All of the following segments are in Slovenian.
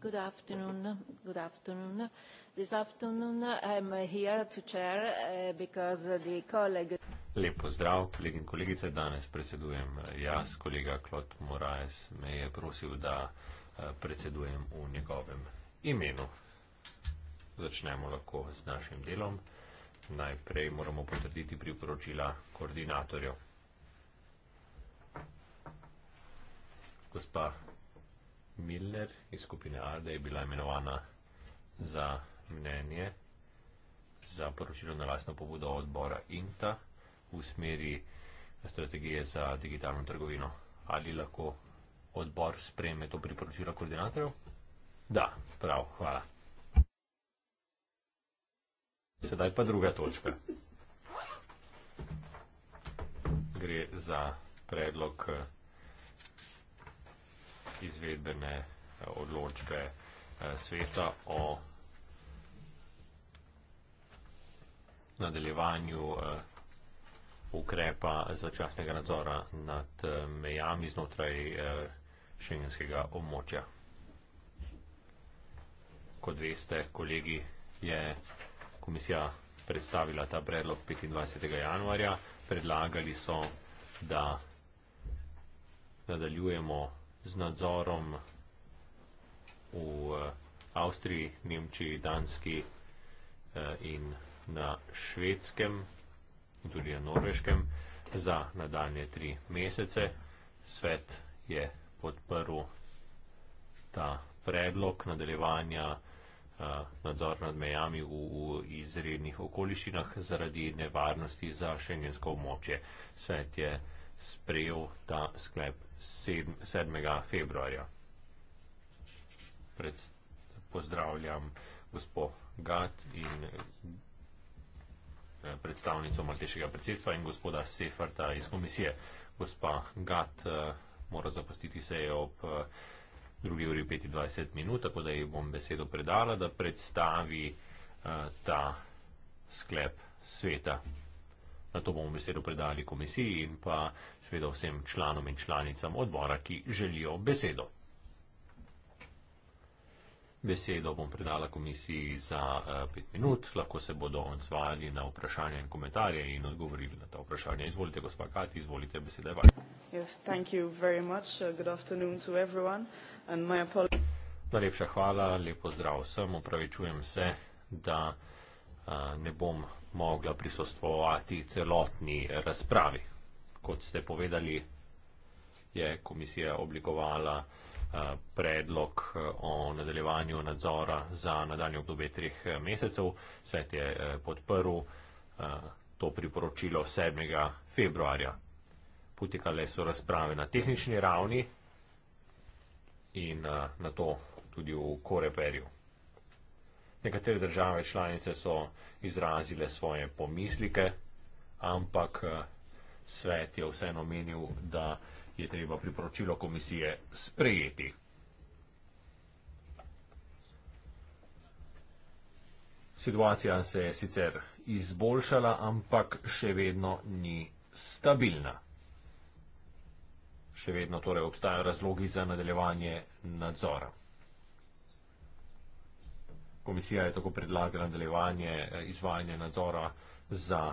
Good afternoon. Good afternoon. This afternoon I'm here to chair uh, because the colleague. Lepo zdrav, kolegi in kolegice. Danes predsedujem uh, jaz, kolega Klot Moraes me je prosil, da uh, predsedujem v njegovem imenu. Začnemo lahko z našim delom. Najprej moramo potrditi priporočila koordinatorjev. Gospa Miller iz skupine Arde je bila imenovana za mnenje, za poročilo na lastno pobudo odbora INTA v smeri strategije za digitalno trgovino. Ali lahko odbor spreme to priporočilo koordinatorjev? Da, prav, hvala. Sedaj pa druga točka. Gre za predlog. Eh, izvedbene eh, odločbe eh, sveta o nadaljevanju eh, ukrepa začasnega nadzora nad mejami znotraj šengenskega območja. Kot veste, kolegi, je komisija predstavila ta predlog 25. januarja. Predlagali so, da nadaljujemo z nadzorom v eh, Avstriji, Nemčiji, Danski eh, in na Švedskem in tudi na Norveškem za nadaljne tri mesece. Svet je podprl ta predlog nadaljevanja eh, nadzor nad mejami v, v izrednih okoliščinah zaradi nevarnosti za šengensko območje. Svet je sprejel ta sklep 7. februarja. Pred, pozdravljam gospod Gat in eh, predstavnico Maltešega predsedstva in gospoda Seferta iz komisije. Gospa Gat uh, mora zapustiti sejo ob uh, eh, 2. uri 25 minut, tako da ji bom besedo predala, da predstavi uh, ta sklep sveta. Na to bomo besedo predali komisiji in pa seveda vsem članom in članicam odbora, ki želijo besedo. Besedo bom predala komisiji za eh, pet minut, lahko se bodo odzvali na vprašanje in komentarje in odgovorili na ta vprašanja. Izvolite, gospod Kati, izvolite, beseda je vaša. Yes, uh, Najlepša hvala, lepo zdrav vsem, opravičujem se, da ne bom mogla prisostvovati celotni razpravi. Kot ste povedali, je komisija oblikovala predlog o nadaljevanju nadzora za nadaljne obdobje treh mesecev. Svet je podprl to priporočilo 7. februarja. Potekale so razprave na tehnični ravni in na to tudi v Koreperju. Nekatere države članice so izrazile svoje pomislike, ampak eh, svet je vseeno menil, da je treba priporočilo komisije sprejeti. Situacija se je sicer izboljšala, ampak še vedno ni stabilna. Še vedno torej obstajajo razlogi za nadaljevanje nadzora. Komisija je tako predlagala nadaljevanje eh, izvajanja nadzora za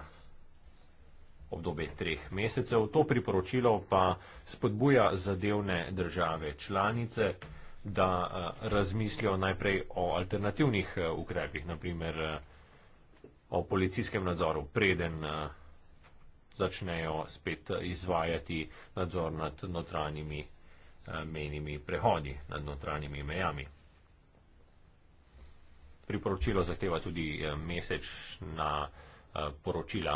obdobje treh mesecev. To priporočilo pa spodbuja zadevne države članice, da eh, razmislijo najprej o alternativnih eh, ukrepih, naprimer o policijskem nadzoru, preden začnejo spet izvajati nadzor nad notranjimi mejnimi prehodi, nad notranjimi mejami priporočilo zahteva tudi eh, mesečna eh, poročila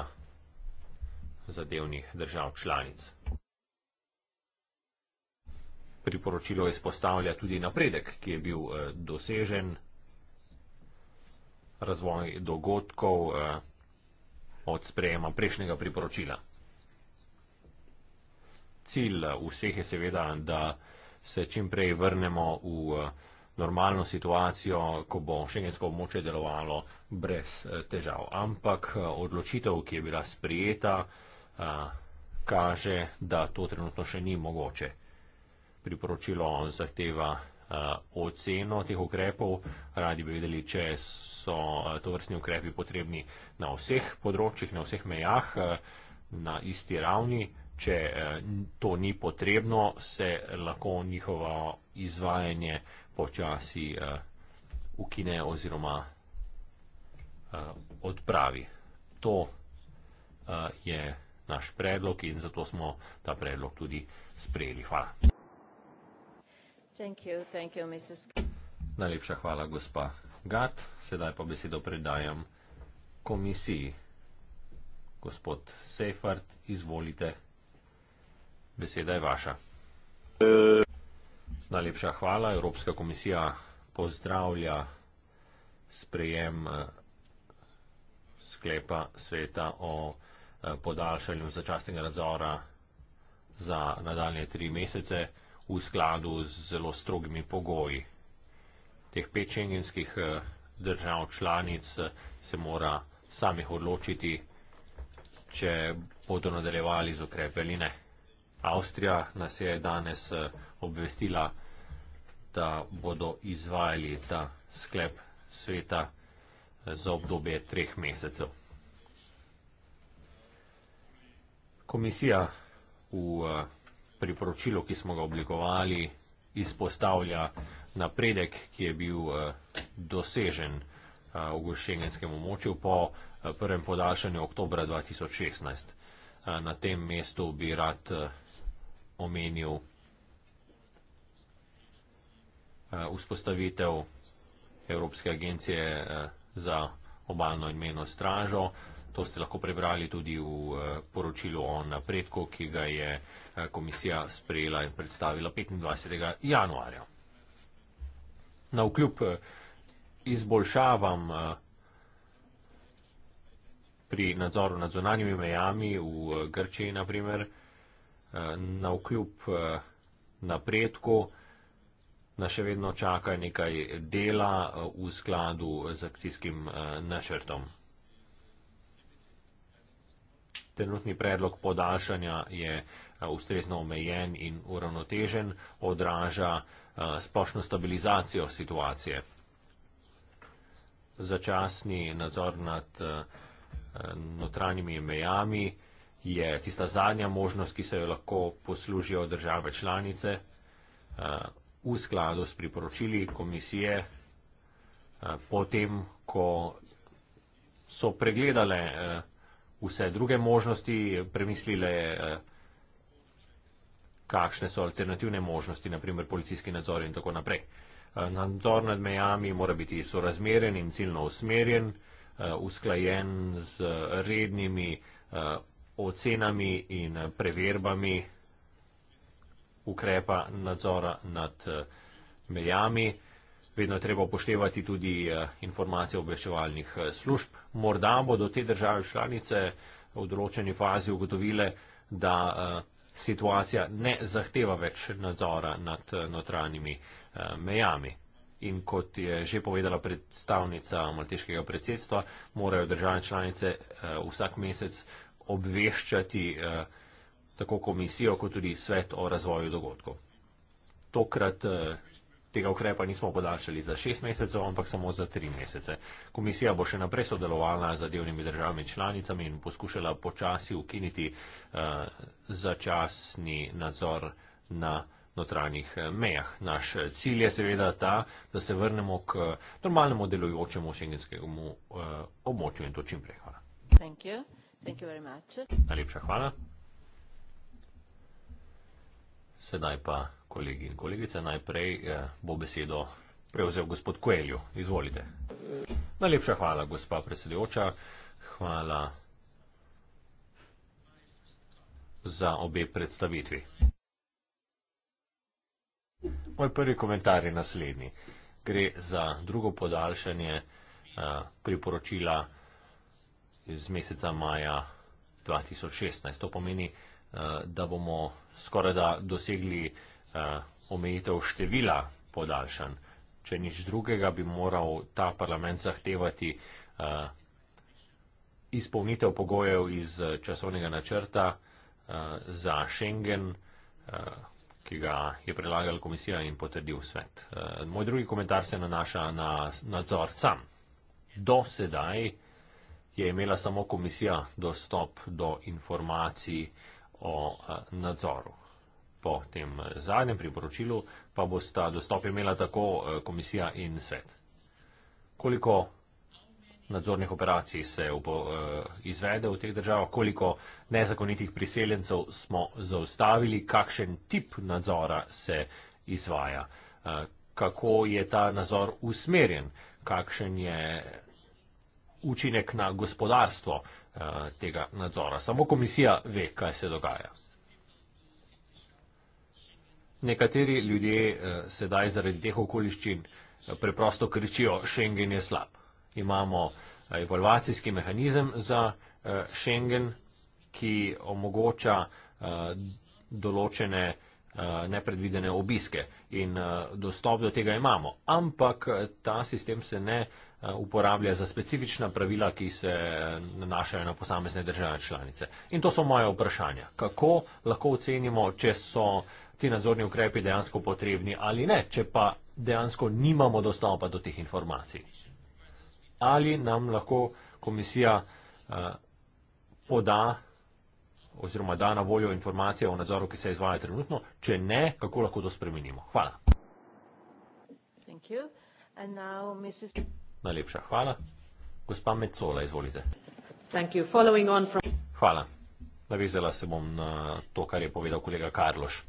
zadevnih držav članic. Priporočilo izpostavlja tudi napredek, ki je bil eh, dosežen, razvoj dogodkov od sprejema prejšnjega priporočila. Cilj vseh je seveda, da se čim prej vrnemo v priporočilo normalno situacijo, ko bo šengensko območje delovalo brez eh, težav. Ampak eh, odločitev, ki je bila sprijeta, eh, kaže, da to trenutno še ni mogoče. Priporočilo zahteva oceno teh ukrepov. Radi bi vedeli, če so to vrstni ukrepi potrebni na vseh področjih, na vseh mejah, na isti ravni. Če to ni potrebno, se lahko njihovo izvajanje počasi uh, ukine oziroma uh, odpravi. To uh, je naš predlog in zato smo ta predlog tudi sprejeli. Hvala. Thank you, thank you, Mrs. Najlepša hvala, gospa Gat. Sedaj pa besedo predajam komisiji. Gospod Seifert, izvolite. Beseda je vaša. Uh. Najlepša hvala. Evropska komisija pozdravlja sprejem eh, sklepa sveta o eh, podaljšanju začasnega nadzora za nadaljne tri mesece v skladu z zelo strogimi pogoji. Teh pet šengenskih eh, držav članic se mora samih odločiti, če bodo nadaljevali z ukrepe ali ne. Avstrija nas je danes obvestila, da bodo izvajali ta sklep sveta eh, za obdobje treh mesecev. Komisija v eh, priporočilu, ki smo ga oblikovali, izpostavlja napredek, ki je bil eh, dosežen v Gošengenskem območju po prvem podaljšanju oktobra 2016. Na tem mestu bi rad omenil Eh, vzpostavitev Evropske agencije eh, za obalno in menjo stražo. To ste lahko prebrali tudi v eh, poročilu o napredku, ki ga je komisija sprejela in predstavila 25. januarja. Na vkljub izboljšavam pri nadzoru nad zonanjimi mejami v Grčiji, naprimer, na vkljub napredku, na še vedno čaka nekaj dela eh, v skladu z akcijskim eh, načrtom. Trenutni predlog podaljšanja je eh, ustrezno omejen in uravnotežen, odraža splošno stabilizacijo situacije. Začasni nadzor nad notranjimi mejami je tista zadnja možnost, ki se jo lahko poslužijo države članice v skladu s priporočili komisije, eh, potem ko so pregledale eh, vse druge možnosti, premislile, eh, kakšne so alternativne možnosti, naprimer policijski nadzor in tako naprej. Nadzor nad mejami mora biti sorazmeren in ciljno usmerjen, usklajen z rednimi ocenami in preverbami ukrepa nadzora nad eh, mejami. Vedno je treba upoštevati tudi eh, informacije obveščevalnih eh, služb. Morda bodo te države članice v določeni fazi ugotovile, da situacija ne zahteva več nadzora nad notranjimi mejami. In kot je že povedala predstavnica malteškega predsedstva, morajo države članice vsak mesec obveščati tako komisijo, kot tudi svet o razvoju dogodkov. Tokrat eh, tega ukrepa nismo podaljšali za šest mesecev, ampak samo za tri mesece. Komisija bo še naprej sodelovala z zadevnimi državami članicami in poskušala počasi ukiniti uh, začasni nadzor na notranjih eh, mejah. Naš cilj je seveda ta, da se vrnemo k normalnemu delujočemu šengenskemu uh, območju in to čim prej. Hvala. Thank you. Thank you Najlepša hvala. Sedaj pa, kolegi in kolegice, najprej eh, bo besedo prevzel gospod Koelju. Izvolite. Najlepša hvala, gospa predsedujoča. Hvala za obe predstavitvi. Moj prvi komentar je naslednji. Gre za drugo podaljšanje eh, priporočila iz meseca maja 2016. To pomeni, eh, da bomo skoraj da dosegli uh, omejitev števila podaljšanj. Če nič drugega, bi moral ta parlament zahtevati uh, izpolnitev pogojev iz eh, časovnega načrta uh, za Schengen, uh, ki ga je predlagala komisija in potrdil svet. Uh, moj drugi komentar se nanaša na nadzor sam. Do sedaj je imela samo komisija dostop do informacij, uh, o nadzoru. Po tem eh, zadnjem priporočilu pa bosta dostop imela tako eh, komisija in svet. Koliko nadzornih operacij se eh, izvede v teh državah, koliko nezakonitih priseljencev smo zaustavili, kakšen tip nadzora se izvaja, kako je ta nadzor usmerjen, kakšen je učinek na gospodarstvo, Eh, tega nadzora. Samo komisija ve, kaj se dogaja. Nekateri ljudje eh, sedaj zaradi teh okoliščin eh, preprosto kričijo, Schengen je slab. Imamo evalvacijski mehanizem za Schengen, ki omogoča določene nepredvidene obiske in dostop do tega imamo. Ampak ta sistem se ne Eh, uporablja za specifična pravila, ki se nanašajo na posamezne države članice. In to so moje vprašanja. Kako lahko ocenimo, če so ti nadzorni ukrepi dejansko potrebni ali ne, če pa dejansko nimamo dostopa do teh informacij? Ali nam lahko komisija eh, poda oziroma da na voljo informacije o nadzoru, ki se izvaja trenutno, če ne, kako lahko to spremenimo? Hvala. Thank you. And now, Mrs. Najlepša hvala. Gospa Mecola, izvolite. From... Hvala. Navezala se bom na to, kar je povedal kolega Karloš.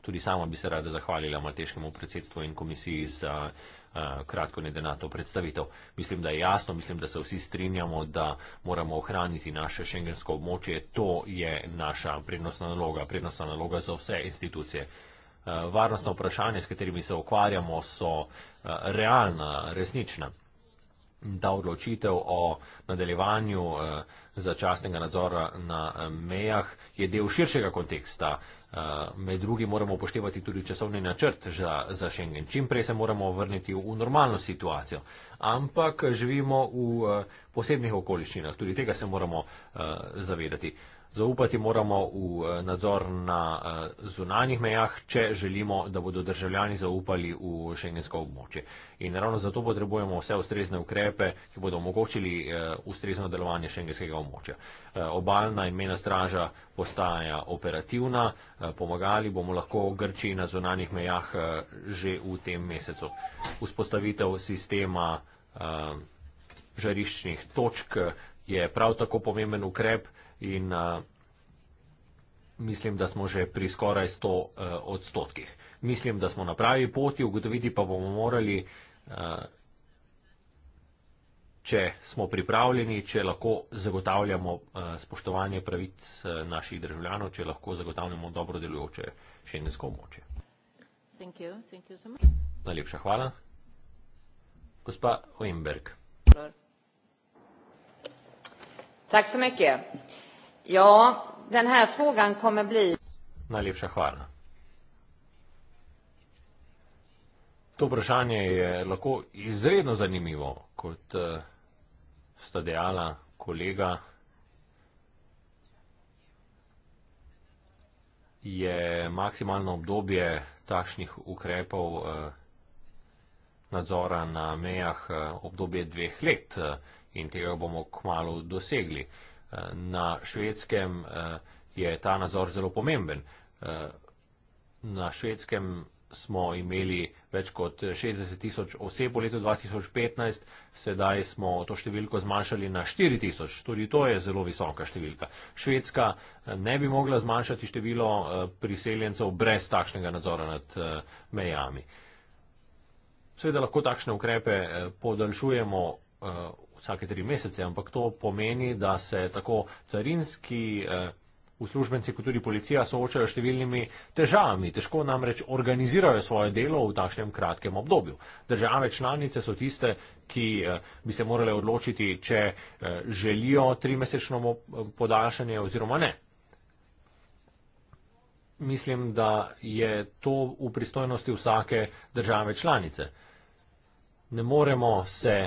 Tudi sama bi se rada zahvalila malteškemu predsedstvu in komisiji za uh, kratko nedenato predstavitev. Mislim, da je jasno, mislim, da se vsi strinjamo, da moramo ohraniti naše šengensko območje. To je naša prednostna naloga, prednostna naloga za vse institucije. Eh, varnostna vprašanja, s katerimi se ukvarjamo, so eh, realna, resnična. Da odločitev o nadaljevanju eh, začasnega nadzora na mejah je del širšega konteksta. Med drugim moramo upoštevati tudi časovni načrt za, za Schengen. Čim prej se moramo vrniti v normalno situacijo. Ampak živimo v posebnih okoliščinah, tudi tega se moramo zavedati. Zaupati moramo v eh, nadzor na eh, zunanjih mejah, če želimo, da bodo državljani zaupali v šengensko območje. In ravno zato potrebujemo vse ustrezne ukrepe, ki bodo omogočili eh, ustrezno delovanje šengenskega območja. Obalna in mena straža postaja operativna, pomagali bomo lahko Grčiji na zunanjih mejah že v tem mesecu. Vzpostavitev sistema žariščnih točk je prav tako pomemben ukrep, in mislim, da smo že pri skoraj 100 e, odstotkih. Mislim, da smo na pravi poti, ugotoviti pa bomo morali, e, če smo pripravljeni, če lahko zagotavljamo e, spoštovanje pravic naših državljanov, če lahko zagotavljamo dobro delujoče šengensko območje. Najlepša hvala. Gospa Oemberg. Tack så mycket. Ja, den här frågan kommer bli... Najlepša hvala. To vprašanje je lahko izredno zanimivo, kot eh, sta dejala kolega. Je maksimalno obdobje takšnih ukrepov eh, nadzora na mejah eh, obdobje dveh let in tega bomo kmalo dosegli. Na švedskem eh, je ta nadzor zelo pomemben. Eh, na švedskem smo imeli več kot 60 tisoč oseb v letu 2015, sedaj smo to številko zmanjšali na 4 tisoč. Tudi to je zelo visoka številka. Švedska eh, ne bi mogla zmanjšati število priseljencev brez takšnega nadzora nad mejami. Seveda lahko takšne ukrepe podaljšujemo vsake tri mesece, ampak to pomeni, da se tako carinski eh, uslužbenci, kot tudi policija soočajo številnimi težavami. Težko namreč organizirajo svoje delo v takšnem kratkem obdobju. Države članice so tiste, ki eh, bi se morale odločiti, če eh, želijo trimesečno podaljšanje oziroma ne. Mislim, da je to v pristojnosti vsake države članice. Ne moremo se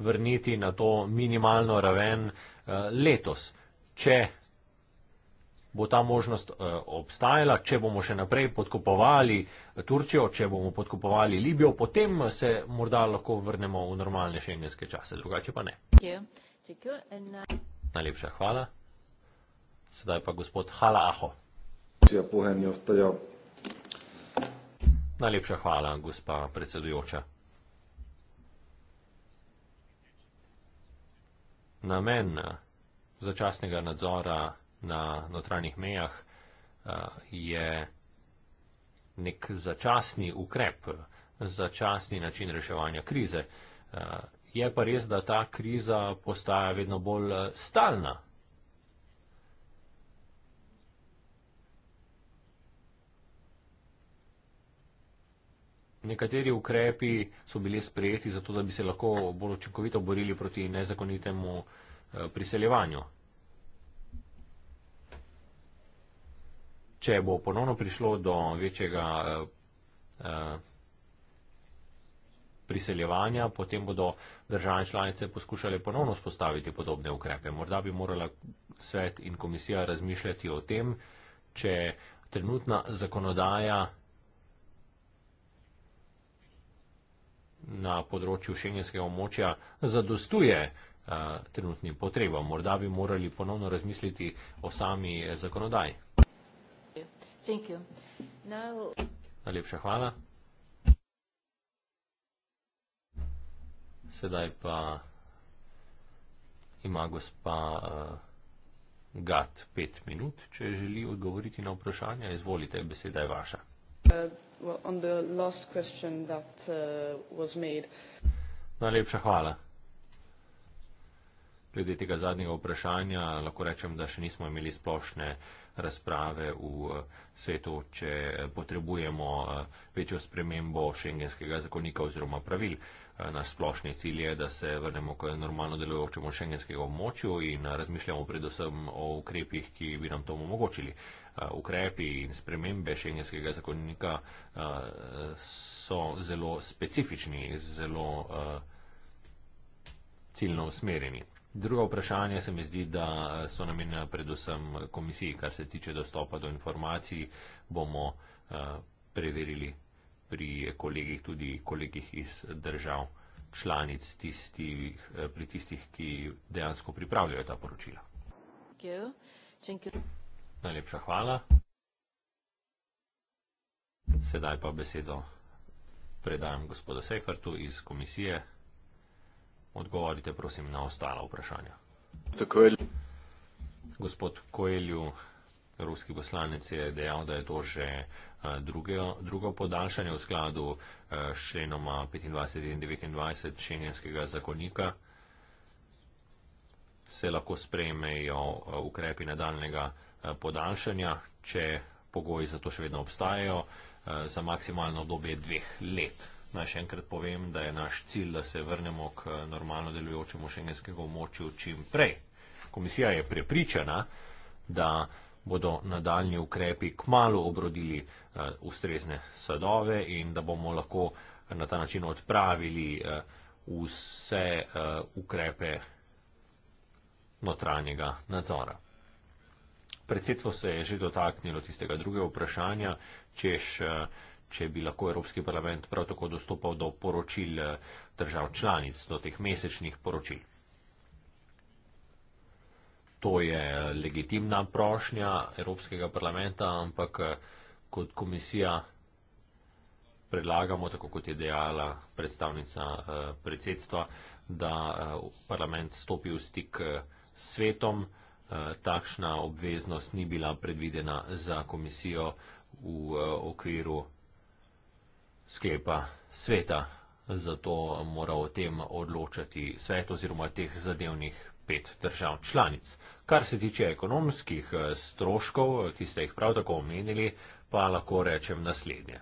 vrniti na to minimalno raven eh, letos. Če bo ta možnost eh, obstajala, če bomo še naprej podkupovali eh, Turčijo, če bomo podkupovali Libijo, potem se morda lahko vrnemo v normalne šengenske čase, drugače pa ne. Uh, Najlepša hvala. Sedaj pa gospod Hala Aho. Ja, ja, ja. Najlepša hvala, gospa predsedujoča. namen eh, začasnega nadzora na notranjih mejah eh, je nek začasni ukrep, začasni način reševanja krize. Eh, je pa res, da ta kriza postaja vedno bolj stalna, Nekateri ukrepi so bili sprejeti zato, da bi se lahko bolj očinkovito borili proti nezakonitemu eh, priseljevanju. Če bo ponovno prišlo do večjega eh, eh, priseljevanja, potem bodo države članice poskušale ponovno spostaviti podobne ukrepe. Morda bi morala svet in komisija razmišljati o tem, če trenutna zakonodaja na področju šengenskega območja zadostuje eh, trenutnim potrebam. Morda bi morali ponovno razmisliti o sami eh, zakonodaji. Najlepša hvala. Sedaj pa ima gospa eh, Gat pet minut, če želi odgovoriti na vprašanje. Izvolite, beseda je vaša well, on the last question that uh, was made. Najlepša hvala. Glede tega zadnjega vprašanja lahko rečem, da še nismo imeli splošne razprave v uh, svetu, če potrebujemo uh, večjo spremembo šengenskega zakonika oziroma pravil. Uh, naš splošni cilj je, da se vrnemo k normalno delujočemu šengenskega območju in razmišljamo predvsem o ukrepih, ki bi nam to omogočili. Eh, ukrepi in spremembe šengenskega zakonnika eh, so zelo specifični, zelo eh, ciljno usmerjeni. Drugo vprašanje se mi zdi, da so namenjena predvsem komisiji, kar se tiče dostopa do informacij, bomo preverili pri kolegih, tudi kolegih iz držav članic, tistih, pri tistih, ki dejansko pripravljajo ta poročila. Thank you. Thank you. Najlepša hvala. Sedaj pa besedo predajam gospodu Sefertu iz komisije. Odgovorite prosim na ostala vprašanja. Gospod Koelju, ruski poslanec je dejal, da je to že eh, druge, drugo podaljšanje v skladu eh, s členoma 25 in 29 šengenskega zakonika. Se lahko sprejmejo eh, ukrepi nadaljnega Eh, podaljšanja, če pogoji za to še vedno obstajajo, eh, za maksimalno obdobje dveh let. Naj še enkrat povem, da je naš cilj, da se vrnemo k eh, normalno delujočemu šengenskemu območju čim prej. Komisija je prepričana, da bodo nadaljni ukrepi k malu obrodili uh, ustrezne sadove in da bomo lahko na ta način odpravili uh, vse uh, ukrepe notranjega nadzora predsedstvo se je že dotaknilo tistega drugega vprašanja, češ, eh, če bi lahko Evropski parlament prav tako dostopal do poročil eh, držav članic, do teh mesečnih poročil. To je eh, legitimna prošnja Evropskega parlamenta, ampak kot komisija predlagamo, tako kot je dejala predstavnica predsedstva, da parlament stopi v stik s svetom. Eh, takšna obveznost ni bila predvidena za komisijo v eh, okviru sklepa sveta. Zato mora o tem odločati svet oziroma teh zadevnih pet držav članic. Kar se tiče ekonomskih eh, stroškov, ki ste jih prav tako omenili, pa lahko rečem naslednje.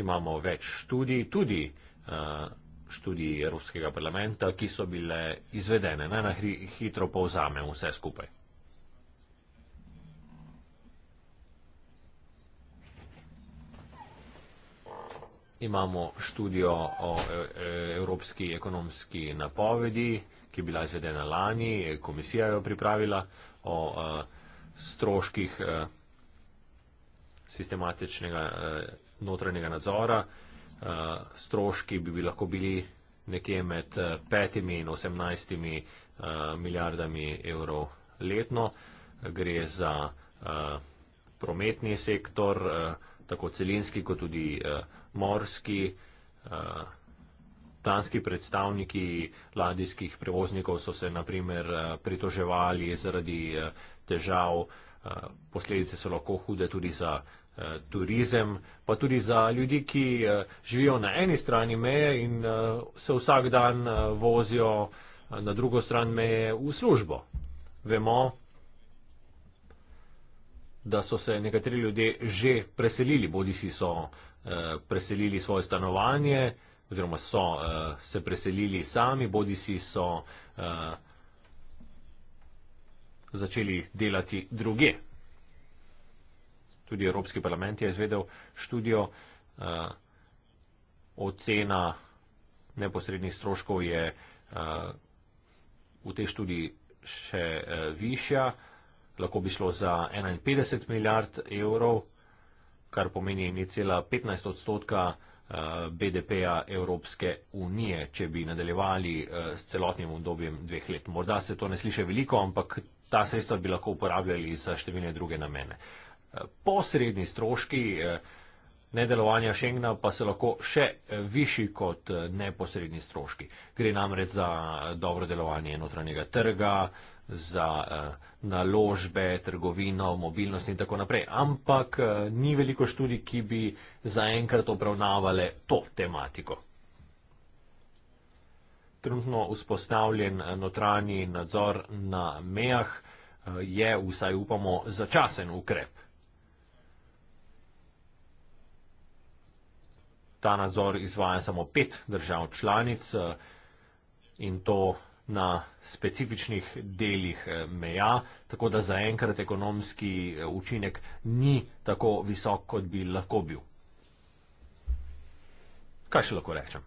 Imamo več študij, tudi uh, študiji Evropskega parlamenta, ki so bile izvedene. Naj na hitro povzame vse skupaj. Imamo študijo o e, e, evropski ekonomski napovedi, ki je bila izvedena lani, komisija jo pripravila o e, stroških sistematičnega notranjega nadzora. Eh, stroški bi, bi lahko bili nekje med 5 eh, in 18 eh, milijardami evrov letno. Gre za prometni sektor, tako celinski kot tudi morski. Danski predstavniki ladijskih prevoznikov so se naprimer pritoževali zaradi težav. Posledice so lahko hude tudi za Eh, turizem, pa tudi za ljudi, ki eh, živijo na eni strani meje in eh, se vsak dan vozijo na drugo stran meje v službo. Vemo, da so se nekateri ljudje že preselili, bodi si so preselili svoje stanovanje oziroma so se preselili sami, bodi si so začeli delati druge tudi Evropski parlament je izvedel študijo. Uh, ocena neposrednih stroškov je uh, v tej študiji še uh, višja, lahko bi šlo za 51 milijard evrov, kar pomeni necela 15 odstotka uh, BDP-ja Evropske unije, če bi nadaljevali uh, s celotnim obdobjem dveh let. Morda se to ne sliše veliko, ampak ta sredstva bi lahko uporabljali za številne druge namene. Uh, posredni stroški eh, nedelovanja Schengna pa so lahko še eh, višji kot eh, neposredni stroški. Gre namreč za dobro delovanje notranjega trga, za naložbe, trgovino, mobilnost in tako naprej. Ampak ni veliko študij, ki bi zaenkrat obravnavale to tematiko. Trenutno vzpostavljen notranji nadzor na mejah je vsaj upamo začasen ukrep. ta nadzor izvaja samo pet držav članic eh, in to na specifičnih delih eh, meja, tako da zaenkrat ekonomski eh, učinek ni tako visok, kot bi lahko bil. Kaj še lahko rečem?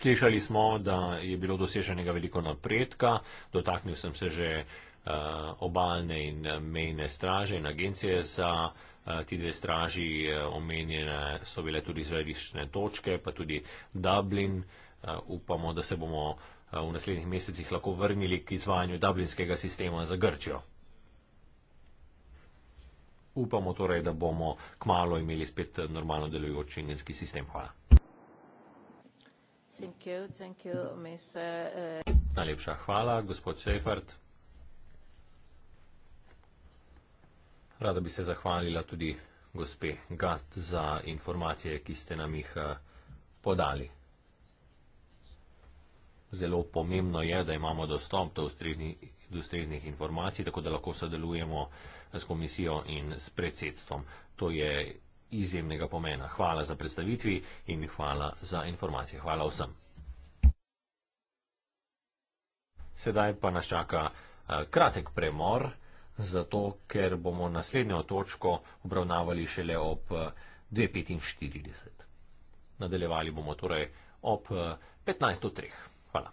Slišali smo, da je bilo doseženega veliko napredka, dotaknil sem se že uh, Eh, obalne in eh, mejne straže in agencije za eh, ti dve straži. Omenjene so bile tudi zvedične točke, pa tudi Dublin. Upamo, da se bomo v naslednjih mesecih lahko vrnili k izvajanju dublinskega sistema za Grčijo. Upamo torej, da bomo kmalo imeli spet normalno delujoč šengenski sistem. Hvala. Thank you, thank you, Najlepša hvala, gospod Seifert. Rada bi se zahvalila tudi gospe Gat za informacije, ki ste nam jih eh, podali. Zelo pomembno je, da imamo dostop do ustreznih informacij, tako da lahko sodelujemo s komisijo in s predsedstvom. To je izjemnega pomena. Hvala za predstavitvi in hvala za informacije. Hvala vsem. Sedaj pa nas čaka eh, kratek premor zato ker bomo naslednjo točko obravnavali šele ob 2.45. Eh, Nadaljevali bomo torej ob 15.03. Eh, Hvala.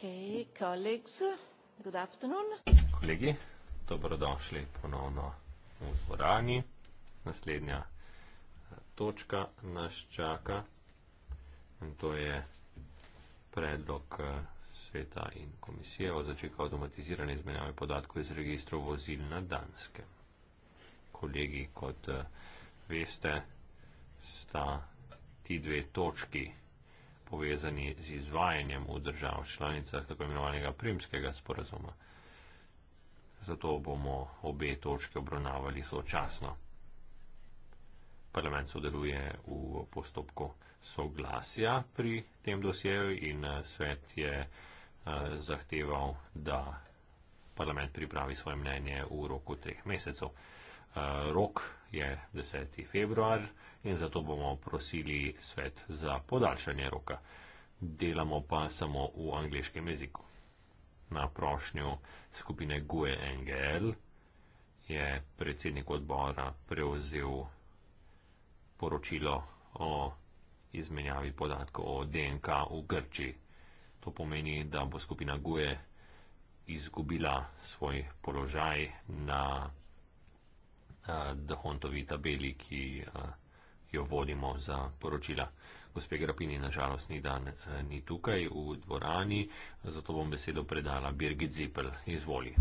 Okay, colleagues, good afternoon. Kolegi, dobrodošli ponovno v dvorani. Naslednja eh, točka nas čaka in to je predlog eh, sveta in komisije o začetku avtomatizirane izmenjave podatkov iz registrov vozil na Danske. Kolegi, kot eh, veste, sta ti dve točki povezani z izvajanjem v državah članicah tako imenovanega primskega sporazuma. Zato bomo obe točke obravnavali sočasno. Parlament sodeluje v postopku soglasja pri tem dosjeju in eh, svet je eh, zahteval, da parlament pripravi svoje mnenje v roku treh mesecev. Eh, rok je 10. februar in zato bomo prosili svet za podaljšanje roka. Delamo pa samo v angliškem jeziku. Na prošnjo skupine GUE NGL je predsednik odbora prevzel poročilo o izmenjavi podatkov o DNK v Grčiji. To pomeni, da bo skupina GUE izgubila svoj položaj na Dehontovi tabeli, ki jo vodimo za poročila. Gospe Grapini, nažalost, ni dan ni tukaj v dvorani, zato bom besedo predala Birgit Zipel. Izvoli.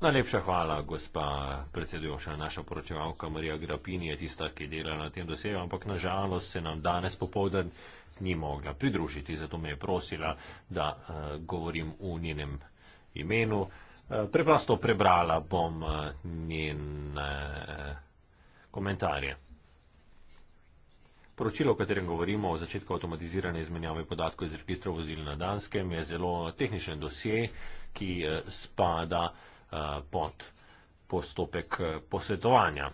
Najlepša hvala, gospa predsedujoča. Naša poročevalka Marija Grapini je tista, ki dela na tem dosegu, ampak nažalost se nam danes popovdan ni mogla pridružiti, zato me je prosila, da uh, govorim v njenem imenu. Uh, Eh, preprosto prebrala bom eh, njene eh, komentarje. Poročilo, o katerem govorimo o začetku avtomatizirane izmenjave podatkov iz registra vozil na Danskem, je zelo tehničen dosje, ki spada pod postopek posvetovanja.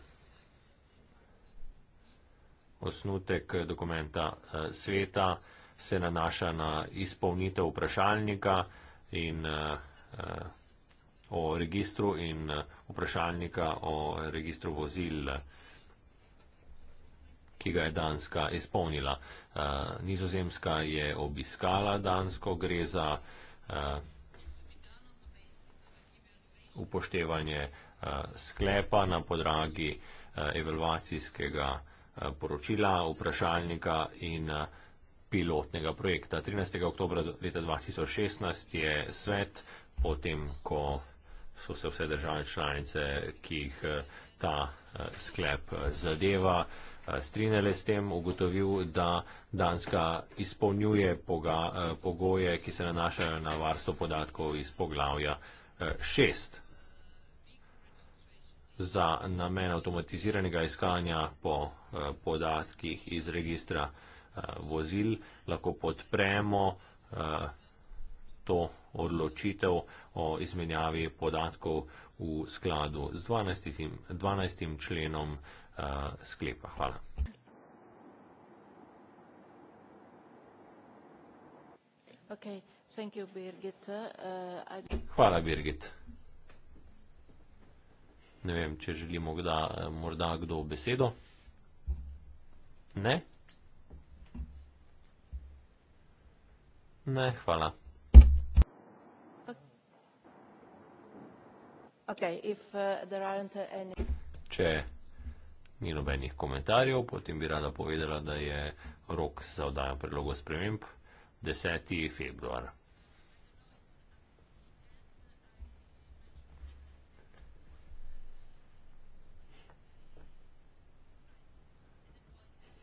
Osnutek dokumenta sveta se nanaša na izpolnitev vprašalnika in o registru in eh, vprašalnika o registru vozil, ki ga je Danska izpolnila. Eh, Nizozemska je obiskala Dansko, gre za eh, upoštevanje sklepa na podragi evalvacijskega poročila, vprašalnika in pilotnega projekta. 13. oktober leta 2016 je svet, potem ko so se vse države članice, ki jih eh, ta eh, sklep eh, zadeva, strinjale s tem, ugotovil, da Danska izpolnjuje poga, pogoje, ki se nanašajo na varstvo podatkov iz poglavja 6. Za namen avtomatiziranega iskanja po podatkih iz registra vozil lahko podpremo to odločitev o izmenjavi podatkov v skladu z 12. 12 členom uh, sklepa. Hvala. Okay. Thank you, Birgit. Uh, Hvala, Birgit. Ne vem, če želimo kda, morda kdo besedo. Ne? Ne, hvala. Uh, uh, Če ni nobenih komentarjev, potem bi rada povedala, da je rok za odajo predlogov sprememb 10. februar.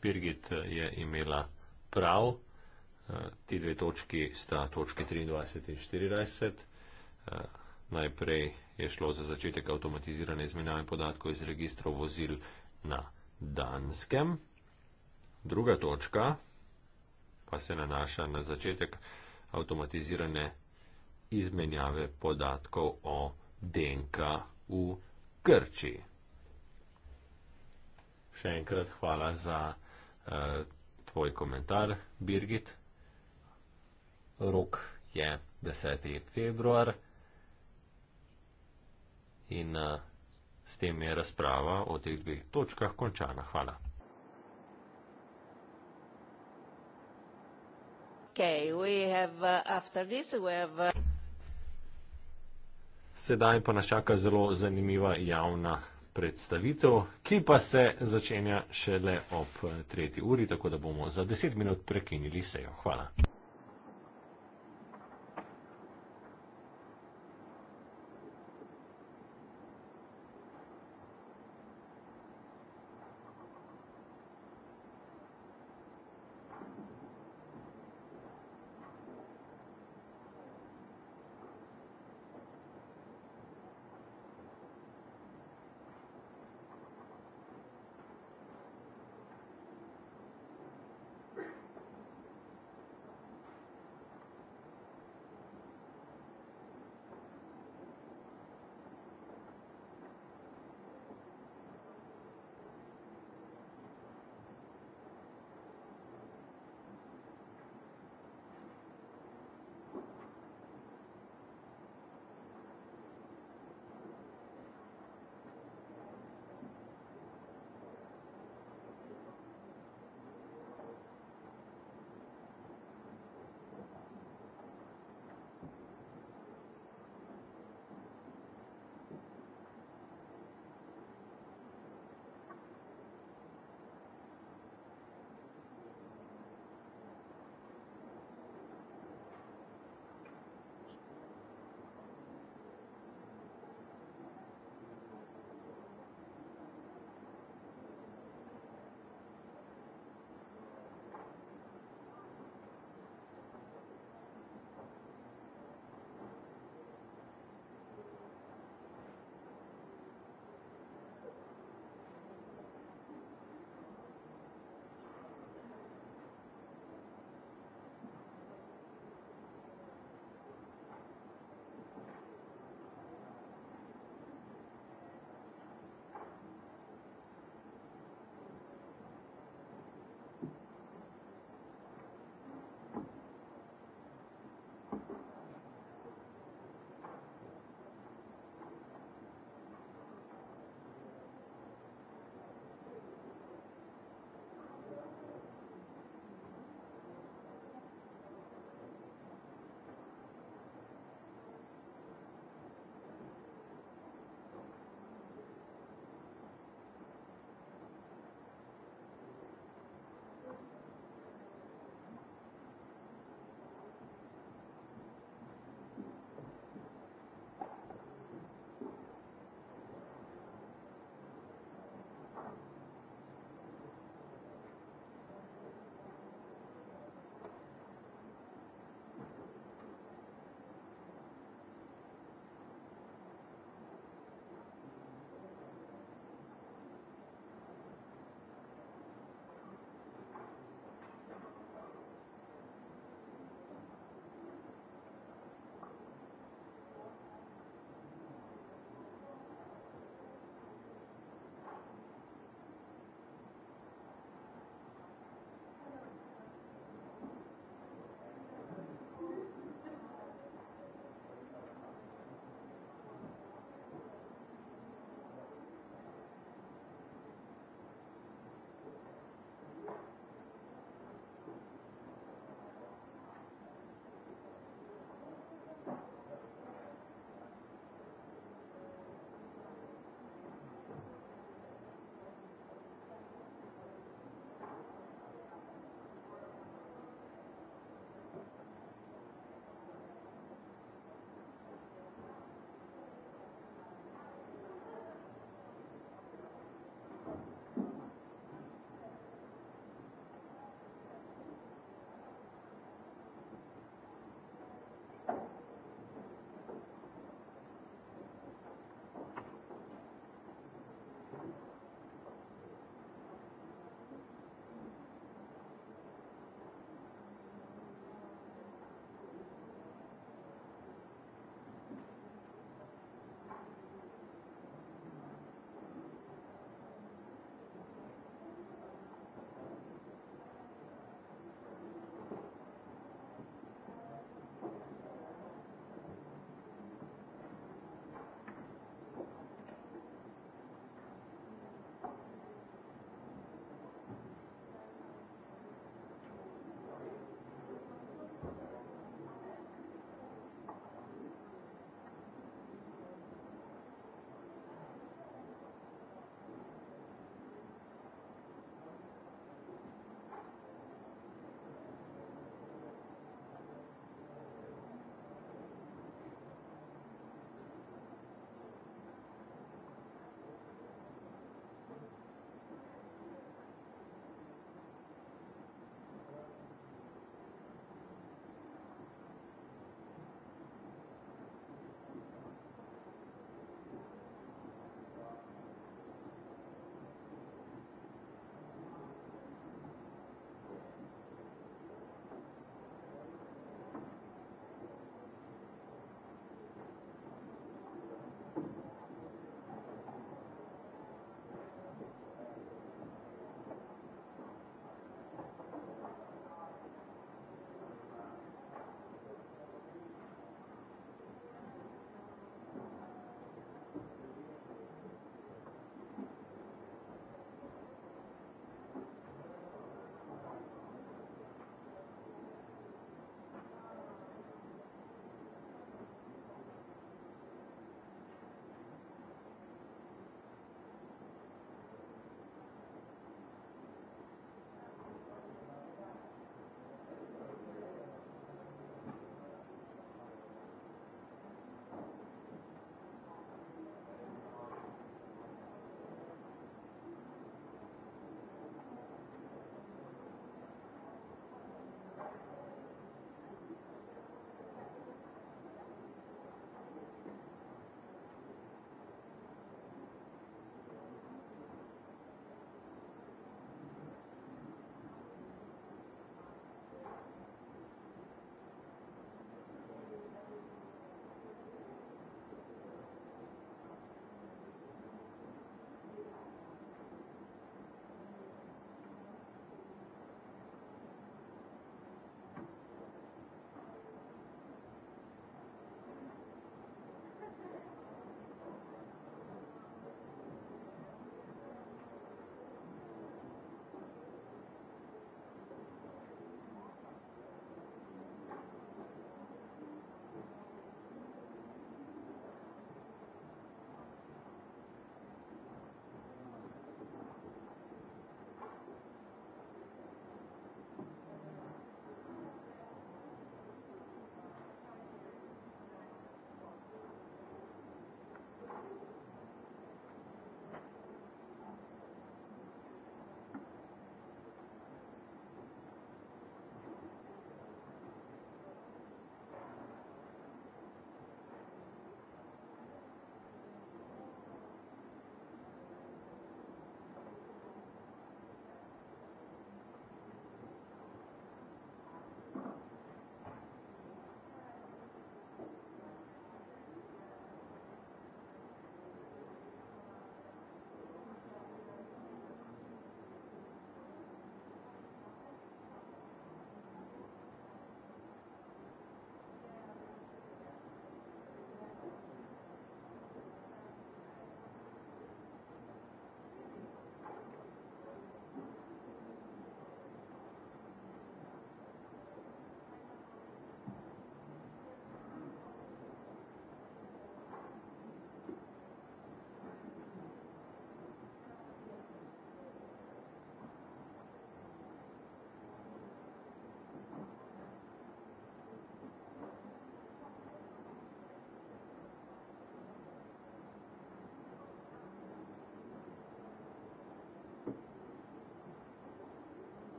Birgit uh, je imela prav, ti dve točki sta točke 23 in 24. Najprej je šlo za začetek avtomatizirane izmenjave podatkov iz registrov vozil na Danskem. Druga točka pa se nanaša na začetek avtomatizirane izmenjave podatkov o DNK v Grči. Še enkrat hvala za uh, tvoj komentar, Birgit. Rok je 10. februar In eh, s tem je razprava o teh dveh točkah končana. Hvala. Okay, have, uh, have, uh... Sedaj pa nas čaka zelo zanimiva javna predstavitev, ki pa se začenja šele ob tretji uri, tako da bomo za deset minut prekinili sejo. Hvala.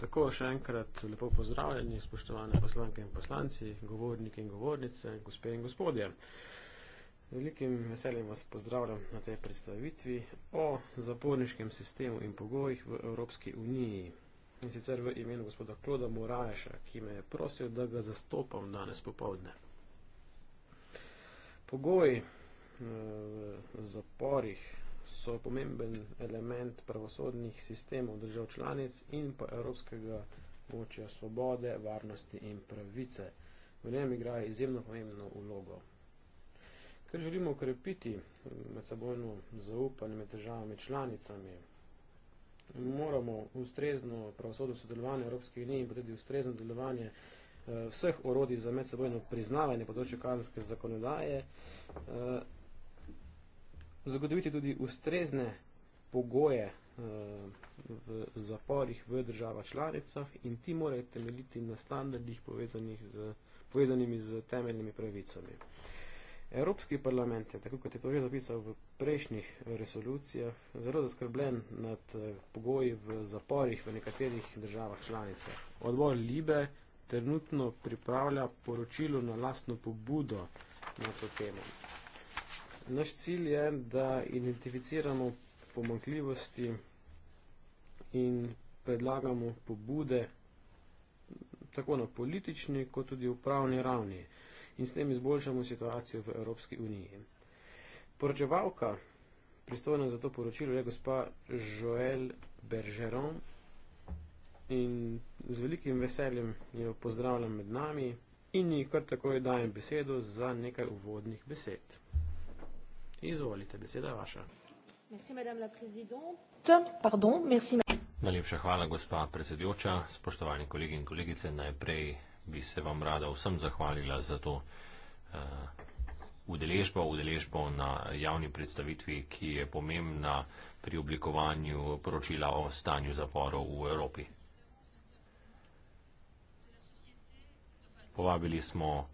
Tako še enkrat lepo pozdravljeni, spoštovane poslanke in poslanci, govorniki in govornice, gospe in gospodje. Velikim veseljem vas pozdravljam na tej predstavitvi o zaporniškem sistemu in pogojih v Evropski uniji. In sicer v imenu gospoda Kloda Morajša, ki me je prosil, da ga zastopam danes popovdne. Pogoji eh, v zaporih so pomemben element pravosodnih sistemov držav članic in pa evropskega močja svobode, varnosti in pravice. V njem igra izjemno pomembno vlogo. Ker želimo ukrepiti med sabojno zaupanje med državami članicami, moramo ustrezno pravosodno sodelovanje Evropske unije in tudi ustrezno delovanje eh, vseh orodij za medsebojno priznavanje področja kazenske zakonodaje eh, zagotoviti tudi ustrezne pogoje eh, v zaporih v državah članicah in ti morajo temeljiti na standardih z, povezanimi z temeljnimi pravicami. Evropski parlament je, tako kot je to že zapisal v prejšnjih resolucijah, zelo zaskrbljen nad eh, pogoji v zaporih v nekaterih državah članicah. Odbor Libe trenutno pripravlja poročilo na lastno pobudo na to temo. Naš cilj je, da identificiramo pomankljivosti in predlagamo pobude tako na politični, kot tudi v pravni ravni in s tem izboljšamo situacijo v Evropski uniji. Poročevalka, pristojna za to poročilo, je gospa Joël Bergeron in z velikim veseljem jo pozdravljam med nami in ji kar takoj dajem besedo za nekaj uvodnih besed. Izvolite, beseda vaša. Najlepša hvala, gospa predsedujoča. Spoštovani kolegi in kolegice, najprej bi se vam rada vsem zahvalila za to uh, udeležbo, udeležbo na javni predstavitvi, ki je pomembna pri oblikovanju poročila o stanju zaporov v Evropi. Povabili smo uh,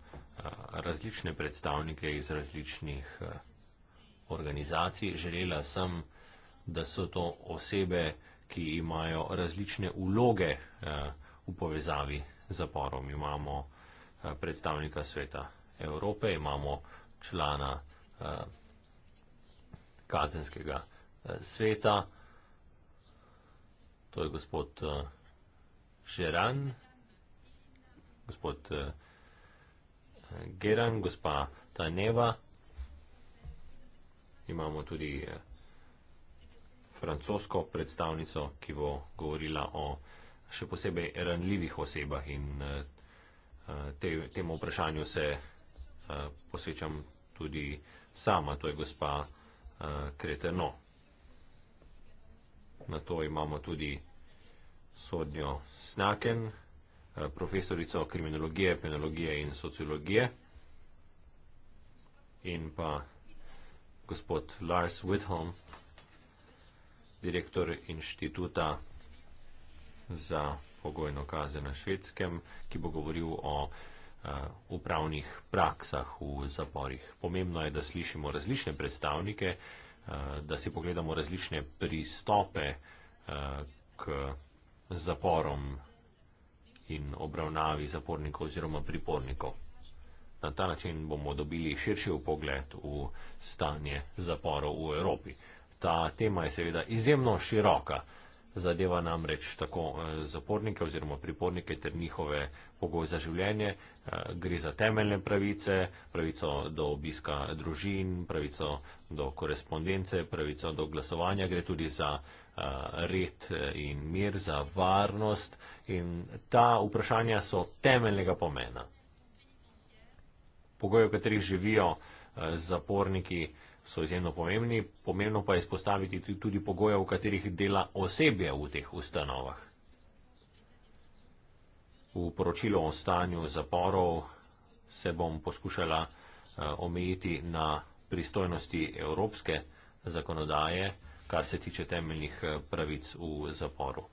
različne predstavnike iz različnih. Uh, organizacij. Želela sem, da so to osebe, ki imajo različne uloge eh, v povezavi z zaporom. Imamo eh, predstavnika sveta Evrope, imamo člana eh, kazenskega sveta. To je gospod Žeran, gospod Geran, gospa Taneva imamo tudi eh, francosko predstavnico, ki bo govorila o še posebej ranljivih osebah in eh, eh, te, temu vprašanju se posvečam tudi sama, to je gospa Kreteno. Na to imamo tudi sodnjo snaken, profesorico kriminologije, penologije in sociologije in pa gospod Lars Whitholm, direktor inštituta za pogojno kaze na švedskem, ki bo govoril o uh, upravnih praksah v zaporih. Pomembno je, da slišimo različne predstavnike, uh, da si pogledamo različne pristope uh, k zaporom in obravnavi zapornikov oziroma pripornikov. Na ta način bomo dobili širši upogled v stanje zaporov v Evropi. Ta tema je seveda izjemno široka. Zadeva namreč tako eh, zapornike oziroma pripornike ter njihove pogoje za življenje. Eh, gre za temeljne pravice, pravico do obiska družin, pravico do korespondence, pravico do glasovanja, gre tudi za eh, red in mir, za varnost. In ta vprašanja so temeljnega pomena pogojev, v katerih živijo eh, zaporniki, so izjemno pomembni. Pomembno pa je izpostaviti tudi pogoje, v katerih dela osebje v teh ustanovah. V poročilu o stanju zaporov se bom poskušala eh, omejiti na pristojnosti evropske zakonodaje, kar se tiče temeljnih eh, pravic v zaporu.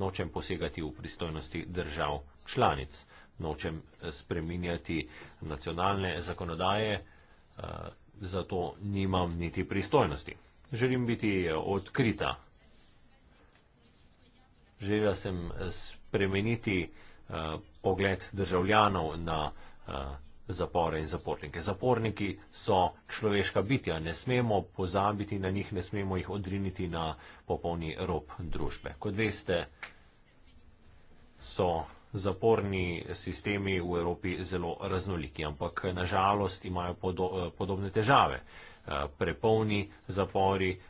Nočem posegati v pristojnosti držav članic nočem spreminjati nacionalne zakonodaje, eh, zato nimam niti pristojnosti. Želim biti odkrita. Želela sem spremeniti eh, pogled državljanov na eh, zapore in zapornike. Zaporniki so človeška bitja, ne smemo pozabiti na njih, ne smemo jih odriniti na popolni rob družbe. Kot veste, so zaporni sistemi v Evropi zelo raznoliki, ampak nažalost imajo podo, podobne težave. Eh, prepolni zapori, eh,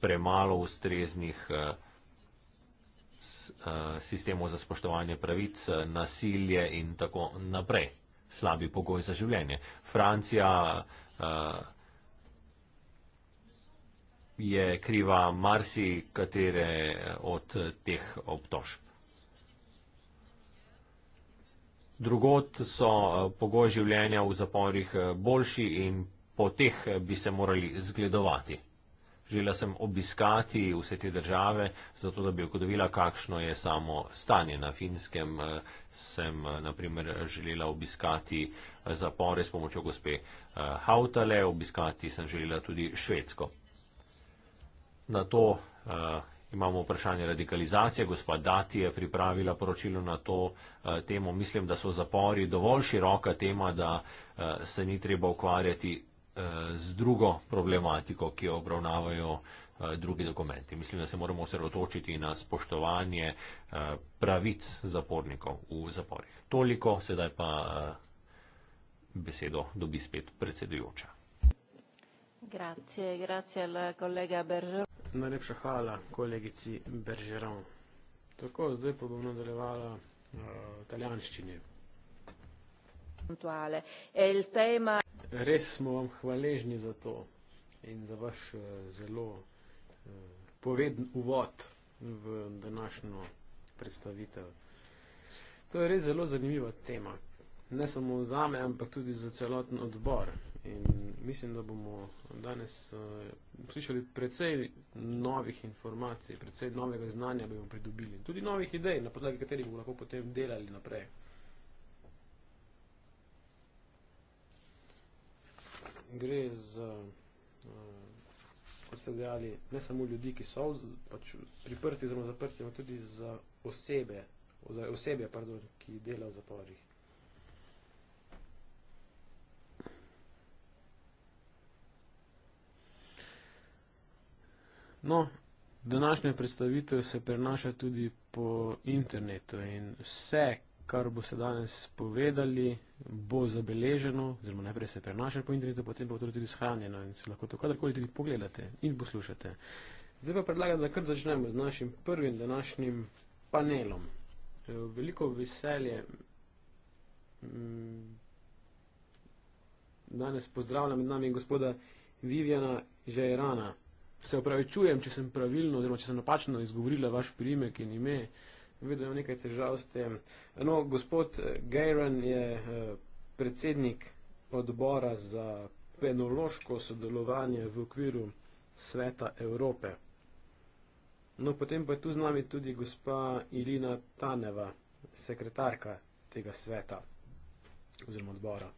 premalo ustreznih eh, sistemov za spoštovanje pravic, nasilje in tako naprej. Slabi pogoj za življenje. Francija je kriva marsikatere od teh obtožb. drugot so eh, pogoj življenja v zaporih eh, boljši in po teh eh, bi se morali zgledovati. Žela sem obiskati vse te države, zato da bi ugotovila, kakšno je samo stanje na finskem. Sem, naprimer, želela obiskati zapore s pomočjo gospe Hautale, obiskati sem želela tudi Švedsko. Na to Imamo vprašanje radikalizacije. Gospa Dati je pripravila poročilo na to eh, temo. Mislim, da so zapori dovolj široka tema, da eh, se ni treba ukvarjati eh, z drugo problematiko, ki jo obravnavajo eh, drugi dokumenti. Mislim, da se moramo osredotočiti na spoštovanje eh, pravic zapornikov v zaporih. Toliko, sedaj pa eh, besedo dobi spet predsedujoča. Grazie, grazie al collega Bergeron. Najlepša hvala kolegici Bergeron. Tako, zdaj pa bom nadaljevala eh, v uh, italijanščini. E tema... Res smo vam hvaležni za to in za vaš eh, zelo uh, poveden uvod v današnjo predstavitev. To je res zelo zanimiva tema. Ne samo za me, ampak tudi za celoten odbor. In mislim, da bomo danes uh, slišali precej novih informacij, precej novega znanja bomo pridobili. Tudi novih idej, na podlagi katerih bomo lahko potem delali naprej. Gre za, eh, kot uh, ste dejali, ne samo ljudi, ki so pač priprti, zelo zaprti, ampak tudi za osebe, za osebe pardon, ki delajo v zaporih. No, današnja predstavitev se prenaša tudi po internetu in vse, kar bo se danes povedali, bo zabeleženo, oziroma najprej se prenaša po internetu, potem bo torej tudi shranjeno in se lahko to kadarkoli tudi pogledate in poslušate. Zdaj pa predlagam, da kar začnemo z našim prvim današnjim panelom. E, veliko veselje. Mm, danes pozdravljam med nami gospoda Vivjana Žejrana se opravičujem, če sem pravilno oziroma če sem napačno izgovorila vaš primek in ime. Vedno imam nekaj težav s tem. No, gospod Gajran je eh, predsednik odbora za penološko sodelovanje v okviru Sveta Evrope. No, potem pa je tu z nami tudi gospa Ilina Taneva, sekretarka tega sveta oziroma odbora.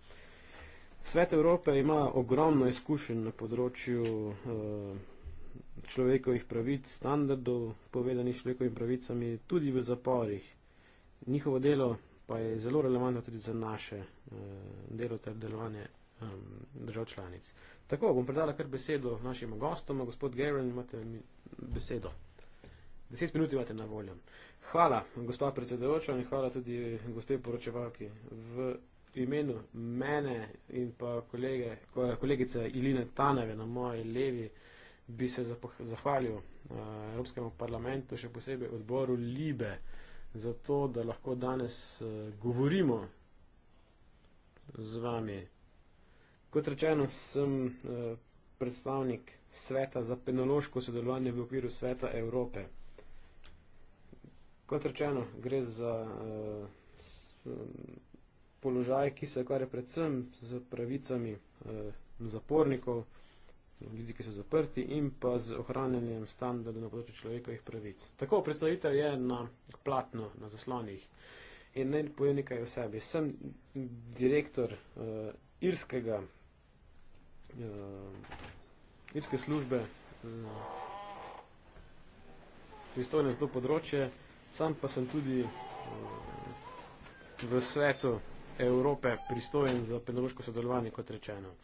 Svet Evrope ima ogromno izkušenj na področju eh, človekovih pravic, standardov, povezanih s človekovimi pravicami, tudi v zaporih. Njihovo delo pa je zelo relevantno tudi za naše eh, delo ter delovanje držav članic. Tako, bom predala kar besedo našim gostom. Gospod Garen, imate besedo. Deset minut imate na voljo. Hvala, gospod predsedojoča, in hvala tudi gospe poročevalki. V imenu mene in pa kolege, kolegice Iline Taneve na moje levi bi se zahvalil eh, Evropskemu parlamentu, še posebej odboru Libe, za to, da lahko danes eh, govorimo z vami. Kot rečeno, sem eh, predstavnik Sveta za penološko sodelovanje v okviru Sveta Evrope. Kot rečeno, gre za položaj, ki se ukvarja predvsem z pravicami zapornikov ljudi, ki so zaprti, in pa z ohranjanjem standardov na področju človekovih pravic. Tako predstavitev je na platno, na zaslonih. In naj povem nekaj o sebi. Sem direktor uh, irskega, uh, irske službe, uh, pristojne za to področje, sam pa sem tudi uh, v svetu Evrope pristojen za pedagoško sodelovanje, kot rečeno. Uh,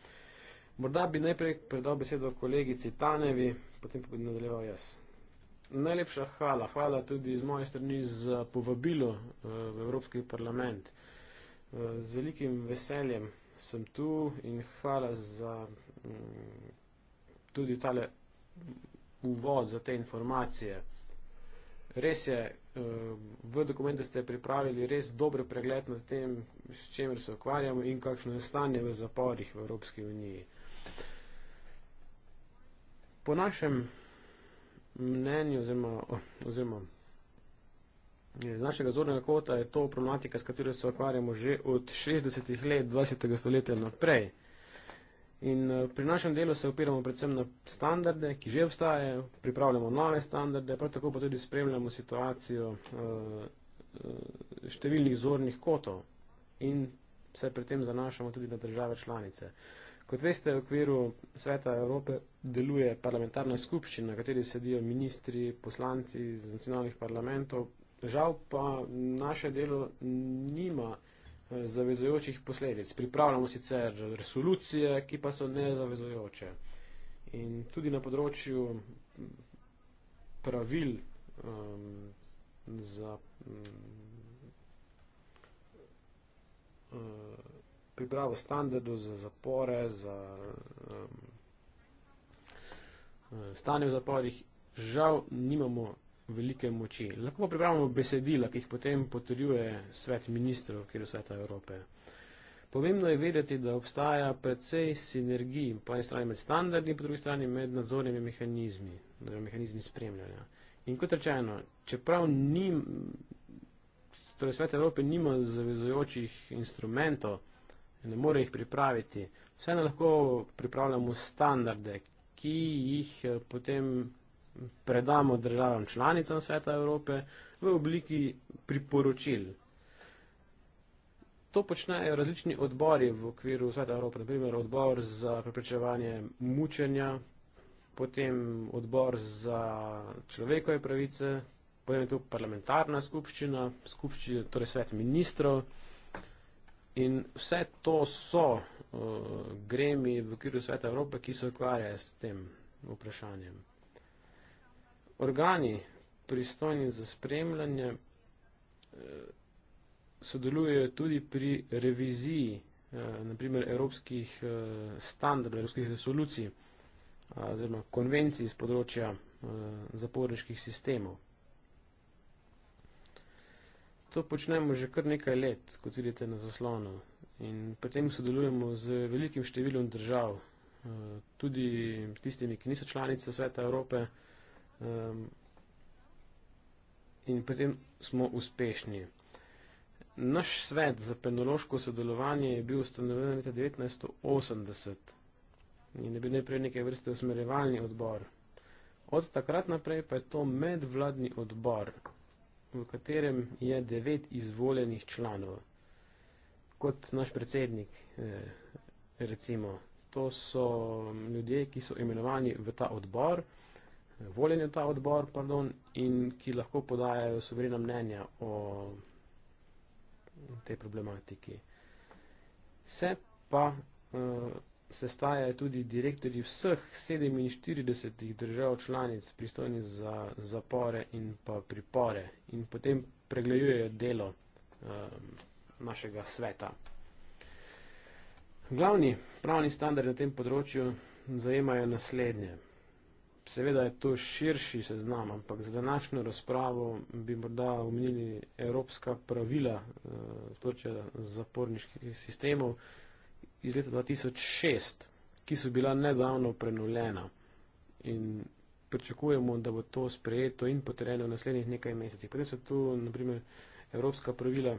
Morda bi najprej predal besedo kolegici Tanevi, potem pa bi nadaljeval jaz. Najlepša hvala. Hvala tudi z moje strani za povabilo eh, v Evropski parlament. Eh, z velikim veseljem sem tu in hvala za mm, tudi tale uvod za te informacije. Res je, eh, v dokumentu ste pripravili res dober pregled nad tem, s čemer se okvarjamo in kakšno je stanje v zaporih v Evropski uniji po našem mnenju oziroma, oziroma eh, z našega zornega kota je to problematika, s katero se okvarjamo že od 60. let 20. stoletja naprej. In eh, pri našem delu se opiramo predvsem na standarde, ki že obstajajo, pripravljamo nove standarde, prav tako pa tudi spremljamo situacijo eh, številnih zornih kotov in se pri tem zanašamo tudi na države članice. Kot veste, v okviru Sveta Evrope deluje parlamentarna skupščina, na kateri sedijo ministri, poslanci iz nacionalnih parlamentov. Žal pa naše delo nima eh, zavezujočih posledic. Pripravljamo sicer resolucije, ki pa so nezavezujoče. In tudi na področju mm, pravil um, za. Um, uh, pripravo standardov za zapore, za um, stanje v zaporih, žal nimamo velike moči. Lahko pa pripravimo besedila, ki jih potem potrjuje svet ministrov, kjer je sveta Evrope. Pomembno je vedeti, da obstaja precej sinergij po eni strani med standardi in po drugi strani med nadzornimi mehanizmi, oziroma torej mehanizmi spremljanja. In kot rečeno, čeprav ni, torej svet Evrope nima zavezujočih instrumentov, ne more jih pripraviti. Vseeno lahko pripravljamo standarde, ki jih eh, potem predamo državam članicam sveta Evrope v obliki priporočil. To počnejo različni odbori v okviru sveta Evrope, naprimer odbor za preprečevanje mučenja, potem odbor za človekove pravice, potem je tu parlamentarna skupščina, skupščina torej svet ministrov. In vse to so uh, gremi v okviru Sveta Evrope, ki se ukvarjajo s tem vprašanjem. Organi pristojni za spremljanje uh, sodelujejo tudi pri reviziji uh, naprimer evropskih uh, standardov, evropskih resolucij, uh, oziroma konvencij z področja uh, zaporniških sistemov. To počnemo že kar nekaj let, kot vidite na zaslonu. In pri tem sodelujemo z velikim številom držav, eh, tudi tistimi, ki niso članice Sveta Evrope. Ehm, in pri tem smo uspešni. Naš svet za penološko sodelovanje je bil ustanovljen leta 1980 in je bil najprej nekaj vrste usmerjevalni odbor. Od takrat naprej pa je to medvladni odbor, v katerem je devet izvoljenih članov. Kot naš predsednik, eh, recimo, to so mm, ljudje, ki so imenovani v ta odbor, eh, voljeni v ta odbor, pardon, in ki lahko podajajo soverena mnenja o tej problematiki. Se pa eh, sestajajo tudi direktori vseh 47 držav članic pristojni za zapore in pa pripore in potem pregledujejo delo um, našega sveta. Glavni pravni standard na tem področju zajemajo naslednje. Seveda je to širši seznam, ampak za današnjo razpravo bi morda omenili evropska pravila z eh, področja zaporniških sistemov, eh, iz leta 2006, ki so bila nedavno prenuljena. In pričakujemo, da bo to sprejeto in potrjeno v naslednjih nekaj mesecih. Potem so tu, naprimer, evropska pravila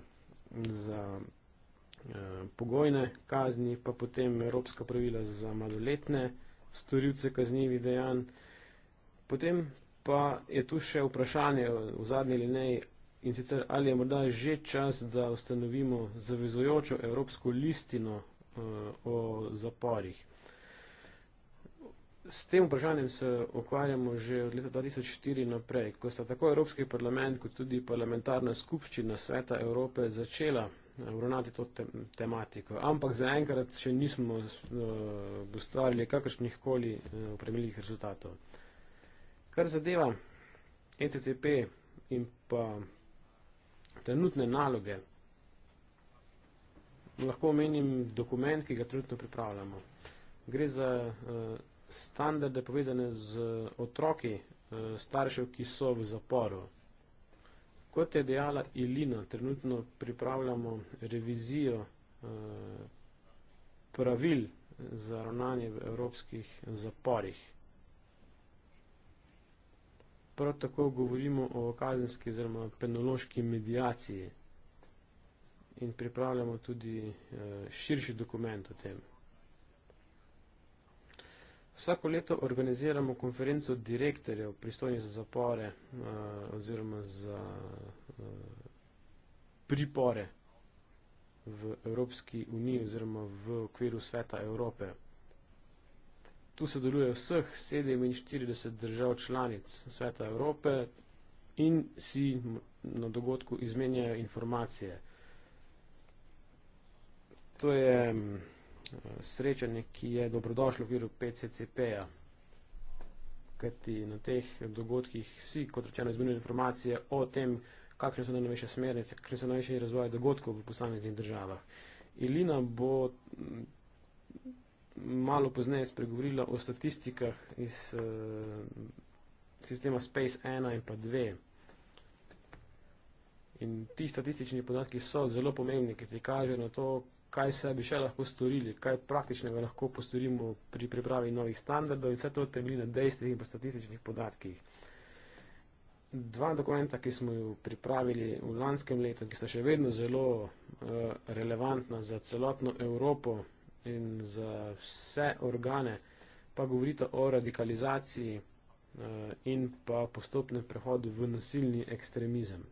za eh, pogojne kazni, pa potem evropska pravila za mladoletne storilce kaznjivih dejanj. Potem pa je tu še vprašanje v zadnji linej in sicer ali je morda že čas, da ustanovimo zavezujočo evropsko listino Eh, o zaporih. S tem vprašanjem se ukvarjamo že od leta 2004 naprej, ko sta tako Evropski parlament kot tudi parlamentarna skupščina Sveta Evrope začela eh, obravnati to te tematiko. Ampak zaenkrat še nismo uh, ustvarili kakršnih koli upremljivih uh, rezultatov. Kar zadeva ECCP in pa trenutne naloge lahko omenim dokument, ki ga trenutno pripravljamo. Gre za uh, standarde povezane z eh, otroki uh, staršev, ki so v zaporu. Kot je dejala Ilina, trenutno pripravljamo revizijo uh, pravil za ravnanje v evropskih zaporih. Prav tako govorimo o kazenski oziroma penološki medijaciji in pripravljamo tudi eh, širši dokument o tem. Vsako leto organiziramo konferenco direktorjev pristojnih za zapore eh, oziroma za eh, pripore v Evropski uniji oziroma v okviru sveta Evrope. Tu se deluje vseh 47 držav članic sveta Evrope in si na dogodku izmenjajo informacije. To je mm, srečanje, ki je dobrodošlo v okviru PCCP-ja, kajti na teh dogodkih vsi, kot rečeno, izmenjujejo informacije o tem, kakšne so najnovejše smernice, kakšne so najnovejše razvoje dogodkov v posameznih državah. Ilina bo mm, malo pozneje spregovorila o statistikah iz uh, sistema Space 1 in pa 2. In ti statistični podatki so zelo pomembni, ker ti kažejo na to, kaj vse bi še lahko storili, kaj praktičnega lahko postorimo pri pripravi novih standardov in vse to temelji na dejstvih in po statističnih podatkih. Dva dokumenta, ki smo jo pripravili v lanskem letu, ki sta še vedno zelo eh, relevantna za celotno Evropo in za vse organe, pa govorita o radikalizaciji eh, in pa postopnem prehodu v nasilni ekstremizem.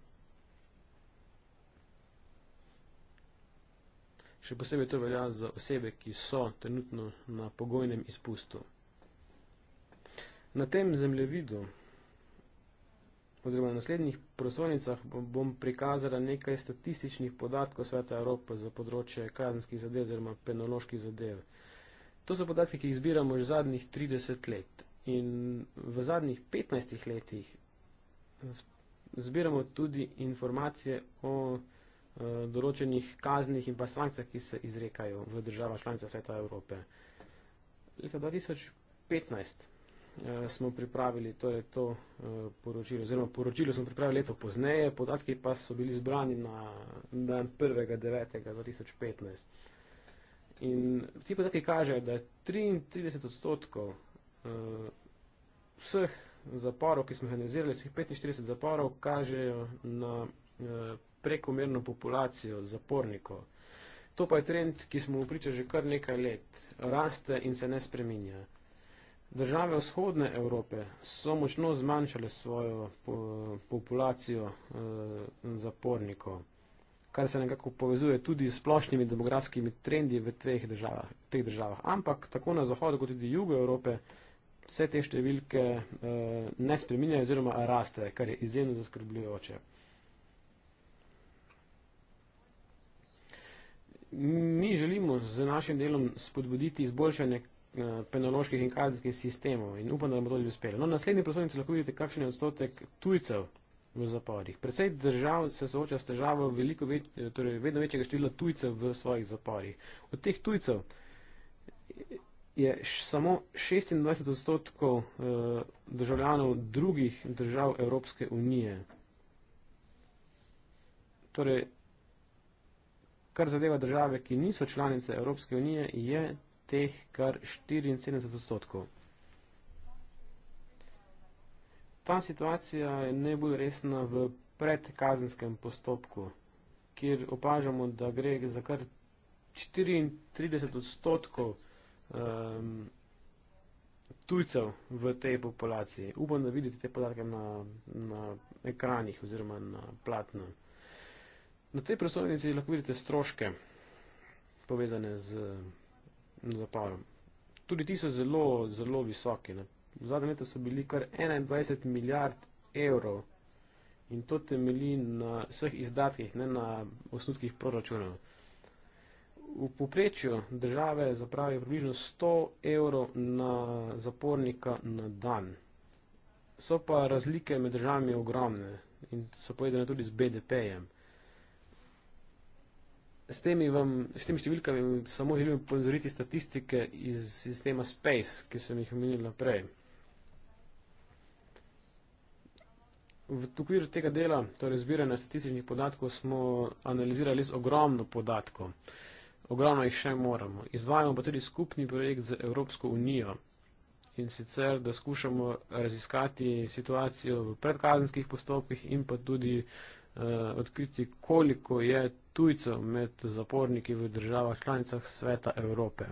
Še posebej to velja za osebe, ki so trenutno na pogojnem izpustu. Na tem zemljevidu oziroma na naslednjih prosovnicah bom prikazala nekaj statističnih podatkov Sveta Evrope za področje kazenskih zadev oziroma penoloških zadev. To so podatki, ki jih zbiramo že zadnjih 30 let in v zadnjih 15 letih zbiramo tudi informacije o Eh, določenih kaznih in pa sankcijah, ki se izrekajo v državah članica Sveta Evrope. Leta 2015 uh, eh, smo pripravili torej, to uh, poročilo, oziroma poročilo smo pripravili leto pozneje, podatki pa so bili zbrani na dan 1.9.2015. In ti podatki kažejo, da je 33 odstotkov uh, vseh zaporov, ki smo organizirali, vseh 45 zaporov, kažejo na uh, prekomerno populacijo zapornikov. To pa je trend, ki smo mu priča že kar nekaj let, raste in se ne spreminja. Države vzhodne Evrope so močno zmanjšale svojo po, populacijo e, zapornikov, kar se nekako povezuje tudi s splošnimi demografskimi trendi v tveh državah, teh državah. Ampak tako na zahodu kot tudi jugu Evrope se te številke e, ne spreminjajo oziroma raste, kar je izjemno zaskrbljujoče. Mi želimo z našim delom spodbuditi izboljšanje eh, penoloških in kazenskih sistemov in upam, da bomo tudi uspeli. No, na naslednji prosovnici lahko vidite, kakšen je odstotek tujcev v zaporih. Predvsej držav se sooča s težavo veliko več, torej vedno večjega števila tujcev v svojih zaporih. Od teh tujcev je samo 26 odstotkov eh, državljanov drugih držav Evropske unije. Torej, Kar zadeva države, ki niso članice Evropske unije, je teh kar 74 odstotkov. Ta situacija je najbolj resna v predkazenskem postopku, kjer opažamo, da gre za kar 34 odstotkov um, tujcev v tej populaciji. Upam, da vidite te podatke na, na ekranih oziroma na platnu. Na tej prestolnici lahko vidite stroške, povezane z zaporom. Tudi ti so zelo, zelo visoki. Ne? V zadnjem letu so bili kar 21 milijard evrov in to temelji na vseh izdatkih, ne na osnutkih proračunov. V poprečju države zapravijo približno 100 evrov na zapornika na dan. So pa razlike med državami ogromne in so povezane tudi z BDP-jem. S temi, vam, s temi številkami samo želim upozoriti statistike iz sistema Space, ki sem jih omenil naprej. V okviru tega dela, torej zbiranja statističnih podatkov, smo analizirali z ogromno podatkov. Ogromno jih še moramo. Izvajamo pa tudi skupni projekt z Evropsko unijo in sicer, da skušamo raziskati situacijo v predkazenskih postopkih in pa tudi uh, odkriti, koliko je tujcev med zaporniki v državah članicah Sveta Evrope.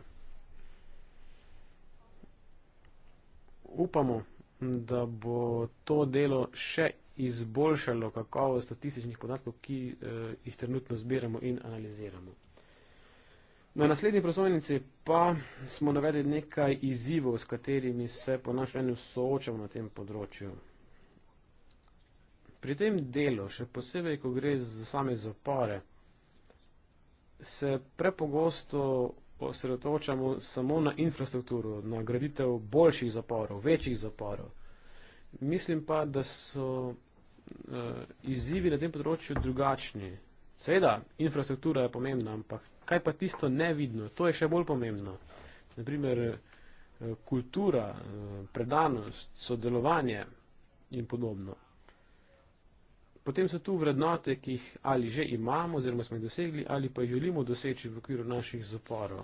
Upamo, da bo to delo še izboljšalo kakovost statističnih podatkov, ki eh, jih trenutno zbiramo in analiziramo. Na naslednji prosojnici pa smo navedli nekaj izzivov, s katerimi se po našem mnenju soočamo na tem področju. Pri tem delu, še posebej, ko gre za same zapore, se prepogosto osredotočamo samo na infrastrukturo, na graditev boljših zaporov, večjih zaporov. Mislim pa, da so uh, izzivi na tem področju drugačni. Seveda, infrastruktura je pomembna, ampak kaj pa tisto nevidno, to je še bolj pomembno. Naprimer, eh, kultura, eh, predanost, sodelovanje in podobno. Potem so tu vrednote, ki jih ali že imamo, oziroma smo jih dosegli, ali pa jih želimo doseči v okviru naših zaporov.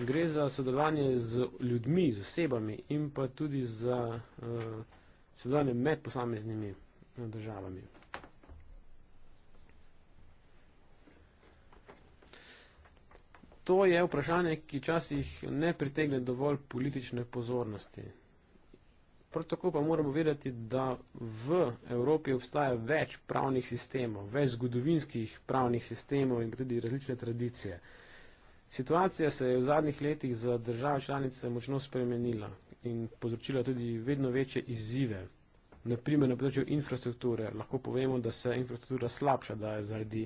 Gre za sodelovanje z ljudmi, z osebami in pa tudi za uh, sodelovanje med posameznimi uh, državami. To je vprašanje, ki včasih ne pritegne dovolj politične pozornosti. Prav tako pa moramo vedeti, da v Evropi obstaja več pravnih sistemov, več zgodovinskih pravnih sistemov in tudi različne tradicije. Situacija se je v zadnjih letih za države članice močno spremenila in povzročila tudi vedno večje izzive. Naprimer na področju infrastrukture lahko povemo, da se infrastruktura slabša, da je zaradi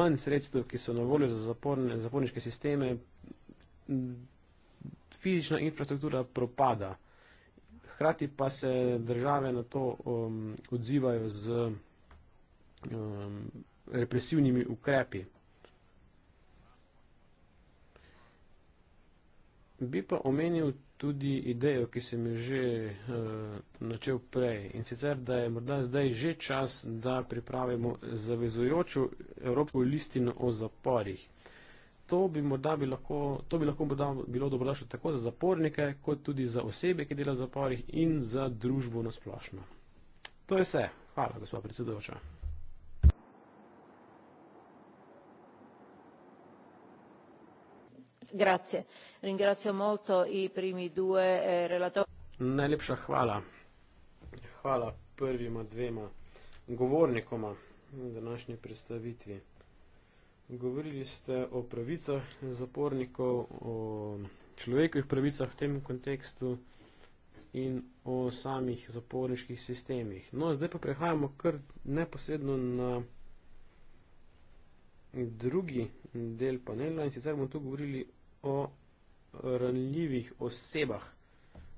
manj sredstev, ki so na voljo za zaporne, zaporniške sisteme, fizična infrastruktura propada. Hrati pa se države na to um, odzivajo z um, represivnimi ukrepi. Bi pa omenil tudi idejo, ki sem jo že uh, načel prej in sicer, da je morda zdaj že čas, da pripravimo zavezujočo Evropsko listino o zaporih. To bi morda bi lahko, to bi lahko morda bilo dobrodošlo tako za zapornike, kot tudi za osebe, ki dela v zaporih in za družbo na splošno. To je vse. Hvala, gospod predsedujoča. Grazie. Ringrazio molto i primi due eh, relatori. Najlepša hvala. Hvala prvima dvema govornikoma v današnji predstavitvi. Govorili ste o pravicah zapornikov, o človekovih pravicah v tem kontekstu in o samih zaporniških sistemih. No, zdaj pa prehajamo kar neposredno na drugi del panela in sicer bomo tu govorili o ranljivih osebah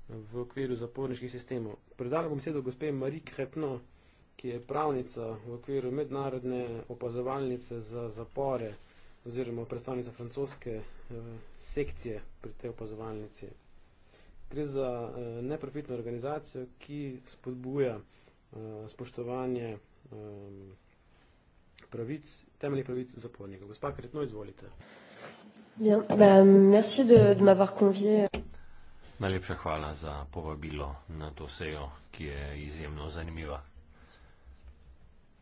v okviru zaporniških sistemov. Predala bom sedo gospe Marie Krepno ki je pravnica v okviru mednarodne opazovalnice za zapore oziroma predstavnica francoske eh, sekcije pri tej opazovalnici. Gre za eh, neprofitno organizacijo, ki spodbuja eh, spoštovanje pravic, temeljnih pravic zapornikov. Gospa Kretno, izvolite. Bien, bah, merci de, de m'avoir convié. Najlepša hvala za povabilo na to sejo, ki je izjemno zanimiva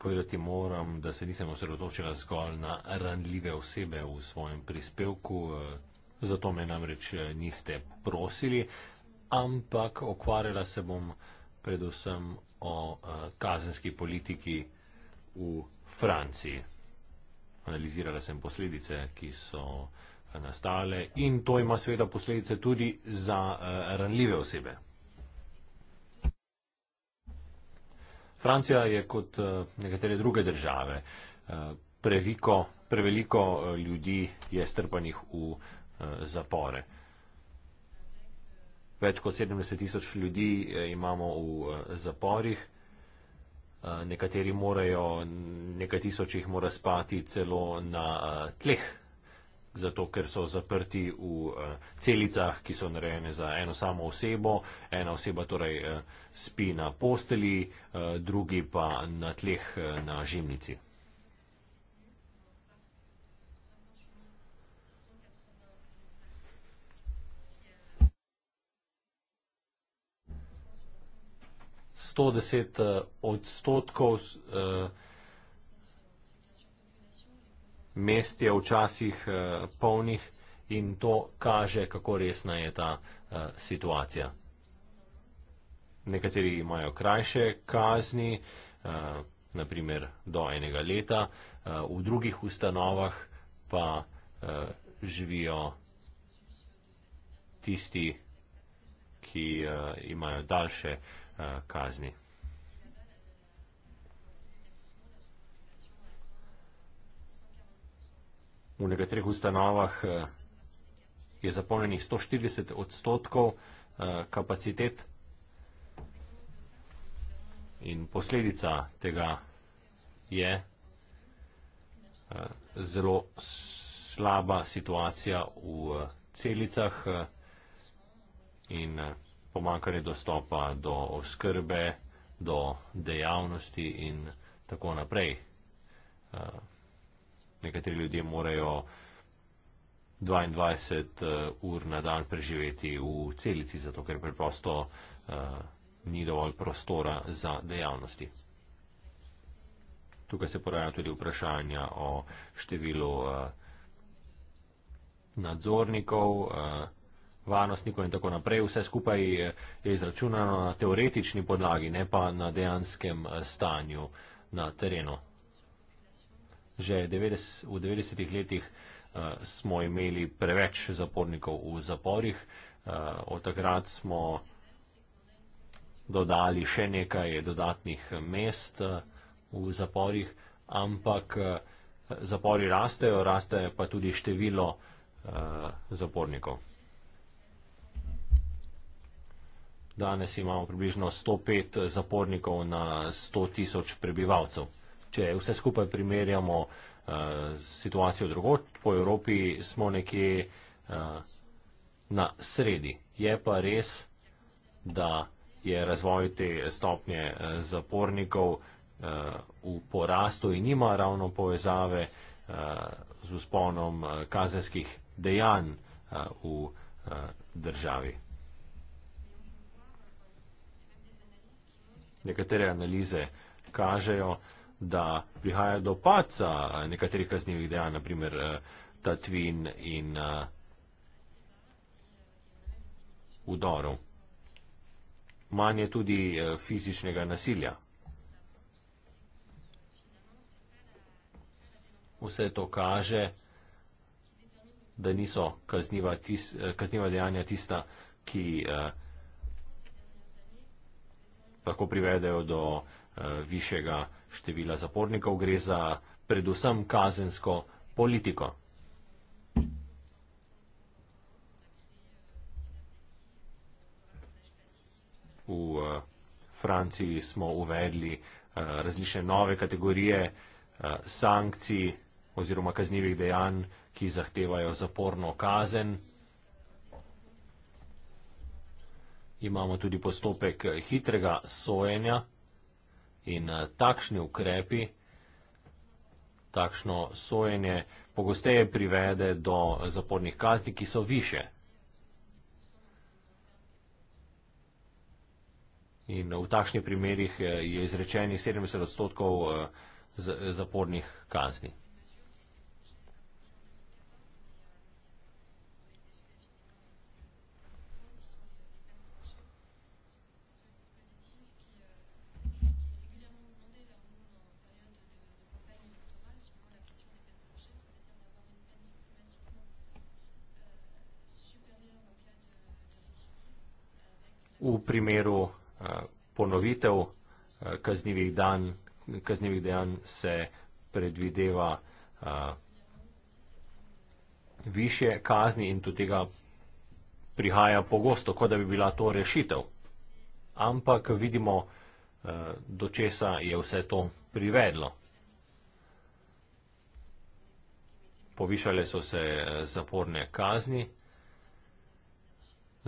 povedati moram, da se nisem osredotočila zgolj na ranljive osebe v svojem prispevku, eh, zato me namreč eh, niste prosili, ampak okvarjala se bom predvsem o eh, kazenski politiki v Franciji. Analizirala sem posledice, ki so nastale in to ima seveda posledice tudi za ranljive osebe. Francija je kot eh, nekatere druge države eh, preveliko, preveliko eh, ljudi je strpanih v zapore. Več kot 70 tisoč ljudi imamo v zaporih, nekateri morajo, nekaj tisoč jih mora spati celo na tleh zato ker so zaprti v eh, celicah, ki so narejene za eno samo osebo. Ena oseba torej eh, spi na posteli, eh, drugi pa na tleh na žimnici. Sto deset odstotkov mest je včasih eh, polnih in to kaže, kako resna je ta eh, situacija. Nekateri imajo krajše kazni, eh, naprimer do enega leta, v drugih ustanovah pa živijo tisti, ki imajo daljše kazni. v nekaterih ustanovah eh, je zapolnjenih 140 odstotkov eh, kapacitet in posledica tega je eh, zelo slaba situacija v celicah in pomankanje dostopa do oskrbe, do dejavnosti in tako naprej nekateri ljudje morajo 22 eh, ur na dan preživeti v celici, zato ker preprosto uh, ni dovolj prostora za dejavnosti. Tukaj se porajajo tudi vprašanja o številu uh, nadzornikov. Uh, varnostnikov in tako naprej. Vse skupaj je izračunano na teoretični podlagi, ne pa na dejanskem stanju na terenu že 90, v 90-ih letih uh, smo imeli preveč zapornikov v zaporih. Uh, od takrat smo dodali še nekaj dodatnih mest uh, v zaporih, ampak uh, zapori rastejo, raste pa tudi število uh, zapornikov. Danes imamo približno 105 zapornikov na 100 tisoč prebivalcev če vse skupaj primerjamo uh, eh, s situacijo drugot po Evropi, smo nekje uh, na sredi. Je pa res, da je razvoj te stopnje uh, zapornikov uh, v porastu in nima ravno povezave uh, z usponom uh, kazenskih dejanj uh, v uh, državi. Nekatere analize kažejo, da prihaja do paca nekaterih kaznjivih dejanj, naprimer eh, tatvin in udorov. Eh, Manje tudi eh, fizičnega nasilja. Vse to kaže, da niso kazniva, tis, kazniva dejanja tista, ki eh, lahko privedejo do eh, višjega eh, števila zapornikov gre za predvsem kazensko politiko. V eh, Franciji smo uvedli eh, različne nove kategorije eh, sankcij oziroma kaznjivih dejanj, ki zahtevajo zaporno kazen. Imamo tudi postopek hitrega sojenja. In eh, takšni ukrepi, takšno sojenje pogosteje privede do zapornih kazni, ki so više. In eh, v takšnih primerjih eh, je izrečenih 70 odstotkov zapornih kazni. v primeru eh, ponovitev eh, kaznjivih, dan, kaznjivih dejanj se predvideva eh, više kazni in tudi tega prihaja pogosto, kot da bi bila to rešitev. Ampak vidimo, do česa je vse to privedlo. Povišale so se zaporne kazni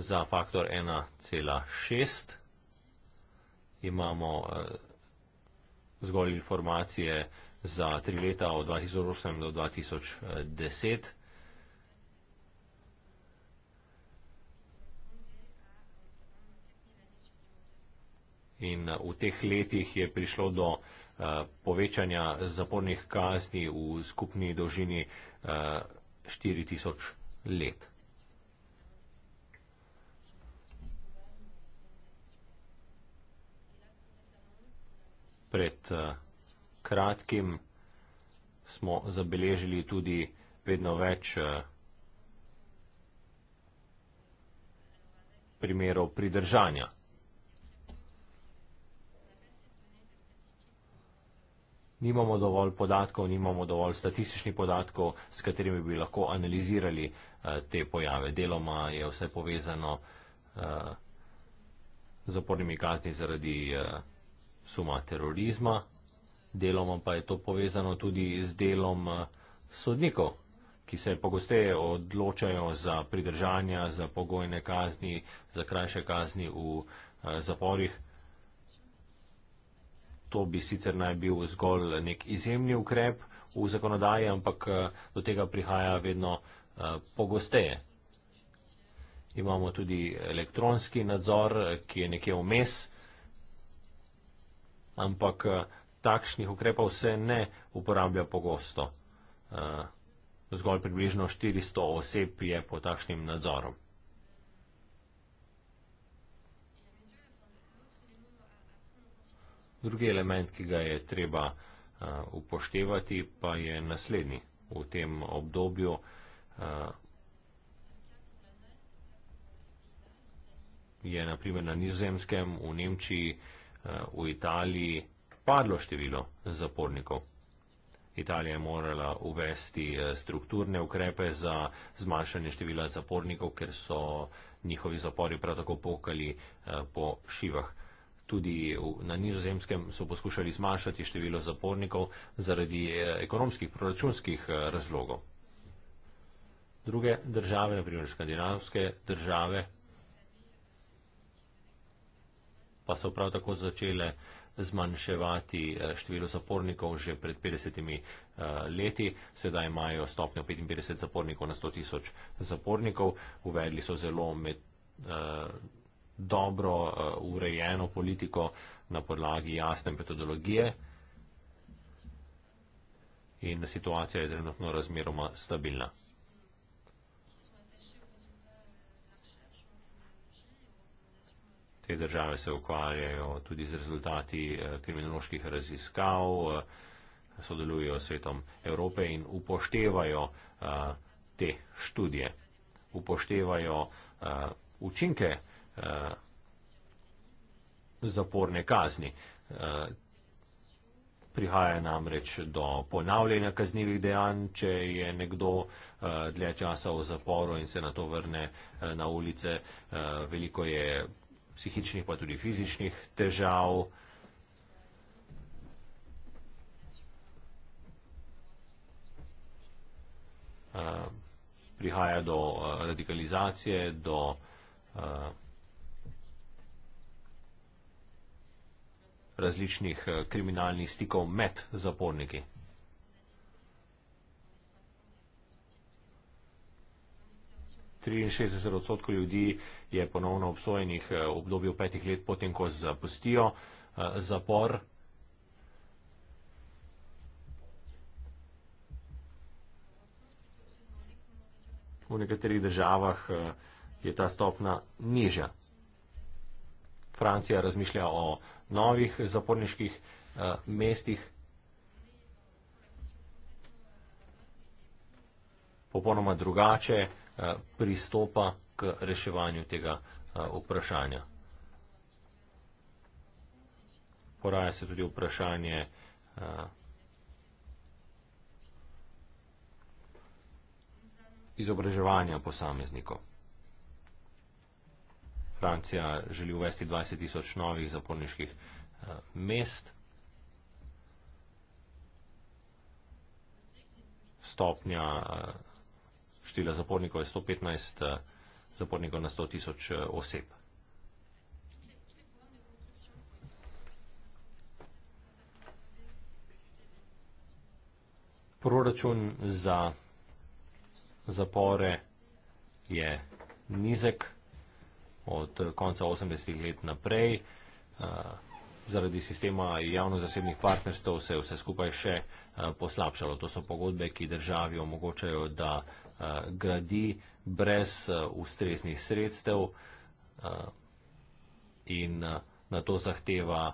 za faktor 1,6. Imamo eh, zgolj informacije za tri leta od 2008 do 2010. In eh, v teh letih je prišlo do uh, povečanja zapornih kazni v skupni dolžini uh, eh, 4000 let. pred eh, kratkim smo zabeležili tudi vedno več eh, primerov pridržanja. Nimamo dovolj podatkov, nimamo dovolj statističnih podatkov, s katerimi bi lahko analizirali eh, te pojave. Deloma je vse povezano z zapornimi kazni zaradi suma terorizma, deloma pa je to povezano tudi z delom eh, sodnikov, ki se pogosteje odločajo za pridržanja, za pogojne kazni, za krajše kazni v eh, zaporih. To bi sicer naj bil zgolj nek izjemni ukrep v zakonodaji, ampak eh, do tega prihaja vedno pogosteje. Imamo tudi elektronski nadzor, ki je nekje vmes, ampak eh, takšnih ukrepov se ne uporablja pogosto. Eh, zgolj približno 400 oseb je pod takšnim nadzorom. Drugi element, ki ga je treba eh, upoštevati, pa je naslednji. V tem obdobju je naprimer na nizozemskem, v Nemčiji, Eh, v Italiji padlo število zapornikov. Italija je morala uvesti eh, strukturne ukrepe za zmanjšanje števila zapornikov, ker so njihovi zapori prav tako pokali eh, po šivah. Tudi na nizozemskem so poskušali zmanjšati število zapornikov zaradi ekonomskih proračunskih razlogov. Druge države, naprimer skandinavske države, pa so prav tako začele zmanjševati eh, število zapornikov že pred 50 eh, leti. Sedaj imajo stopnjo 55 zapornikov na 100 tisoč zapornikov. Uvedli so zelo med, eh, dobro urejeno politiko na podlagi jasne metodologije. In situacija je trenutno razmeroma stabilna. te države se ukvarjajo tudi z rezultati eh, kriminoloških raziskav, eh, sodelujejo s svetom Evrope in upoštevajo eh, te študije, upoštevajo učinke zaporne kazni. Prihaja namreč do ponavljanja kaznjivih dejanj, če je nekdo dlje časa v zaporu in se na to vrne na ulice. Veliko je psihičnih, pa tudi fizičnih težav. Uh, prihaja do uh, radikalizacije, do uh, različnih uh, kriminalnih stikov med zaporniki. 63 odstotkov ljudi je ponovno obsojenih eh, v obdobju petih let potem, ko zapustijo eh, zapor. V nekaterih državah eh, je ta stopna niža. Francija razmišlja o novih zaporniških mestih. Popolnoma drugače. Eh, pristopa k reševanju tega eh, vprašanja. Poraja se tudi vprašanje, eh, izobraževanja posameznikov. Francija želi uvesti 20 tisoč novih zaporniških mest. Stopnja števila zapornikov je 115 eh, zapornikov na 100 tisoč eh, oseb. Proračun za zapore je nizek od eh, konca 80-ih let naprej. Zaradi sistema javno-zasebnih partnerstv se je vse skupaj še poslabšalo. To so pogodbe, ki državi omogočajo, da Eh, gradi brez eh, ustreznih sredstev eh, in na to zahteva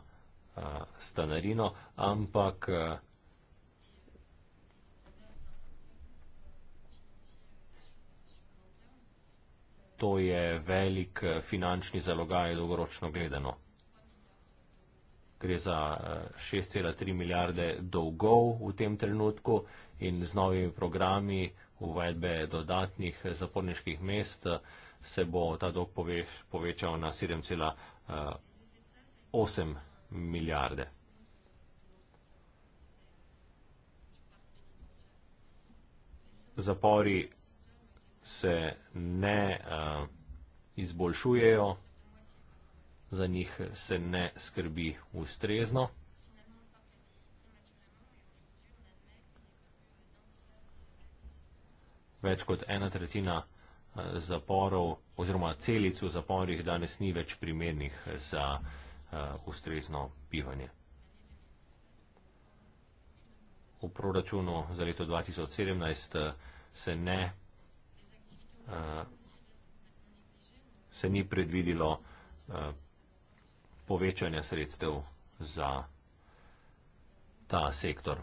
stanarino, ampak to je velik finančni zalogaj dolgoročno gledano. Gre za 6,3 milijarde dolgov v tem trenutku in z novimi programi uvedbe dodatnih zaporniških mest, se bo ta dolg povečal na 7,8 eh, milijarde. Zapori se ne eh, izboljšujejo, za njih se ne skrbi ustrezno. več kot ena tretjina eh, zaporov oziroma celic v zaporih danes ni več primernih za eh, ustrezno bivanje. V proračunu za leto 2017 eh, se, ne, se ni predvidilo povečanja sredstev za ta sektor.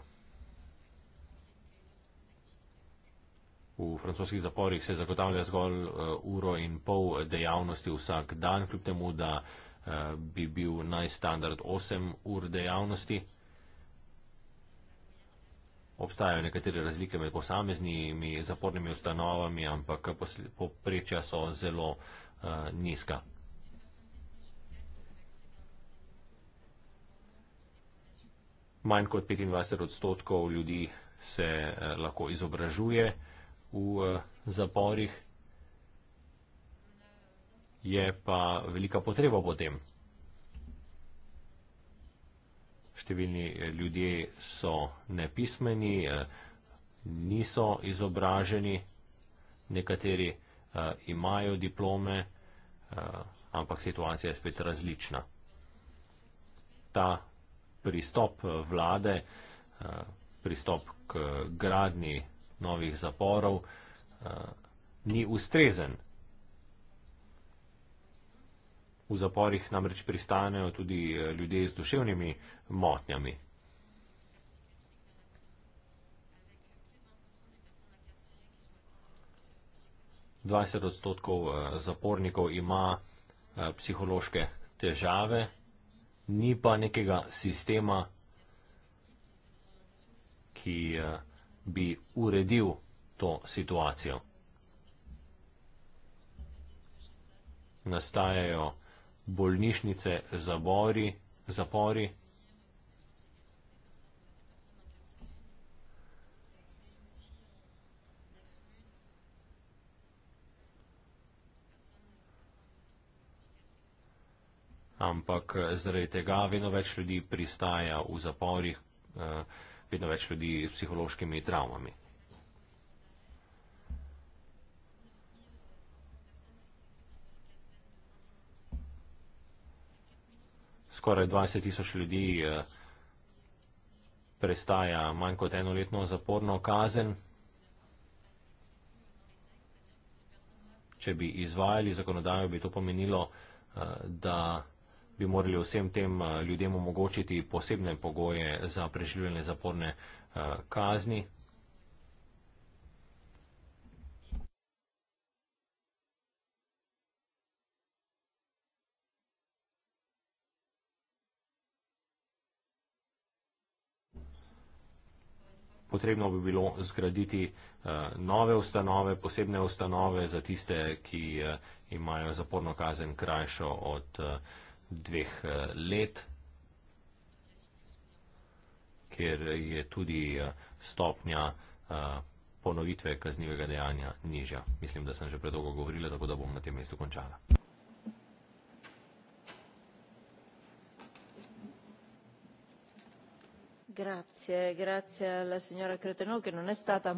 V francoskih zaporih se zagotavlja zgolj eh, uro in pol dejavnosti vsak dan, kljub temu, da eh, bi bil najstandard 8 ur dejavnosti. Obstajajo nekatere razlike med posameznimi zapornimi ustanovami, ampak poprečja so zelo eh, nizka. Manj kot 25 odstotkov ljudi se lahko izobražuje v eh, zaporih, je pa velika potreba po tem. Številni eh, ljudje so nepismeni, eh, niso izobraženi, nekateri imajo diplome, ampak situacija je spet različna. Ta pristop vlade, pristop k gradni novih zaporov eh, ni ustrezen. V zaporih namreč pristanejo tudi eh, ljudje z duševnimi motnjami. Dvajset odstotkov eh, zapornikov ima psihološke težave, ni pa nekega sistema, ki je bi uredil to situacijo. Nastajajo bolnišnice, zabori, zapori. Ampak eh, zaradi tega vedno več ljudi pristaja v zaporih. Eh, vedno več ljudi s psihološkimi travmami. Skoraj 20 tisoč ljudi eh, prestaja manj kot enoletno zaporno kazen. Če bi izvajali zakonodajo, bi to pomenilo, eh, da bi morali vsem tem eh, ljudem omogočiti posebne pogoje za preživljanje zaporne eh, kazni. Potrebno bi bilo zgraditi eh, nove ustanove, posebne ustanove za tiste, ki imajo zaporno kazen krajšo od dveh eh, let, ker je tudi eh, stopnja eh, ponovitve kaznivega dejanja nižja. Mislim, da sem že predolgo govorila, tako da bom na tem mestu končala. Grazie, grazie alla signora Cretenot, che non è stata.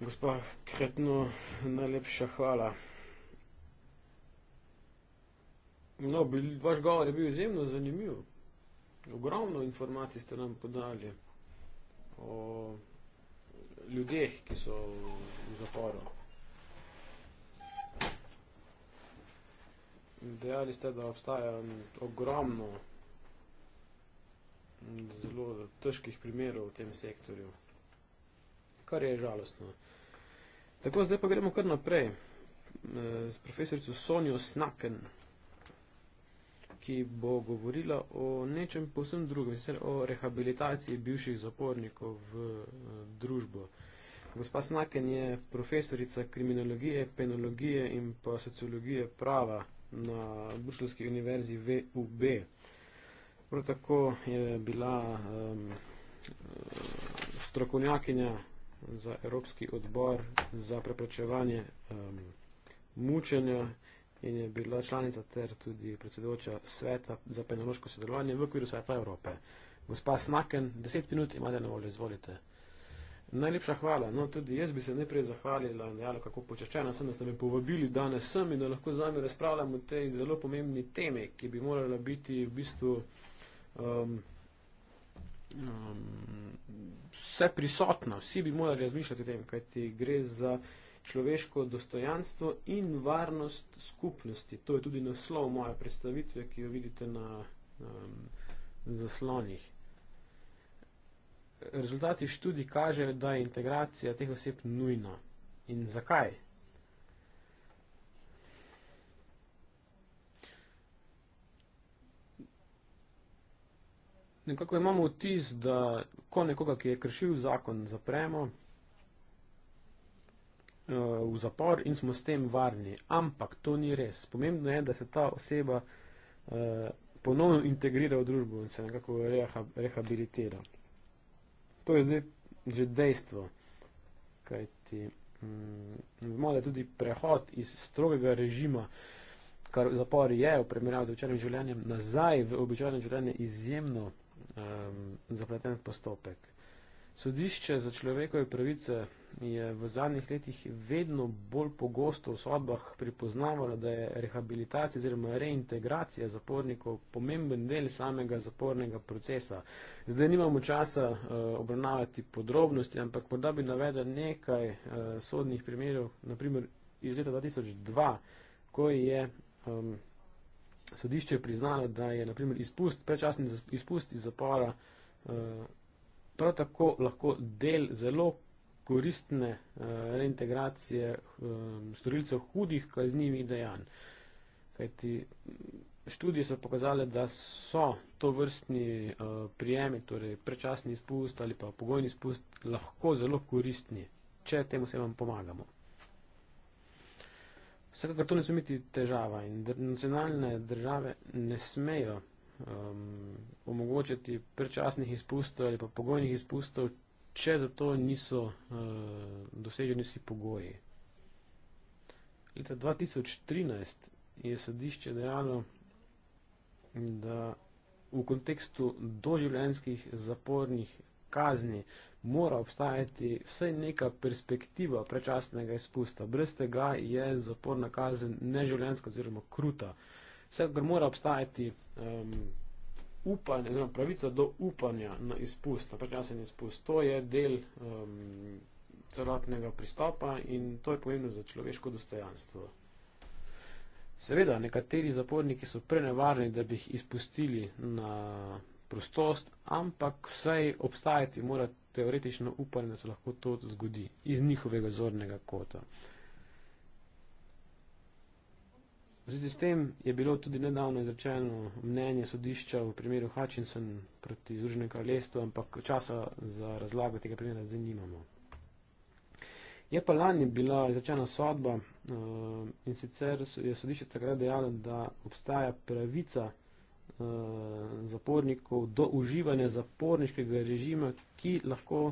Gospa Cretenot, najlepša hvala. No, bil, vaš govor je bil izjemno zanimiv. Ogromno informacij ste nam podali o ljudeh, ki so v zaporu. Dejali ste, da obstaja ogromno zelo težkih primerov v tem sektorju, kar je žalostno. Tako, zdaj pa gremo kar naprej. Eh, s profesorico Sonjo Snaken ki bo govorila o nečem posebno drugem, sicer o rehabilitaciji bivših zapornikov v eh, družbo. Gospa Snaken je profesorica kriminologije, penologije in pa sociologije prava na Bruselski univerzi VUB. Prav tako je bila um, strokovnjakinja za Evropski odbor za preprečevanje um, mučenja in je bila članica ter tudi predsedujoča sveta za penološko sodelovanje v okviru sveta Evrope. Gospa Snaken, deset minut imate na voljo, izvolite. Najlepša hvala. No, tudi jaz bi se najprej zahvalila in dejala, kako počaščena sem, da ste me povabili danes sem in da lahko z vami razpravljam o tej zelo pomembni temi, ki bi morala biti v bistvu um, um, vse prisotna. Vsi bi morali razmišljati o tem, kajti gre za človeško dostojanstvo in varnost skupnosti. To je tudi naslov moje predstavitve, ki jo vidite na um, zaslonih. Rezultati študij kažejo, da je integracija teh oseb nujna. In zakaj? Nekako imamo vtis, da ko nekoga, ki je kršil zakon, zapremo, Eh, v zapor in smo s tem varni. Ampak to ni res. Pomembno je, da se ta oseba eh, ponovno integrira v družbo in se nekako rehabilitira. To je zdaj že dejstvo, kajti mm, vemo, da je tudi prehod iz strogega režima, kar zapor je v primerjavi z običajnim življenjem, nazaj v običajno življenje izjemno um, zapleten postopek. Sodišče za človekove pravice je v zadnjih letih vedno bolj pogosto v sodbah pripoznavalo, da je rehabilitacija oziroma reintegracija zapornikov pomemben del samega zapornega procesa. Zdaj nimamo časa uh, obravnavati podrobnosti, ampak morda bi navedel nekaj uh, sodnih primerov, naprimer iz leta 2002, ko je um, sodišče priznalo, da je naprimer, izpust, prečasni izpust iz zapora uh, prav tako lahko del zelo koristne eh, reintegracije eh, storilcev hudih kaznjivih dejanj. Kajti mm, študije so pokazale, da so to vrstni eh, prijemi, torej prečasni izpust ali pa pogojni izpust, lahko zelo koristni, če temu se vam pomagamo. Vsekakor to ne sme biti težava in nacionalne države ne smejo um, omogočiti prečasnih izpustov ali pa pogojnih izpustov, če za to niso uh, doseženi si pogoji. Leta 2013 je sodišče dejalo, da v kontekstu doživljenskih zapornih kazni mora obstajati vsaj neka perspektiva prečasnega izpusta. Brez tega je zaporna kazen neživljenska oziroma kruta. Uh, Vsekakor mora obstajati um, upanje, oziroma pravica do upanja na izpust, na prečasen izpust. To je del um, celotnega pristopa in to je pomembno za človeško dostojanstvo. Seveda, nekateri zaporniki so prenevarni, da bi jih izpustili na prostost, ampak vsej obstajati mora teoretično upanje, da se lahko to zgodi iz njihovega zornega kota. V zvezi s tem je bilo tudi nedavno izrečeno mnenje sodišča v primeru Hutchinson proti Združenem kraljestvu, ampak časa za razlago tega primera zdaj nimamo. Je pa lani bila izrečena sodba eh, in sicer je sodišče takrat dejalo, da obstaja pravica eh, zapornikov do uživanja zaporniškega režima, ki lahko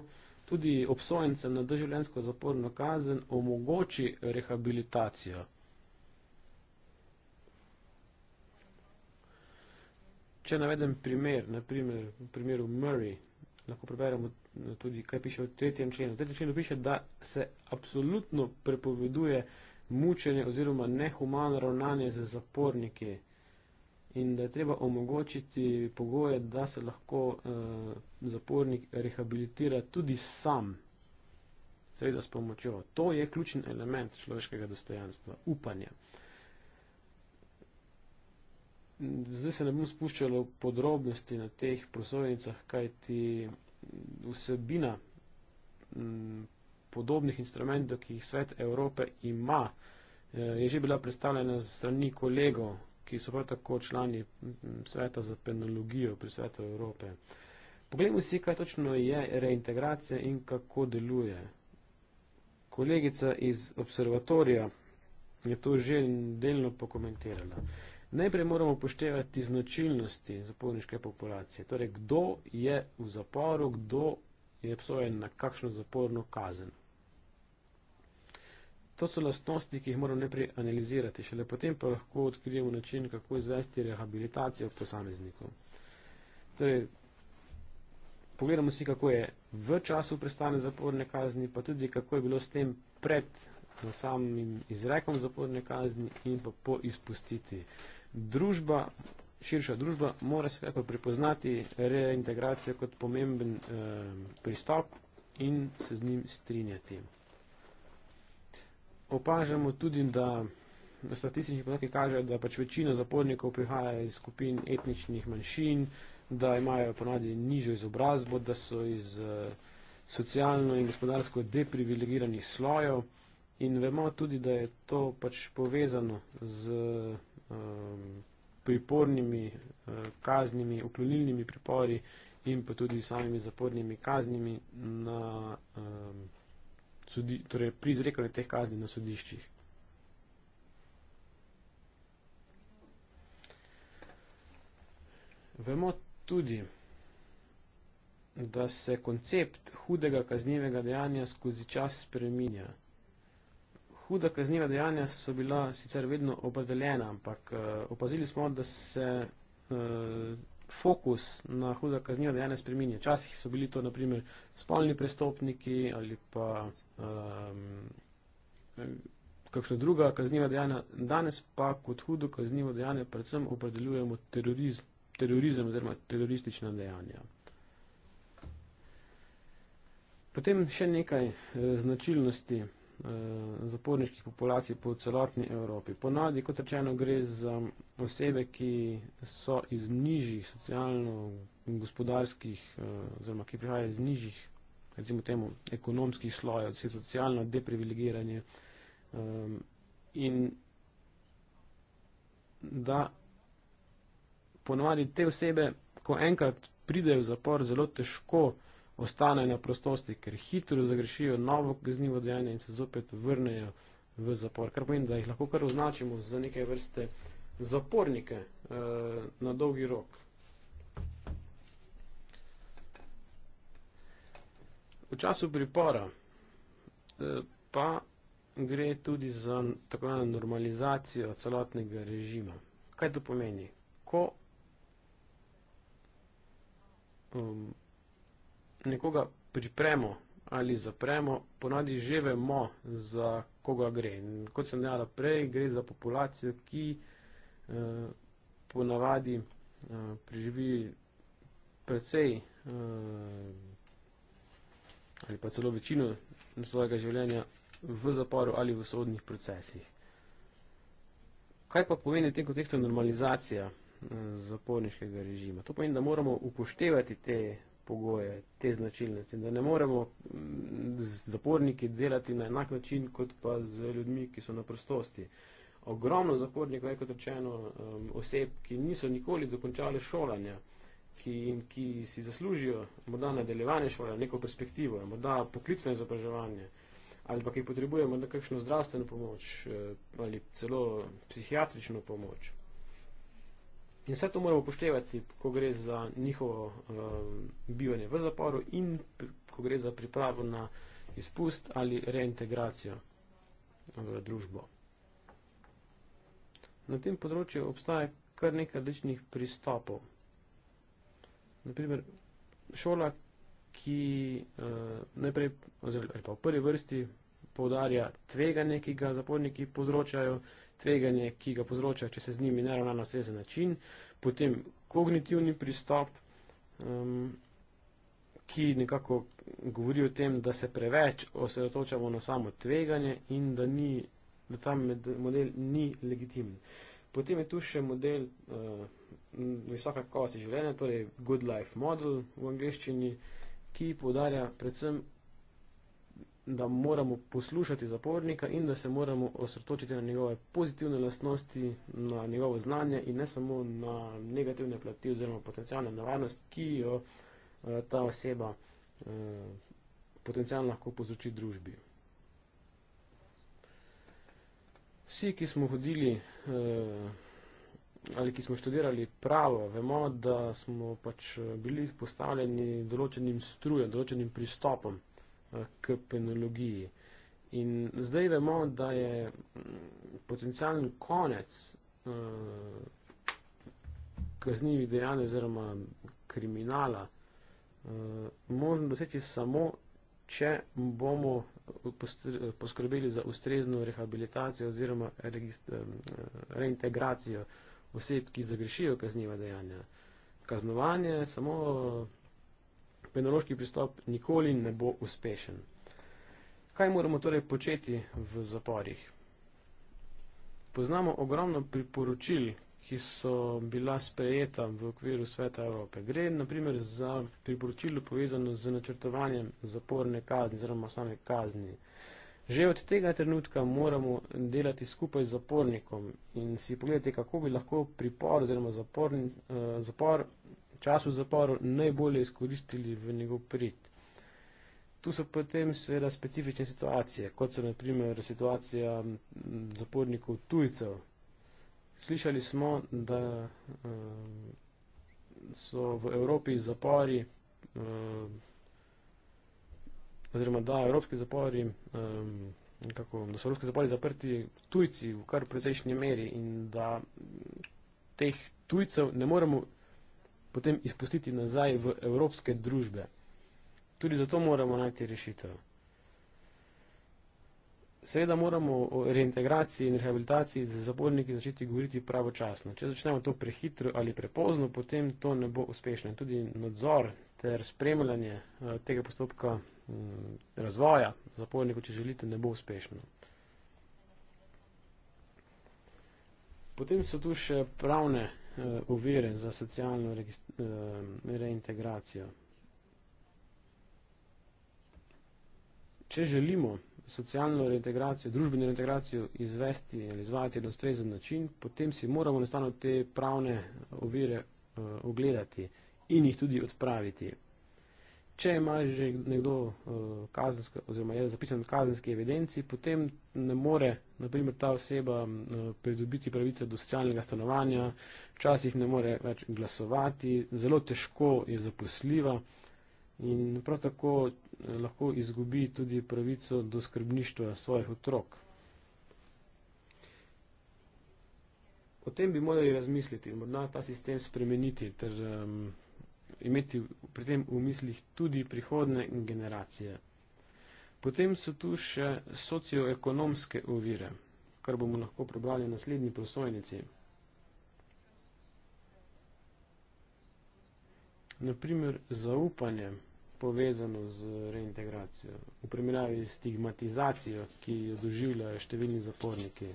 tudi obsojencem na doživljensko zaporno kazen omogoči rehabilitacijo. Če navedem primer, naprimer, v primeru Murray, lahko preberemo tudi, kaj piše v tretjem členu. V tretjem členu piše, da se absolutno prepoveduje mučenje oziroma nehumano ravnanje z zaporniki in da je treba omogočiti pogoje, da se lahko uh, zapornik rehabilitira tudi sam, seveda s pomočjo. To je ključni element človeškega dostojanstva, upanja. Uh, Zdaj se ne bom spuščal v podrobnosti na teh prosojnicah, kaj ti vsebina mm, podobnih instrumentov, ki jih svet Evrope ima, eh, je že bila predstavljena z strani kolegov, ki so prav tako člani mm, sveta za penologijo pri svetu Evrope. Poglejmo si, kaj točno je reintegracija in kako deluje. Kolegica iz observatorija je to že delno pokomentirala. Najprej moramo upoštevati značilnosti zaporniške populacije, torej kdo je v zaporu, kdo je obsojen na kakšno zaporno kazen. To so lastnosti, ki jih moramo najprej analizirati, šele potem pa lahko odkrijemo način, kako izvesti rehabilitacijo posameznikov. Torej, pogledamo si, kako je v času prestane zaporne kazni, pa tudi kako je bilo s tem pred samim izrekom zaporne kazni in pa po izpustitvi družba, širša družba mora svekaj prepoznati reintegracijo kot pomemben eh, pristop in se z njim strinjati. Opažamo tudi, da statistični podatki kažejo, da pač večina zapornikov prihaja iz skupin etničnih manjšin, da imajo ponadi nižjo izobrazbo, da so iz eh, socialno in gospodarsko deprivilegiranih slojev in vemo tudi, da je to pač povezano z eh, um, pripornimi uh, kaznimi, uklonilnimi pripori in pa tudi samimi zapornimi kaznimi na, um, sodi, torej pri izrekanju teh kazni na sodiščih. Vemo tudi, da se koncept hudega kaznjevega dejanja skozi čas spreminja huda kazniva dejanja so bila sicer vedno opredeljena, ampak eh, opazili smo, da se eh, fokus na huda kazniva dejanja spreminja. Včasih so bili to naprimer spolni prestopniki ali pa ehm, kakšna druga kazniva dejanja. Danes pa kot hudo kaznivo dejanje predvsem opredeljujemo terorizem oziroma teroristična dejanja. Potem še nekaj eh, značilnosti. Eh, zaporniških populacij po celotni Evropi. Ponadi, kot rečeno, gre za osebe, ki so iz nižjih socialno-gospodarskih, eh, oziroma ki prihajajo iz nižjih, recimo temu, ekonomskih slojev, vse socialno deprivilegiranje in da ponovadi te osebe, ko enkrat pridejo v zapor, zelo težko vsega, ostanejo na prostosti, ker hitro zagrešijo novo kaznivo dejanje in se zopet vrnejo v zapor. Kar pomeni, da jih lahko kar označimo za neke vrste zapornike eh, na dolgi rok. V času pripora eh, pa gre tudi za tako na normalizacijo celotnega režima. Kaj to pomeni? Ko um, nekoga pripremo ali zapremo, ponadi že vemo, za koga gre. In kot sem dejala prej, gre za populacijo, ki eh, ponavadi eh, preživi precej eh, ali pa celo večino svojega življenja v zaporu ali v sodnih procesih. Kaj pa pomeni v tem kontekstu normalizacija zaporniškega režima? To pomeni, da moramo upoštevati te pogoje, te značilnosti. Da ne moremo mm, z zaporniki delati na enak način, kot pa z ljudmi, ki so na prostosti. Ogromno zapornikov je, kot rečeno, oseb, ki niso nikoli dokončali šolanja ki, in ki si zaslužijo morda nadaljevanje šolanja, neko perspektivo, morda poklicno izobraževanje ali pa ki potrebujemo nekakšno zdravstveno pomoč eh, ali celo psihiatrično pomoč. In vse to moramo upoštevati, ko gre za njihovo um, bivanje v zaporu in ko gre za pripravo na izpust ali reintegracijo v uh, družbo. Na tem področju obstaja kar nekaj različnih pristopov. Naprimer, šola, ki uh, najprej, oziroma v prvi vrsti, poudarja tveganje, ki ga zaporniki povzročajo tveganje, ki ga povzroča, če se z njimi ne ravna na vse za način, potem kognitivni pristop, um, ki nekako govori o tem, da se preveč osredotočamo na samo tveganje in da, ni, da ta med, model ni legitimen. Potem je tu še model uh, visoka kakovosti življenja, torej Good Life Model v angleščini, ki podarja predvsem da moramo poslušati zapornika in da se moramo osredotočiti na njegove pozitivne lastnosti, na njegovo znanje in ne samo na negativne plati oziroma potencijalne nevarnosti, ki jo eh, ta oseba eh, potencijalno lahko povzroči družbi. Vsi, ki smo hodili eh, ali ki smo študirali pravo, vemo, da smo pač bili postavljeni določenim strujem, določenim pristopom. Eh, k penologiji. In zdaj vemo, da je mm, potencialni konec eh, kaznjivih dejanj oziroma kriminala eh, možno doseči samo, če bomo poskrbeli za ustrezno rehabilitacijo oziroma reintegracijo oseb, ki zagrešijo kaznjiva dejanja. Kaznovanje samo penološki pristop nikoli ne bo uspešen. Kaj moramo torej početi v zaporih? Poznamo ogromno priporočil, ki so bila sprejeta v okviru Sveta Evrope. Gre naprimer za priporočilo povezano z načrtovanjem zaporne kazni oziroma same kazni. Že od tega trenutka moramo delati skupaj z zapornikom in si pogledati, kako bi lahko pripor oziroma eh, zapor, zapor čas v zaporu najbolje izkoristili v njegov prid. Tu so potem seveda specifične situacije, kot so naprimer situacija zapornikov tujcev. Slišali smo, da uh, so v Evropi zapori, uh, oziroma da evropski zapori, um, kako, da so evropski zapori zaprti tujci v kar precejšnji meri in da teh tujcev ne moremo potem izpustiti nazaj v evropske družbe. Tudi zato moramo najti rešitev. Seveda moramo o reintegraciji in rehabilitaciji z zaporniki začeti govoriti pravočasno. Če začnemo to prehitro ali prepozno, potem to ne bo uspešno. Tudi nadzor ter spremljanje eh, tega postopka mm, razvoja zapornikov, če želite, ne bo uspešno. Potem so tu še pravne Eh, ovire za socialno eh, reintegracijo. Če želimo socialno reintegracijo, družbeno reintegracijo izvesti ali izvajati na ustrezen način, potem si moramo nastano te pravne ovire eh, ogledati in jih tudi odpraviti. Če ima že nekdo uh, eh, kazensko, oziroma je zapisan v kazenski evidenci, potem ne more naprimer, ta oseba uh, pridobiti pravice do socialnega stanovanja, včasih ne more več glasovati, zelo težko je zaposljiva in prav tako eh, lahko izgubi tudi pravico do skrbništva svojih otrok. O tem bi morali razmisliti in morda ta sistem spremeniti. Ter, um, imeti pri tem v mislih tudi prihodne generacije. Potem so tu še socioekonomske ovire, kar bomo lahko prebrali v naslednji prosojnici. Naprimer, zaupanje povezano z reintegracijo, v primerjavi s stigmatizacijo, ki jo doživljajo številni zaporniki.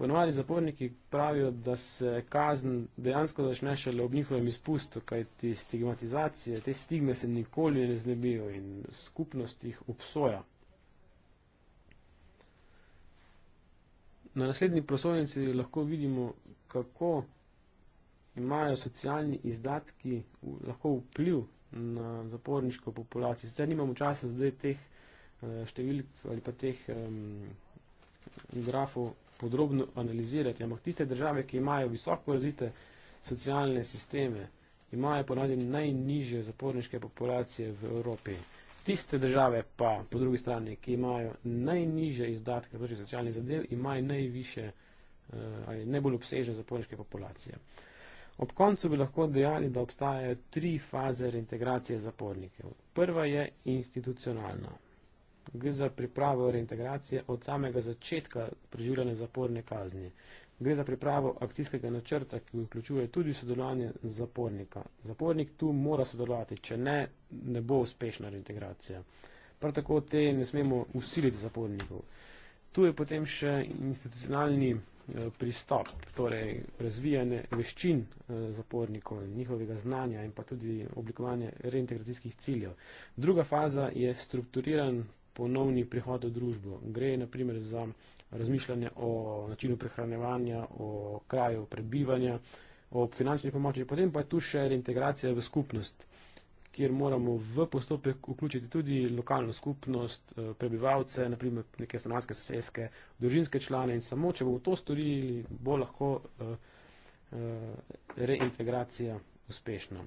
Ponovadi zaporniki pravijo, da se kazen dejansko začne šele ob njihovem izpustu, kajti stigmatizacije, te stigme se nikoli ne znebijo in skupnost jih obsoja. Na naslednji prosojnici lahko vidimo, kako imajo socialni izdatki lahko vpliv na zaporniško populacijo. Zdaj nimamo časa zdaj teh eh, številk ali pa teh um, grafov podrobno analizirati, ampak tiste države, ki imajo visoko razvite socialne sisteme, imajo ponavadi najnižje zaporniške populacije v Evropi. Tiste države pa, po drugi strani, ki imajo najnižje izdatke za socialni zadev, imajo najviše eh, ali najbolj obsežne zaporniške populacije. Ob koncu bi lahko dejali, da obstajajo tri faze reintegracije zapornikov. Prva je institucionalna. Gre za pripravo reintegracije od samega začetka preživljanja zaporne kazni. Gre za pripravo akcijskega načrta, ki vključuje tudi sodelovanje zapornika. Zapornik tu mora sodelovati, če ne, ne bo uspešna reintegracija. Prav tako te ne smemo usiliti zapornikov. Tu je potem še institucionalni eh, pristop, torej razvijanje veščin eh, zapornikov, njihovega znanja in pa tudi oblikovanje reintegracijskih ciljev. Druga faza je strukturiran ponovni prihod v družbo. Gre naprimer za razmišljanje o načinu prehranevanja, o kraju prebivanja, o finančni pomoči. Potem pa je tu še reintegracija v skupnost, kjer moramo v postopek vključiti tudi lokalno skupnost, eh, prebivalce, naprimer neke stanovanske soseske, družinske člane in samo, če bomo to storili, bo lahko eh, eh, reintegracija uspešna.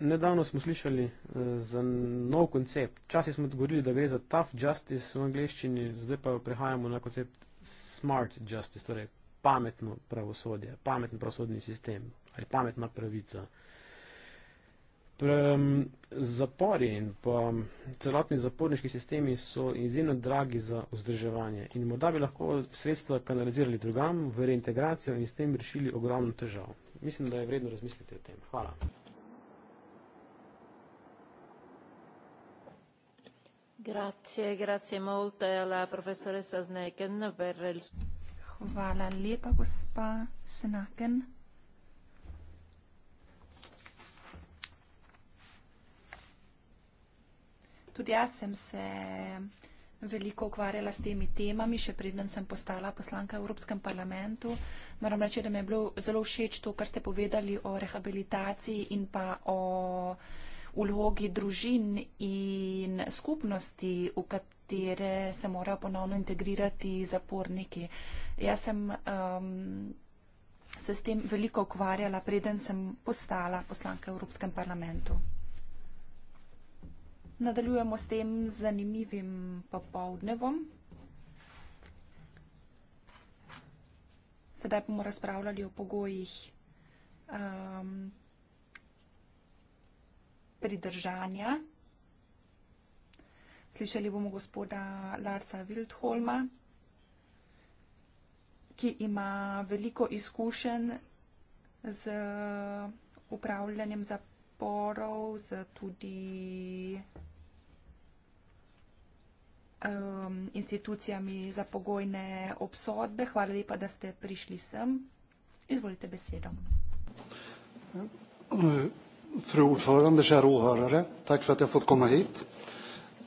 Nedavno smo slišali uh, za nov koncept. Včasih smo govorili, da gre za tough justice v angleščini, zdaj pa prehajamo na koncept smart justice, torej pametno pravosodje, pametni pravosodni sistem ali pametna pravica. Zapori in pa celotni zaporniški sistemi so izjemno dragi za vzdrževanje in morda bi lahko sredstva kanalizirali drugam v reintegracijo in s tem rešili ogromno težav. Mislim, da je vredno razmisliti o tem. Hvala. grazie grazie molte alla professoressa Snaken per il hvala lepa gospa Snaken Tudi jaz sem se veliko ukvarjala s temi temami, še preden sem postala poslanka v Evropskem parlamentu. Moram reči, da mi je bilo zelo všeč to, kar ste povedali o rehabilitaciji in pa o uh, vlogi družin in skupnosti, v katere se morajo ponovno integrirati zaporniki. Jaz sem um, se s tem veliko ukvarjala, preden sem postala poslanka Evropskem parlamentu. Nadaljujemo s tem zanimivim popovdnevom. Sedaj bomo razpravljali o pogojih um, pridržanja. Slišali bomo gospoda Larsa Wildholma, ki ima veliko izkušenj z upravljanjem zaporov, z tudi um, institucijami za pogojne obsodbe. Hvala lepa, da ste prišli sem. Izvolite besedo. Uh, Fru ordförande, kära åhörare, tack för att jag fått komma hit.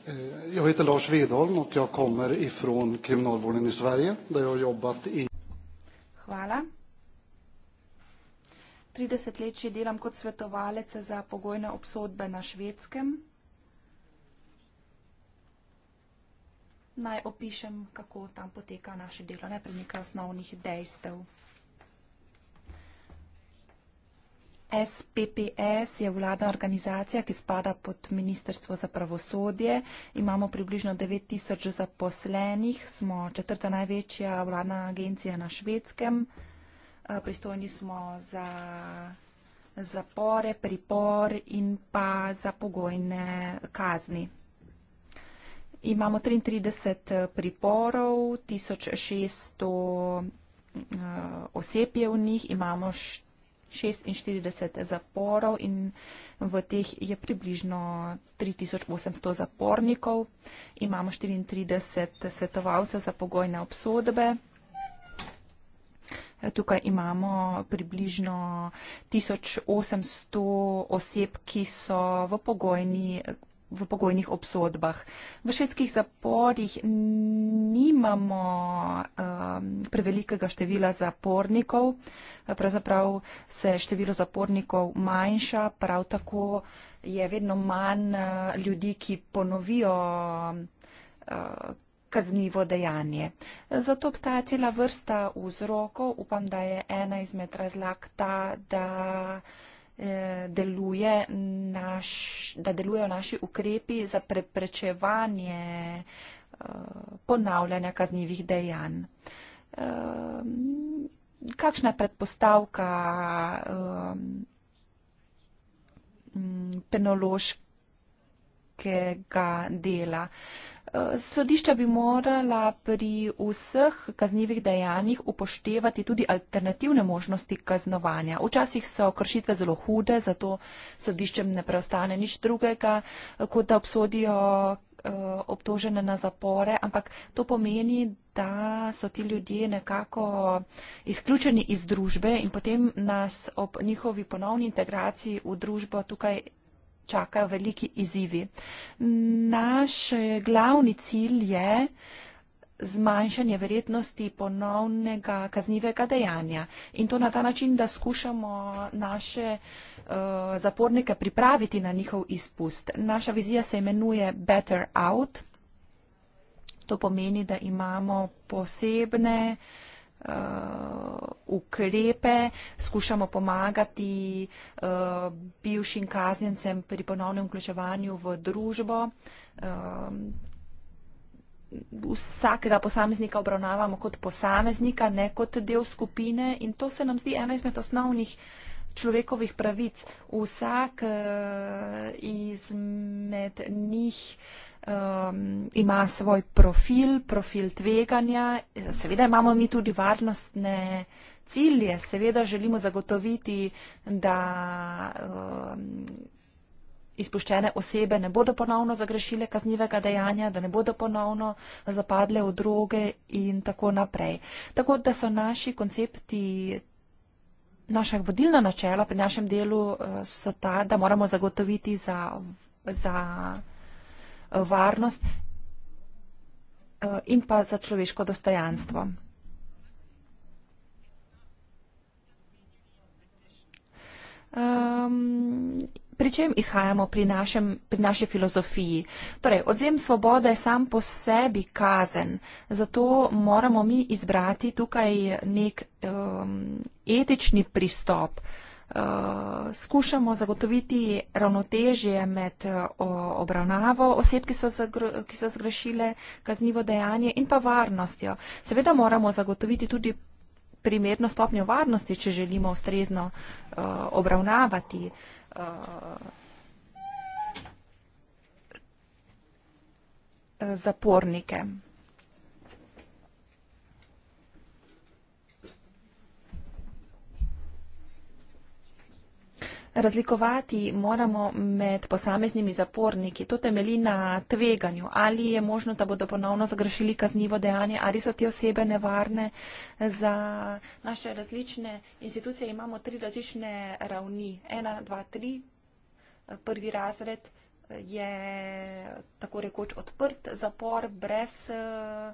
Eh, jag heter Lars Vedholm och jag kommer ifrån Kriminalvården i Sverige där jag har jobbat i... Hvala. 30 let še delam kot svetovalec za pogojne obsodbe na švedskem. Naj opišem, kako tam poteka naše delo, ne pri nekaj osnovnih dejstev. SPPS je vladna organizacija, ki spada pod Ministrstvo za pravosodje. Imamo približno 9000 zaposlenih, smo četrta največja vladna agencija na švedskem. Eh, pristojni smo za zapore, pripor in pa za pogojne kazni. Imamo 33 eh, priporov, 1600 eh, oseb je v njih, imamo 4. 46 zaporov in v teh je približno 3800 zapornikov. Imamo 34 svetovalcev za pogojne obsodbe. Tukaj imamo približno 1800 oseb, ki so v pogojni v pokojnih obsodbah. V švedskih zaporih nimamo um, prevelikega števila zapornikov, pravzaprav se število zapornikov manjša, prav tako je vedno manj uh, ljudi, ki ponovijo um, uh, kaznivo dejanje. Zato obstaja cela vrsta vzrokov, upam, da je ena izmed razlag ta, da Eh, deluje naš, da delujejo naši ukrepi za preprečevanje eh, ponavljanja kaznjivih dejanj. Eh, kakšna je predpostavka mm, penološkega dela? Sodišča bi morala pri vseh kaznjivih dejanjih upoštevati tudi alternativne možnosti kaznovanja. Včasih so kršitve zelo hude, zato sodiščem ne preostane nič drugega, kot da obsodijo eh, obtožene na zapore, ampak to pomeni, da so ti ljudje nekako izključeni iz družbe in potem nas ob njihovi ponovni integraciji v družbo tukaj čakajo veliki izzivi. Naš eh, glavni cilj je zmanjšanje verjetnosti ponovnega kaznivega dejanja. In to na ta način, da skušamo naše uh, zapornike pripraviti na njihov izpust. Naša vizija se imenuje Better Out. To pomeni, da imamo posebne uh, uh, ukrepe, skušamo pomagati uh, bivšim kaznjencem pri ponovnem vključevanju v družbo. Um, vsakega posameznika obravnavamo kot posameznika, ne kot del skupine in to se nam zdi ena izmed osnovnih človekovih pravic. Vsak uh, izmed njih uh, um, ima svoj profil, profil tveganja. Seveda imamo mi tudi varnostne cilje, seveda želimo zagotoviti, da um, izpuščene osebe ne bodo ponovno zagrešile kaznivega dejanja, da ne bodo ponovno zapadle v droge in tako naprej. Tako da so naši koncepti. Naša vodilna načela pri našem delu uh, so ta, da moramo zagotoviti za, za varnost eh, in pa za človeško dostojanstvo. Um, pri čem izhajamo pri, našem, pri naši filozofiji? Torej, odzem svobode je sam po sebi kazen, zato moramo mi izbrati tukaj nek um, etični pristop. Uh, Eh, skušamo zagotoviti ravnotežje med eh, obravnavo oseb, ki so, ki so zgrešile kaznivo dejanje in pa varnostjo. Seveda moramo zagotoviti tudi primerno stopnjo varnosti, če želimo ustrezno eh, obravnavati. Zapornike. Razlikovati moramo med posameznimi zaporniki. To temeli na tveganju. Ali je možno, da bodo ponovno zagrešili kaznivo dejanje, ali so te osebe nevarne za naše različne institucije. Imamo tri različne ravni. Ena, dva, tri. Prvi razred je tako rekoč odprt zapor brez eh,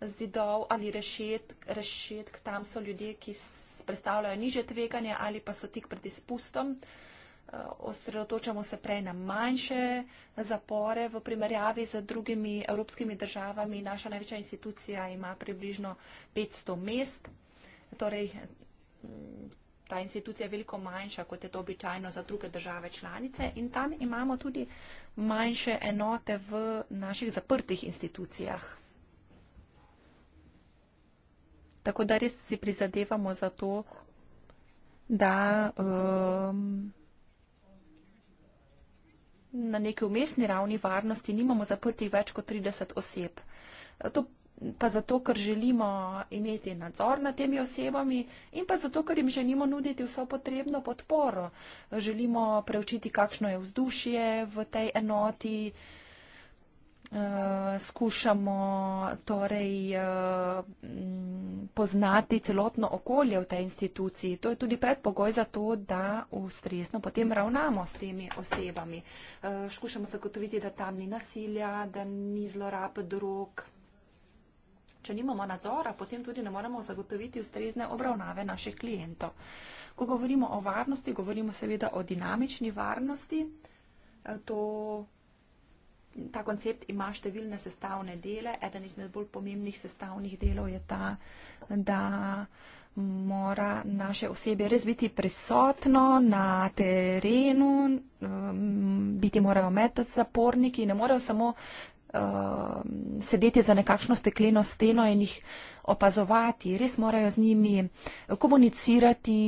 zidov ali rešetk. Rešetk tam so ljudje, ki so predstavljajo niže tveganje ali pa so tik pred izpustom. Eh, osredotočamo se prej na manjše zapore v primerjavi z drugimi evropskimi državami. Naša največja institucija ima približno 500 mest. Torej, ta institucija je veliko manjša, kot je to običajno za druge države članice in tam imamo tudi manjše enote v naših zaprtih institucijah. Tako da res si prizadevamo za to, da um, na neki umestni ravni varnosti nimamo zaprtih več kot 30 oseb. To pa zato, ker želimo imeti nadzor nad temi osebami in pa zato, ker jim želimo nuditi vso potrebno podporo. Želimo preučiti, kakšno je vzdušje v tej enoti. Uh, uh, skušamo torej, uh, poznati celotno okolje v tej instituciji. To je tudi predpogoj za to, da ustrezno potem ravnamo s temi osebami. Uh, skušamo zagotoviti, da tam ni nasilja, da ni zlorab drog. Če nimamo nadzora, potem tudi ne moremo zagotoviti ustrezne obravnave naših klientov. Ko govorimo o varnosti, govorimo seveda o dinamični varnosti. To ta koncept ima številne sestavne dele. Eden izmed bolj pomembnih sestavnih delov je ta, da mora naše osebe res biti prisotno na terenu, um, biti morajo med zaporniki, ne morajo samo um, sedeti za nekakšno stekleno steno in jih opazovati. Res morajo z njimi komunicirati,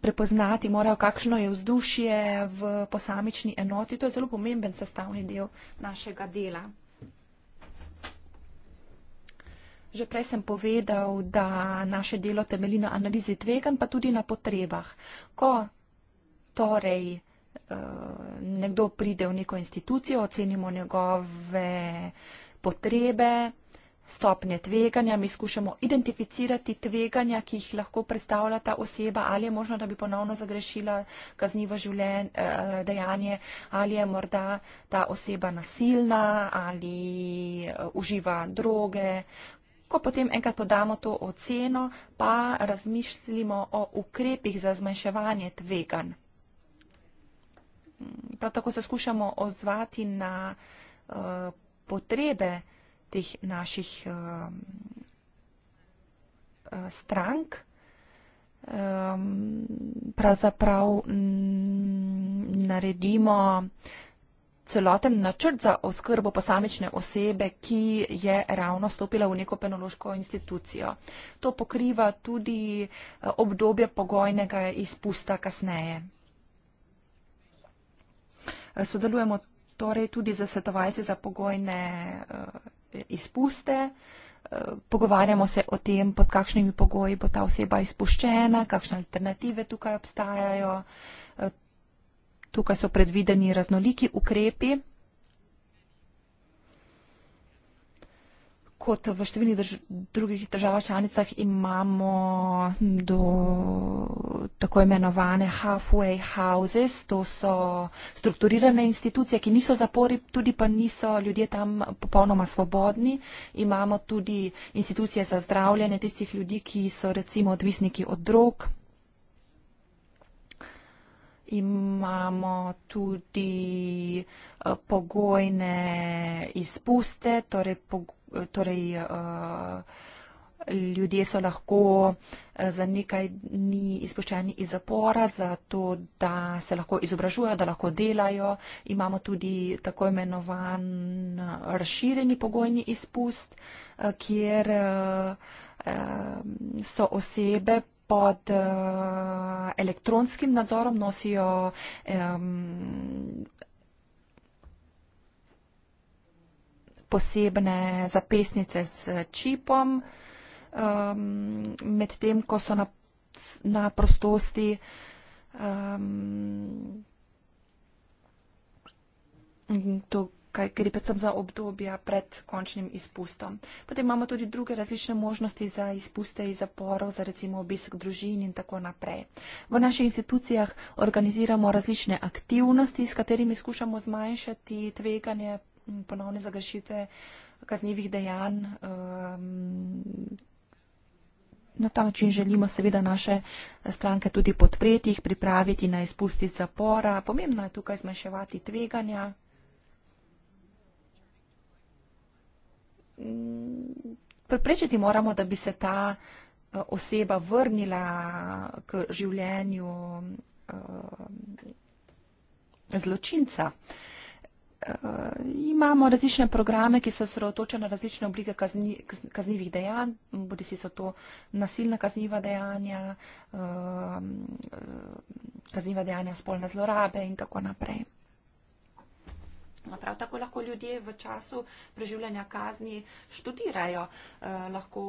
prepoznati morajo, kakšno je vzdušje v posamični enoti. To je zelo pomemben sestavni del našega dela. Že prej sem povedal, da naše delo temelji na analizi tvegan, pa tudi na potrebah. Ko torej eh, nekdo pride v neko institucijo, ocenimo njegove potrebe, stopnje tveganja, mi skušamo identificirati tveganja, ki jih lahko predstavlja ta oseba, ali je možno, da bi ponovno zagrešila kaznivo življenje, eh, dejanje, ali je morda ta oseba nasilna ali eh, uživa droge. Ko potem enkrat podamo to oceno, pa razmišljamo o ukrepih za zmanjševanje tvegan. Prav tako se skušamo odzvati na uh, potrebe uh, teh naših um, uh, strank. Um, pravzaprav mm, naredimo celoten načrt za oskrbo posamične osebe, ki je ravno stopila v neko penološko institucijo. To pokriva tudi uh, obdobje pogojnega izpusta kasneje. Uh, sodelujemo torej tudi za svetovalce za pogojne izpuste. Eh, pogovarjamo se o tem, pod kakšnimi pogoji bo ta oseba izpuščena, kakšne alternative tukaj obstajajo. Eh, tukaj so predvideni raznoliki ukrepi, kot v številnih drž drugih državah članicah imamo do tako imenovane halfway houses. To so strukturirane institucije, ki niso zapori, tudi pa niso ljudje tam popolnoma svobodni. Imamo tudi institucije za zdravljanje tistih ljudi, ki so recimo odvisniki od drog. Imamo tudi eh, pogojne izpuste, torej pogojne torej, eh, ljudje so lahko eh, za nekaj dni izpuščeni iz zapora, zato da se lahko izobražujejo, da lahko delajo. Imamo tudi tako imenovan eh, razširjeni pogojni izpust, kjer so osebe pod elektronskim nadzorom, nosijo posebne zapestnice s čipom, um, medtem ko so na, na prostosti um, tukaj gre predvsem za obdobja pred končnim izpustom. Potem imamo tudi druge različne možnosti za izpuste iz zaporov, za recimo obisk družin in tako naprej. V naših institucijah organiziramo različne aktivnosti, s katerimi skušamo zmanjšati tveganje ponovne zagrešitve kaznjivih dejanj. Um, na ta način želimo seveda naše stranke tudi podpreti, jih pripraviti na izpusti zapora. Pomembno je tukaj zmanjševati tveganja. Preprečiti moramo, da bi se ta uh, oseba vrnila k življenju uh, zločinca. Uh, imamo različne programe, ki so sredotočene na različne oblike kazni, kaznivih dejanj, bodi si so to nasilna kazniva dejanja, um, kazniva dejanja spolne zlorabe in tako naprej. No, prav tako lahko ljudje v času preživljanja kazni študirajo, eh, lahko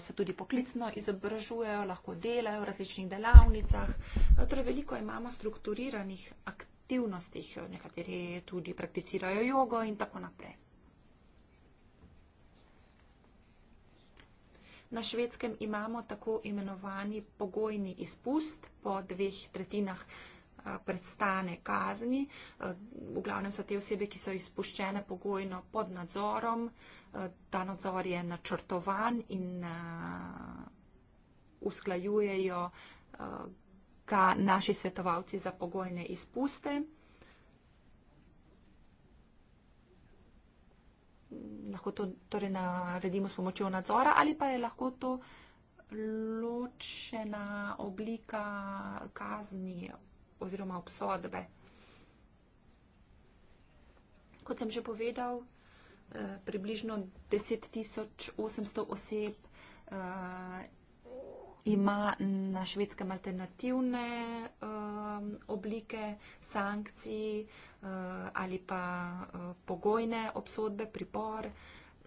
se tudi poklicno izobražujejo, lahko delajo v različnih delavnicah. Eh, torej veliko imamo strukturiranih aktivnosti aktivnostih, nekateri tudi prakticirajo jogo in tako naprej. Na švedskem imamo tako imenovani pogojni izpust po dveh tretjinah eh, predstane kazni. Eh, v glavnem so te osebe, ki so izpuščene pogojno pod nadzorom. Eh, ta nadzor je načrtovan in usklajujejo vidika naši svetovalci za pogojne izpuste. Lahko to torej naredimo s pomočjo nadzora ali pa je lahko to ločena oblika kazni oziroma obsodbe. Kot sem že povedal, eh, približno 10 800 oseb eh, ima na švedskem alternativne um, oblike sankcij uh, ali pa uh, pogojne obsodbe, pripor.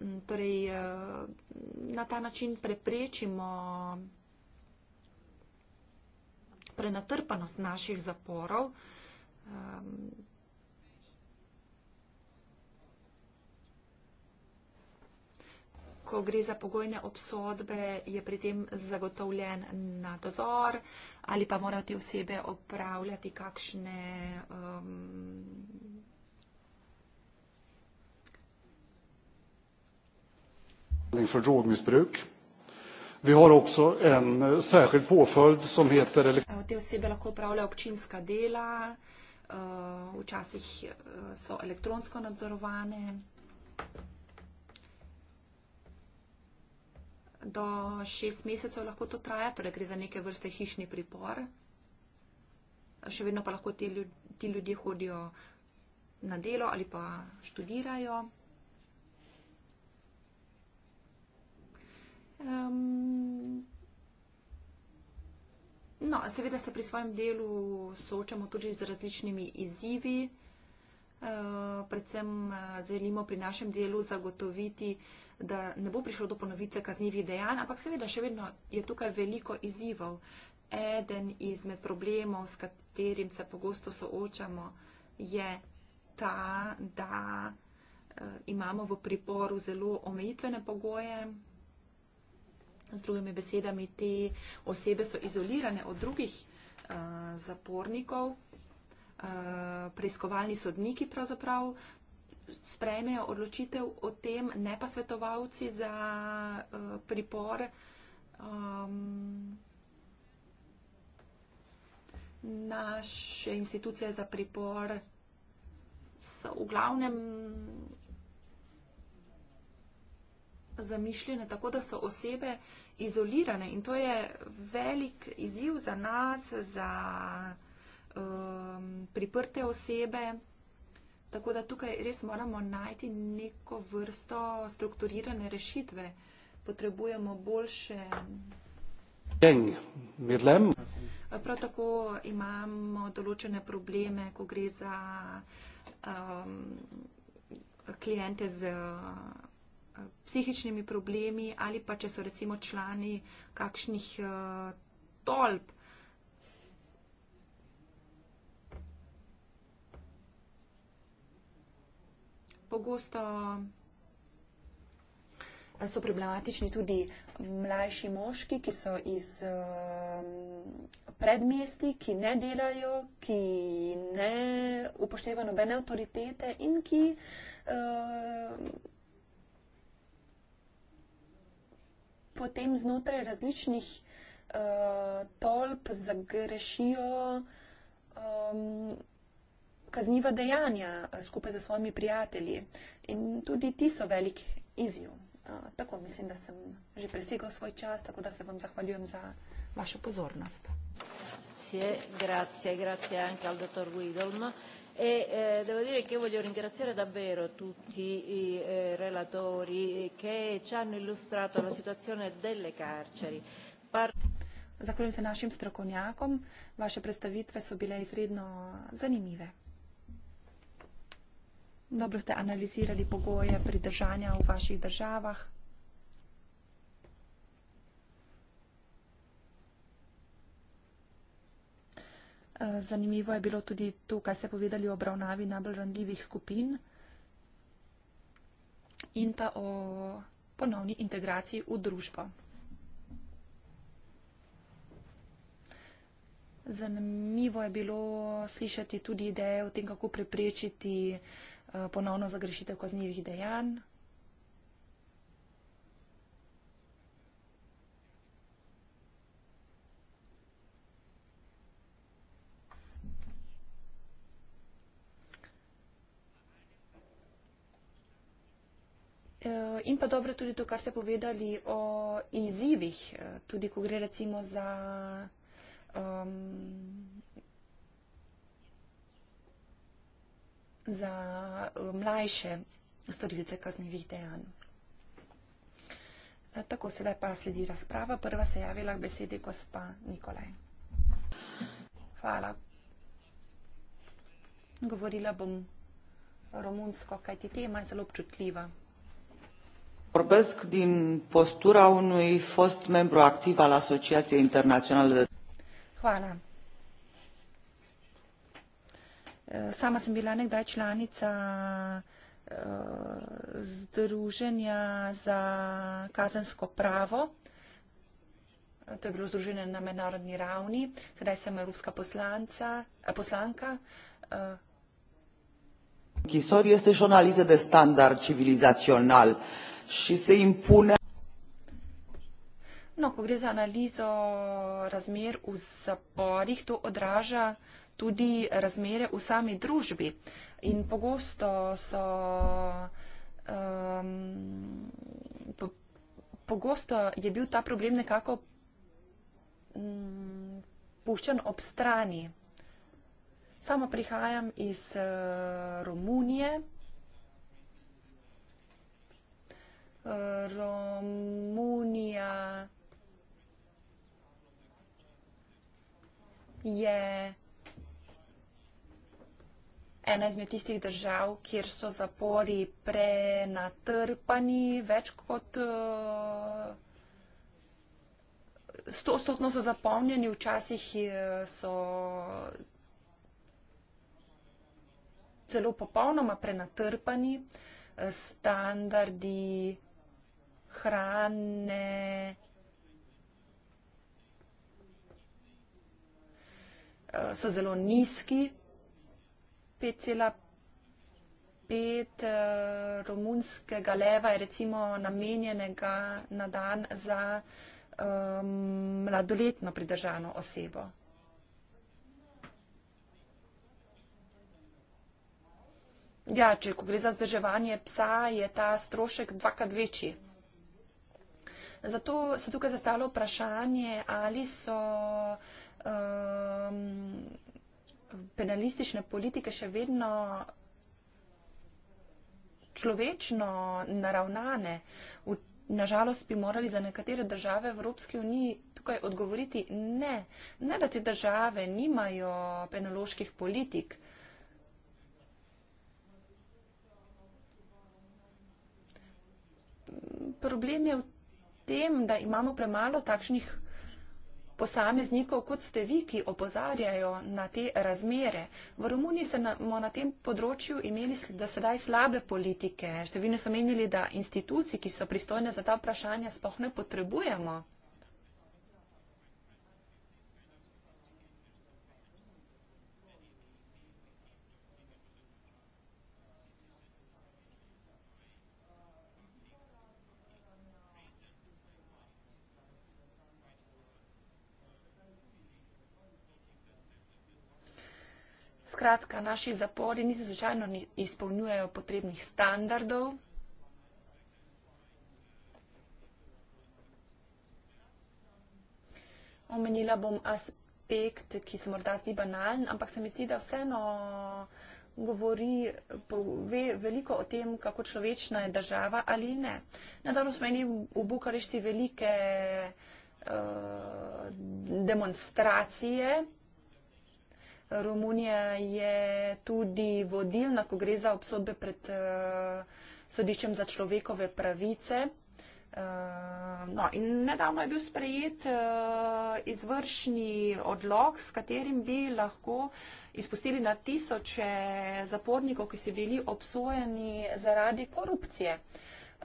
Mm, torej, uh, na ta način preprečimo prenatrpanost naših zaporov. Um, ko gre za pogojne obsodbe, je pri tem zagotovljen nadzor ali pa morajo te osebe opravljati kakšne. Um, för drogmissbruk. Vi har också en eh, särskild påföljd som heter... Te osebe lahko upravljajo občinska dela, eh, včasih eh, so elektronsko nadzorovane. do šest mesecev lahko to traja, torej gre za neke vrste hišni pripor. Še vedno pa lahko ti, ljud, ti ljudje hodijo na delo ali pa študirajo. Um, no, seveda se pri svojem delu soočamo tudi z različnimi izzivi. Uh, predvsem uh, želimo pri našem delu zagotoviti uh, da ne bo prišlo do ponovitve kaznjivih dejanj, ampak seveda še vedno je tukaj veliko izzivov. Eden izmed problemov, s katerim se pogosto soočamo, je ta, da eh, imamo v priporu zelo omejitvene pogoje. Z drugimi besedami, te osebe so izolirane od drugih eh, zapornikov. Eh, preiskovalni sodniki pravzaprav sprejmejo odločitev o tem, ne pa svetovalci za uh, pripor. Um, naše institucije za pripor so v glavnem zamišljene tako, da so osebe izolirane in to je velik izziv za nas, za um, priprte osebe. Tako da tukaj res moramo najti neko vrsto strukturirane rešitve. Potrebujemo boljše. Prav tako imamo določene probleme, ko gre za um, klijente z uh, psihičnimi problemi ali pa če so recimo člani kakšnih uh, tolp. pogosto. Eh, so problematični tudi mlajši moški, ki so iz eh, predmesti, ki ne delajo, ki ne upoštevajo nobene avtoritete in ki eh, potem znotraj različnih tolp zagrešijo kazniva dejanja eh, skupaj z svojimi prijatelji. In tudi ti so velik izjiv. Eh, tako mislim, da sem že presegel svoj čas, tako da se vam zahvaljujem za vašo pozornost. Eh, grazie, grazie anche al dottor Guidolm. E eh, devo dire che voglio ringraziare davvero tutti i eh, relatori che ci hanno illustrato la situazione delle carceri. Par Zahvaljujem se našim strokovnjakom. Vaše predstavitve so bile izredno zanimive. Dobro ste analizirali pogoje pridržanja v vaših državah. Eh, zanimivo je bilo tudi to, kaj ste povedali o obravnavi najbolj randljivih skupin in pa o ponovni integraciji v družbo. Zanimivo je bilo slišati tudi ideje o tem, kako preprečiti vsega, Eh, ponovno zagrešitev kaznjivih dejanj. Eh, in pa dobro tudi to, kar ste povedali o izzivih, eh, tudi ko gre recimo za um, za eh, mlajše storilce kaznevih dejanj. Eh, tako sedaj pa sledi razprava. Prva se je javila k besedi gospa Nikolaj. Hvala. Govorila bom romunsko, kaj ti tema je zelo občutljiva. Vorbesc din postura unui fost membru activ al Asociației Internaționale de... Hvala sama sem bila nekdaj članica eh, Združenja za kazensko pravo. To je bilo združenje na mednarodni ravni. Sedaj sem evropska poslanca, eh, poslanka. Ki so res še analize, da je standard civilizacional, še se jim pune. No, ko gre za analizo razmer v zaporih, to odraža uh, tudi razmere v sami družbi. In pogosto so. Um, po, pogosto je bil ta problem nekako um, puščen ob strani. Sama prihajam iz uh, Romunije. Romunija je ena izmed tistih držav, kjer so zapori prenatrpani, več kot eh, stotno so zapomnjeni, včasih eh, so celo popolnoma prenatrpani, eh, standardi hrane, so zelo nizki, pet eh, romunskega leva je recimo namenjenega na dan za eh, mladoletno pridržano osebo. Ja, če ko gre za vzdrževanje psa, je ta strošek dvakrat večji. Zato se tukaj zastavlja vprašanje, ali so eh, penalistične politike še vedno človečno naravnane. Nažalost bi morali za nekatere države Evropske unije tukaj odgovoriti ne. Ne, da te države nimajo penoloških politik. Problem je v tem, da imamo premalo takšnih posameznikov, kot ste vi, ki opozarjajo na te razmere. V Romuniji smo na tem področju imeli do sedaj slabe politike. Številni so menili, da institucij, ki so pristojne za ta vprašanja, spoh ne potrebujemo. skratka, naši zapori niti zvečajno ni izpolnjujejo potrebnih standardov. Omenila bom aspekt, ki se morda zdi banalen, ampak se mi zdi, da vseeno govori pove, veliko o tem, kako človečna je država ali ne. Na dobro smo imeli v Bukarešti velike uh, demonstracije, Romunija je tudi vodilna, ko gre za obsodbe pred uh, sodiščem za človekove pravice. Uh, no, nedavno je bil sprejet uh, izvršni odlog, s katerim bi lahko izpustili na tisoče zapornikov, ki so bili obsojeni zaradi korupcije.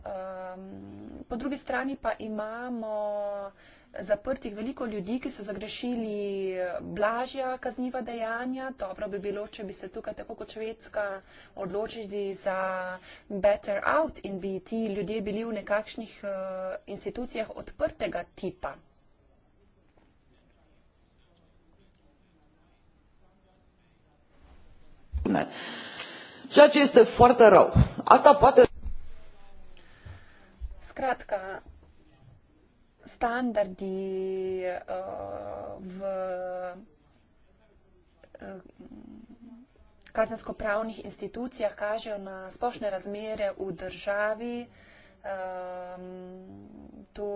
Um, po drugi strani pa imamo uh, zaprtih veliko ljudi, ki so zagrešili eh, blažja kazniva dejanja. Dobro bi bilo, če bi se tukaj, tako kot Švedska, odločili za better out in bi ti ljudje bili v nekakšnih eh, institucijah odprtega tipa. Ne. Ceea ce este foarte rău. Asta poate. Scratka standardi eh, v eh, kazensko-pravnih institucijah kažejo na splošne razmere v državi. Ehm, to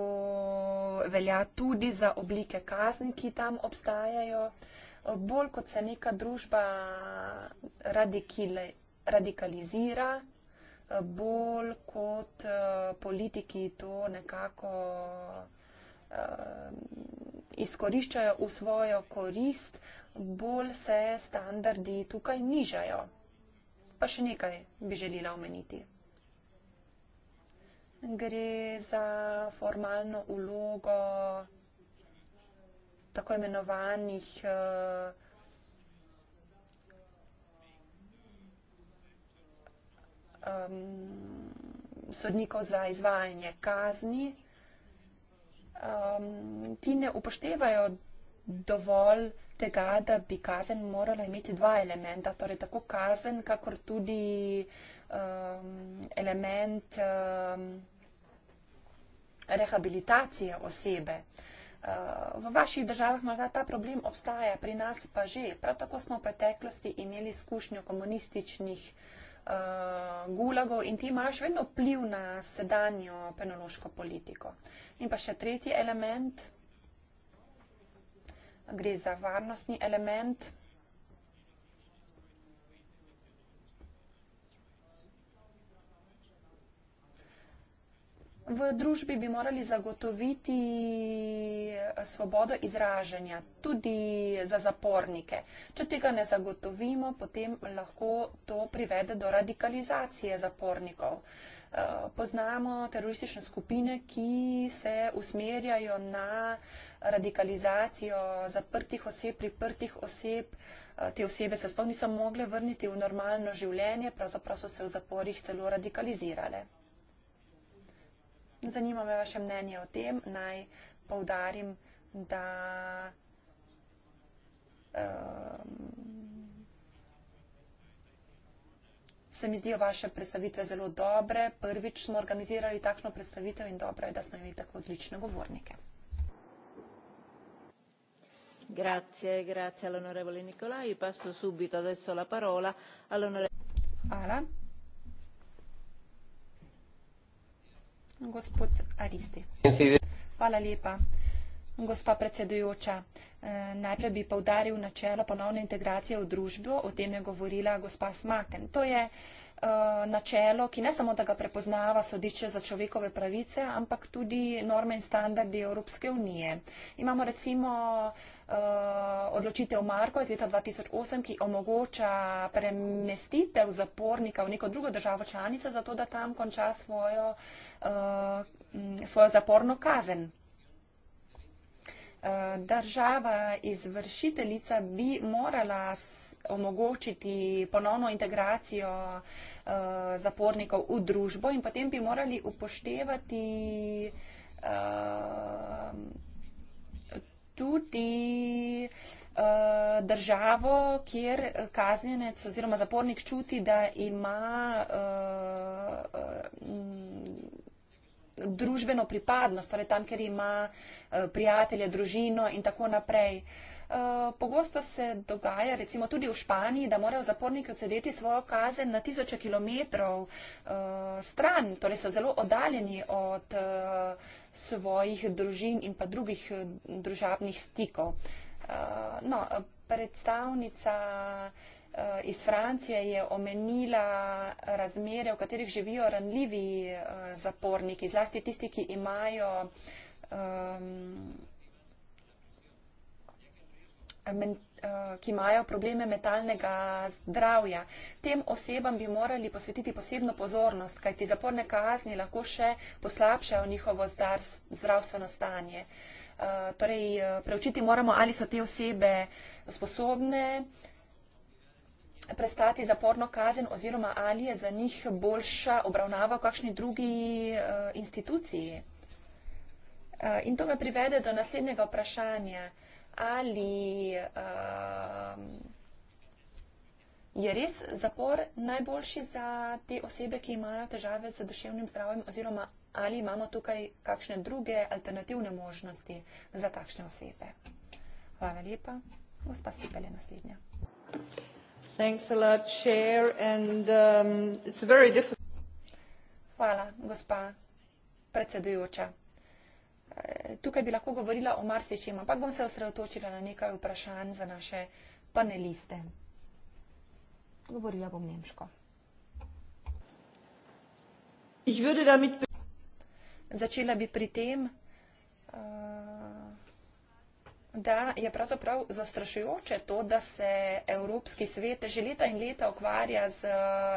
velja tudi za oblike kazni, ki tam obstajajo. Eh, bolj kot se neka družba radikalizira, bolj kot politiki to nekako Eh, izkoriščajo v svojo korist, bolj se standardi tukaj nižajo. Pa še nekaj bi želela omeniti. Gre za formalno ulogo tako imenovanih um, sodnikov za izvajanje kazni um, ti ne upoštevajo dovolj tega, da bi kazen morala imeti dva elementa, torej tako kazen, kakor tudi um, element um, rehabilitacije osebe. Uh, v vaših državah morda ta problem obstaja, pri nas pa že. Prav tako smo v preteklosti imeli izkušnjo komunističnih uh, uh, gulagov in ti imaš vedno vpliv na sedanjo penološko politiko. In pa še tretji element, gre za varnostni element. v družbi bi morali zagotoviti svobodo izražanja tudi za zapornike. Če tega ne zagotovimo, potem lahko to privede do radikalizacije zapornikov. Eh, poznamo teroristične skupine, ki se usmerjajo na radikalizacijo zaprtih oseb, priprtih oseb. Eh, te osebe se sploh niso mogle vrniti v normalno življenje, pravzaprav so se v zaporih celo radikalizirale. Zanima me vaše mnenje o tem. Naj povdarim, da um, se mi zdijo vaše predstavitve zelo dobre. Prvič smo organizirali takšno predstavitev in dobro je, da smo imeli tako odlične govornike. Grazie, grazie all'onorevole Nicolai. Passo subito adesso la parola all'onorevole. Hvala. gospod Ariste. Hvala lepa. Gospa predsedujoča, eh, najprej bi povdaril načelo ponovne integracije v družbo, o tem je govorila gospa Smaken. To je eh, načelo, ki ne samo, da ga prepoznava sodišče za človekove pravice, ampak tudi norme in standardi Evropske unije. Imamo recimo eh, odločitev Marko iz leta 2008, ki omogoča premestitev zapornika v neko drugo državo članico, zato da tam konča svojo zaporno kazen država izvršiteljica bi morala omogočiti ponovno integracijo eh, zapornikov v družbo in potem bi morali upoštevati eh, tudi eh, državo, kjer kaznjenec oziroma zapornik čuti, da ima družbeno pripadnost, torej tam, kjer ima eh, prijatelje, družino in tako naprej. Eh, pogosto se dogaja, recimo tudi v Španiji, da morajo zaporniki odsedeti svojo kazen na tisoče kilometrov eh, stran, torej so zelo oddaljeni od svojih družin in pa drugih družabnih stikov. No, predstavnica Eh, iz Francije je omenila razmere, v katerih živijo ranljivi eh, zaporniki, zlasti tisti, ki imajo eh, ki imajo probleme metalnega zdravja. Tem osebam bi morali posvetiti posebno pozornost, kajti zaporne kazni lahko še poslabšajo njihovo zdravstveno stanje. Torej, preučiti moramo, ali so te osebe sposobne, prestati zaporno kazen oziroma ali je za njih boljša obravnava v kakšni drugi eh, instituciji. Eh, in to me privede do naslednjega vprašanja. Ali eh, je res zapor najboljši za te osebe, ki imajo težave z duševnim zdravjem oziroma ali imamo tukaj kakšne druge alternativne možnosti za takšne osebe? Hvala lepa. Gospa Sipel je naslednja. Thank you. Um, Hvala, gospa predsedujoča. Eh, tukaj bi lahko govorila o marsičem, ampak bom se osredotočila na nekaj vprašanj za naše paneliste. Govorila bom nemško. Začela bi pri tem, eh, da je pravzaprav zastrašujoče to, da se Evropski svet že leta in leta ukvarja z eh,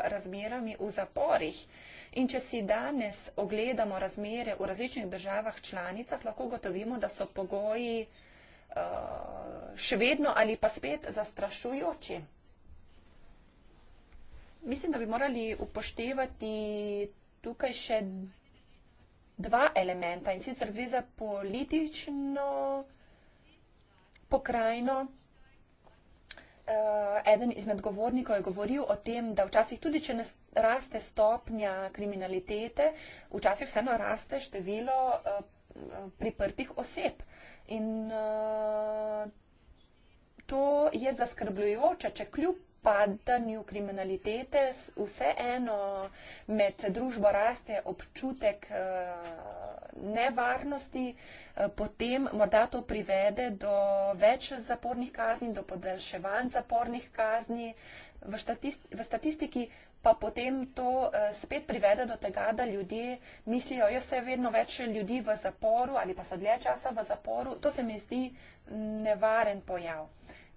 razmerami v zaporih. In če si danes ogledamo razmere v različnih državah članicah, lahko gotovimo, da so pogoji eh, še vedno ali pa spet zastrašujoči. Mislim, da bi morali upoštevati tukaj še dva elementa in sicer gre za politično pokrajino. Eh, eden izmed govornikov je govoril o tem, da včasih tudi, če ne raste stopnja kriminalitete, včasih vseeno raste število eh, priprtih oseb. In eh, to je zaskrbljujoče, če kljub padanju kriminalitete vseeno med družbo raste občutek nevarnosti, eh, potem morda to privede do več zapornih kazni, do podaljševanj zapornih kazni. V, statist, v statistiki pa potem to eh, spet privede do tega, da ljudje mislijo, jaz se vedno več ljudi v zaporu ali pa so dlje časa v zaporu. To se mi zdi nevaren pojav.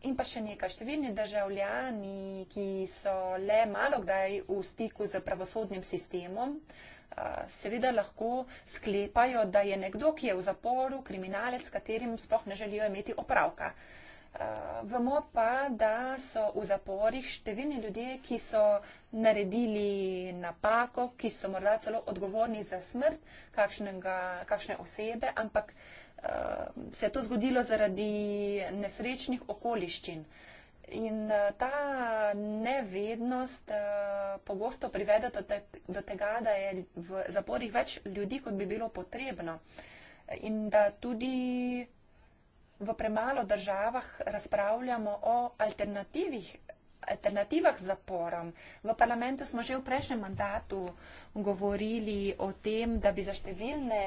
In pa še nekaj, številni državljani, ki so le malo kdaj v stiku z pravosodnim sistemom, uh, Eh, seveda lahko sklepajo, da je nekdo, ki je v zaporu, kriminalec, s katerim sploh ne želijo imeti opravka. Eh, vemo pa, da so v zaporih številni ljudje, ki so naredili napako, ki so morda celo odgovorni za smrt kakšnega, kakšne osebe, ampak eh, se je to zgodilo zaradi nesrečnih okoliščin. In eh, ta nevednost eh, pogosto privede do tega, da je v zaporih več ljudi, kot bi bilo potrebno. In da tudi v premalo državah razpravljamo o alternativih, alternativah zaporom. V parlamentu smo že v prejšnjem mandatu govorili o tem, da bi za številne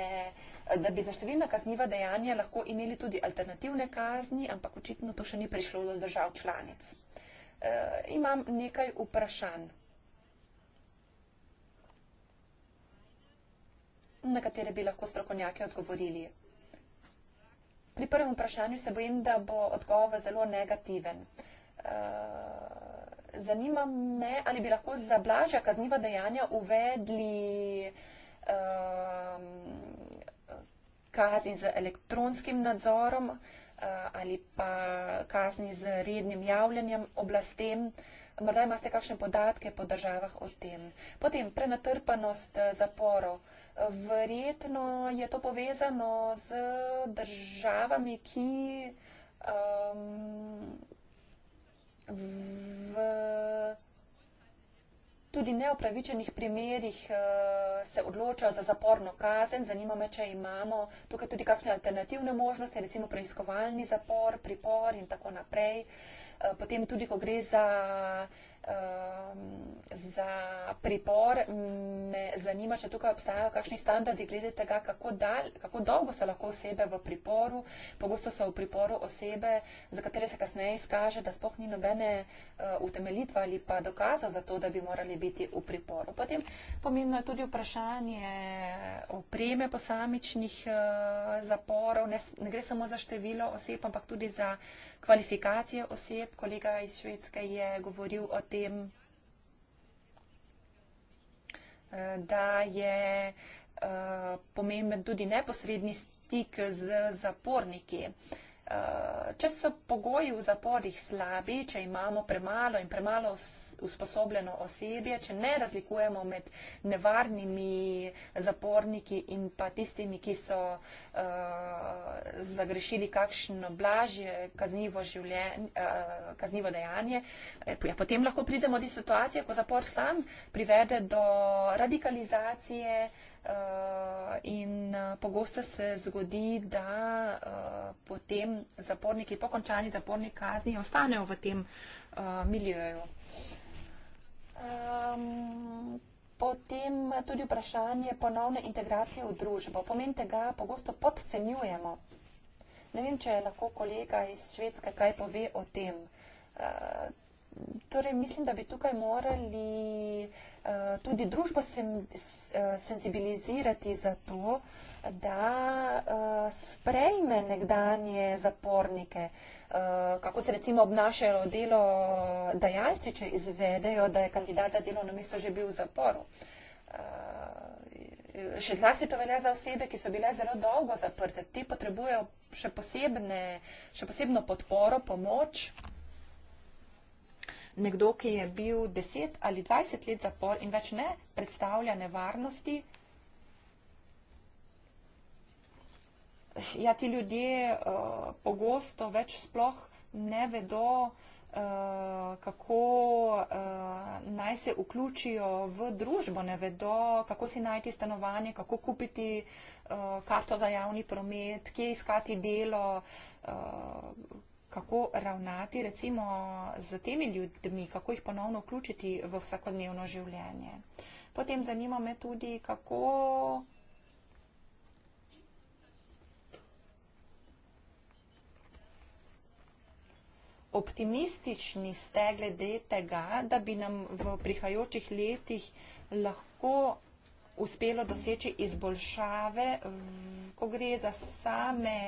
da bi za številna kazniva dejanja lahko imeli tudi alternativne kazni, ampak očitno to še ni prišlo do držav članic. E, imam nekaj vprašanj, na katere bi lahko strokovnjaki odgovorili. Pri prvem vprašanju se bojim, da bo odgovor zelo negativen. E, zanima me, ali bi lahko za blažja kazniva dejanja uvedli. E, kazni z elektronskim nadzorom eh, ali pa kazni z rednim javljanjem oblastem. Morda imate kakšne podatke po državah o tem. Potem prenatrpanost eh, zaporov. Verjetno je to povezano z državami, ki um, v tudi neopravičenih primerjih eh, se odloča za zaporno kazen. Zanima me, če imamo tukaj tudi kakšne alternativne možnosti, recimo preiskovalni zapor, pripor in tako naprej. Eh, potem tudi, ko gre za um, za pripor. Me zanima, če tukaj obstajajo kakšni standardi glede tega, kako, dal, kako dolgo se lahko osebe v priporu. Pogosto so v priporu osebe, za katere se kasneje izkaže, da spoh ni nobene uh, utemeljitve ali pa dokazov za to, da bi morali biti v priporu. Potem pomembno je tudi vprašanje opreme posamičnih uh, zaporov. Ne, ne gre samo za število oseb, ampak tudi za kvalifikacije oseb. Kolega iz Švedske je govoril o tem, eh, da je eh, pomemben tudi neposredni stik z zaporniki. Eh, če so pogoji v zaporih slabi, če imamo premalo in premalo usposobljeno osebje, če ne razlikujemo med nevarnimi zaporniki in pa tistimi, ki so uh, zagrešili kakšno blažje kaznivo, življen, uh, kaznivo dejanje, ja, potem lahko pridemo do situacije, ko zapor sam privede do radikalizacije, uh, Eh, in eh, pogosto se zgodi, da eh, potem zaporniki po končani zaporni kazni ostanejo v tem miljöju. Potem tudi vprašanje ponovne integracije v družbo. Pomen tega pogosto podcenjujemo. Ne vem, če lahko kolega iz Švedske kaj pove o tem. Torej, mislim, da bi tukaj morali uh, Eh, tudi družbo eh, senzibilizirati za to, da eh, sprejme nekdanje zapornike, kako se recimo obnašajo delo dajalci, če izvedejo, da je kandidat za delovno mesto že bil v zaporu. Še zlasti to velja za osebe, ki so bile zelo dolgo zaprte. Te potrebujejo še, posebne, še posebno podporo, pomoč nekdo, ki je bil 10 ali 20 let zapor in več ne predstavlja nevarnosti. Ja, ti ljudje uh, pogosto več sploh ne vedo, uh, kako uh, naj se vključijo v družbo, ne vedo, kako si najti stanovanje, kako kupiti uh, karto za javni promet, kje iskati delo, uh, kako ravnati recimo z temi ljudmi, kako jih ponovno vključiti v vsakodnevno življenje. Potem zanima me tudi, kako. Optimistični ste glede tega, da bi nam v prihajajočih letih lahko uspelo doseči izboljšave, ko gre za same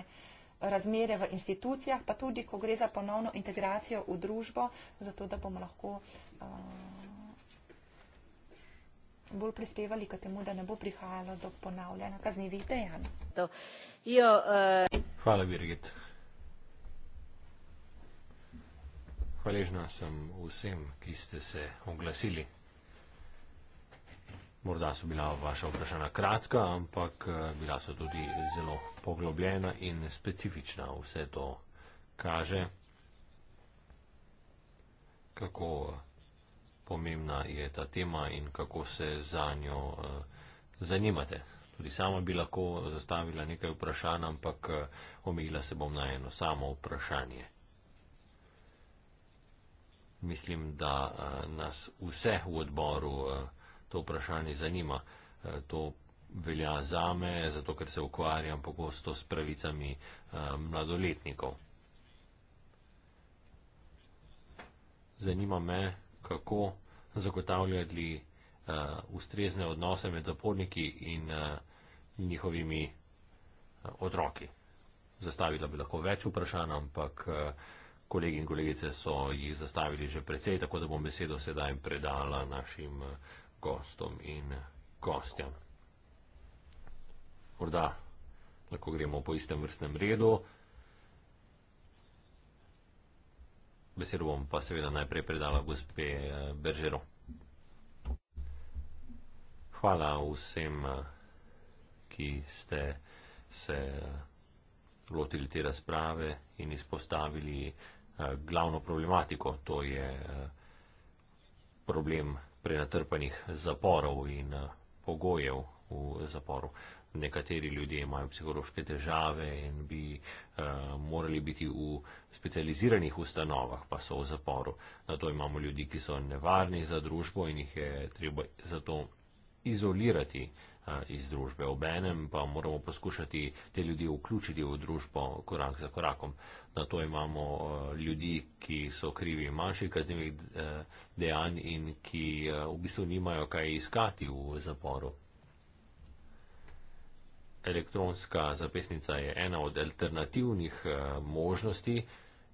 uh, razmere v institucijah, pa tudi, ko gre za ponovno integracijo v družbo, zato da bomo lahko uh, bolj prispevali k temu, da ne bo prihajalo do ponavljanja kaznjivih dejanj. Jo, uh... Hvala, Birgit. Hvaležna sem vsem, ki ste se oglasili. Morda so bila vaša vprašanja kratka, ampak eh, bila so tudi zelo poglobljena in specifična. Vse to kaže, kako eh, pomembna je ta tema in kako se za njo eh, zanimate. Tudi sama bi lahko zastavila nekaj vprašanj, ampak omejila se bom na eno samo vprašanje. Mislim, da nas vse v odboru to vprašanje zanima. Eh, to velja za me, zato ker se ukvarjam pogosto s pravicami eh, mladoletnikov. Zanima me, kako zagotavljali eh, ustrezne odnose med zaporniki in njihovimi otroki. Zastavila bi lahko več vprašanj, ampak kolegi in kolegice so jih zastavili že precej, tako da bom besedo sedaj predala našim gostom in gostjam. Morda lahko gremo po istem vrstnem redu. Besedo bom pa seveda najprej predala gospe eh, Beržero. Hvala vsem, eh, ki ste se eh, lotili te razprave in izpostavili glavno problematiko, to je problem prenatrpanih zaporov in eh, pogojev v zaporu. Nekateri ljudje imajo psihološke težave in bi uh, morali biti v specializiranih ustanovah, pa so v zaporu. Na to imamo ljudi, ki so nevarni za družbo in jih je treba zato izolirati uh, iz družbe. Obenem pa moramo poskušati te ljudi vključiti v družbo korak za korakom. Na to imamo ljudi, ki so krivi manjših kaznjivih dejanj in ki v bistvu nimajo kaj iskati v zaporu. Elektronska zapisnica je ena od alternativnih možnosti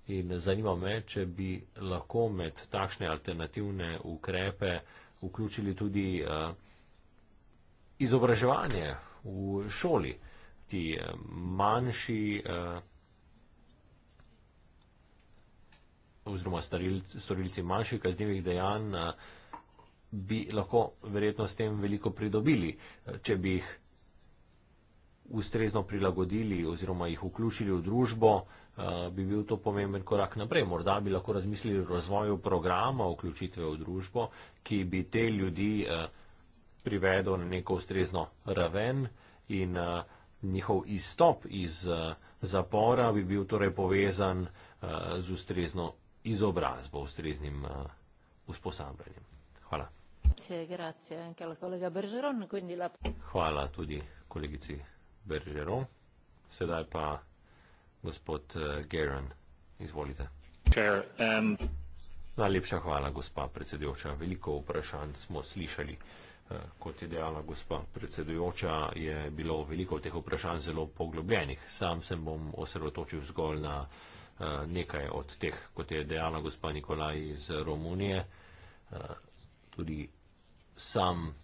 in zanima me, če bi lahko med takšne alternativne ukrepe vključili tudi uh, izobraževanje v šoli, ti eh, manjši eh, oziroma storilci manjših kaznjivih dejanj eh, bi lahko verjetno s tem veliko pridobili, če bi jih ustrezno prilagodili oziroma jih vključili v družbo, bi bil to pomemben korak naprej. Morda bi lahko razmislili o razvoju programa vključitve v družbo, ki bi te ljudi eh, privedel na neko ustrezno raven in eh, njihov izstop iz eh, zapora bi bil torej povezan eh, z ustrezno izobrazbo, ustreznim usposabljanjem. Hvala. Hvala tudi kolegici Bergeron. Sedaj pa gospod Geron, izvolite. Chair, um... Najlepša hvala, gospa predsedujoča. Veliko vprašanj smo slišali. Uh, kot je dejala gospa predsedujoča, je bilo veliko teh vprašanj zelo poglobljenih. Sam sem bom osredotočil zgolj na eh, nekaj od teh, kot je dejala gospa Nikolaj iz Romunije. Eh, tudi sam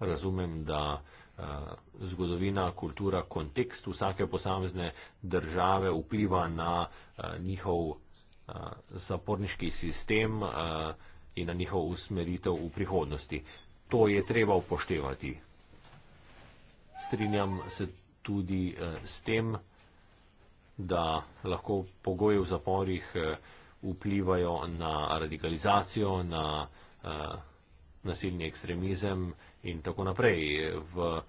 razumem, da eh, zgodovina, kultura, kontekst vsake posamezne države vpliva na njihov zaporniški sistem in na njihov usmeritev v prihodnosti. To je treba upoštevati. Strinjam se tudi eh, s tem, da lahko pogoji v zaporih eh, vplivajo na radikalizacijo, na eh, nasilni ekstremizem in tako naprej. V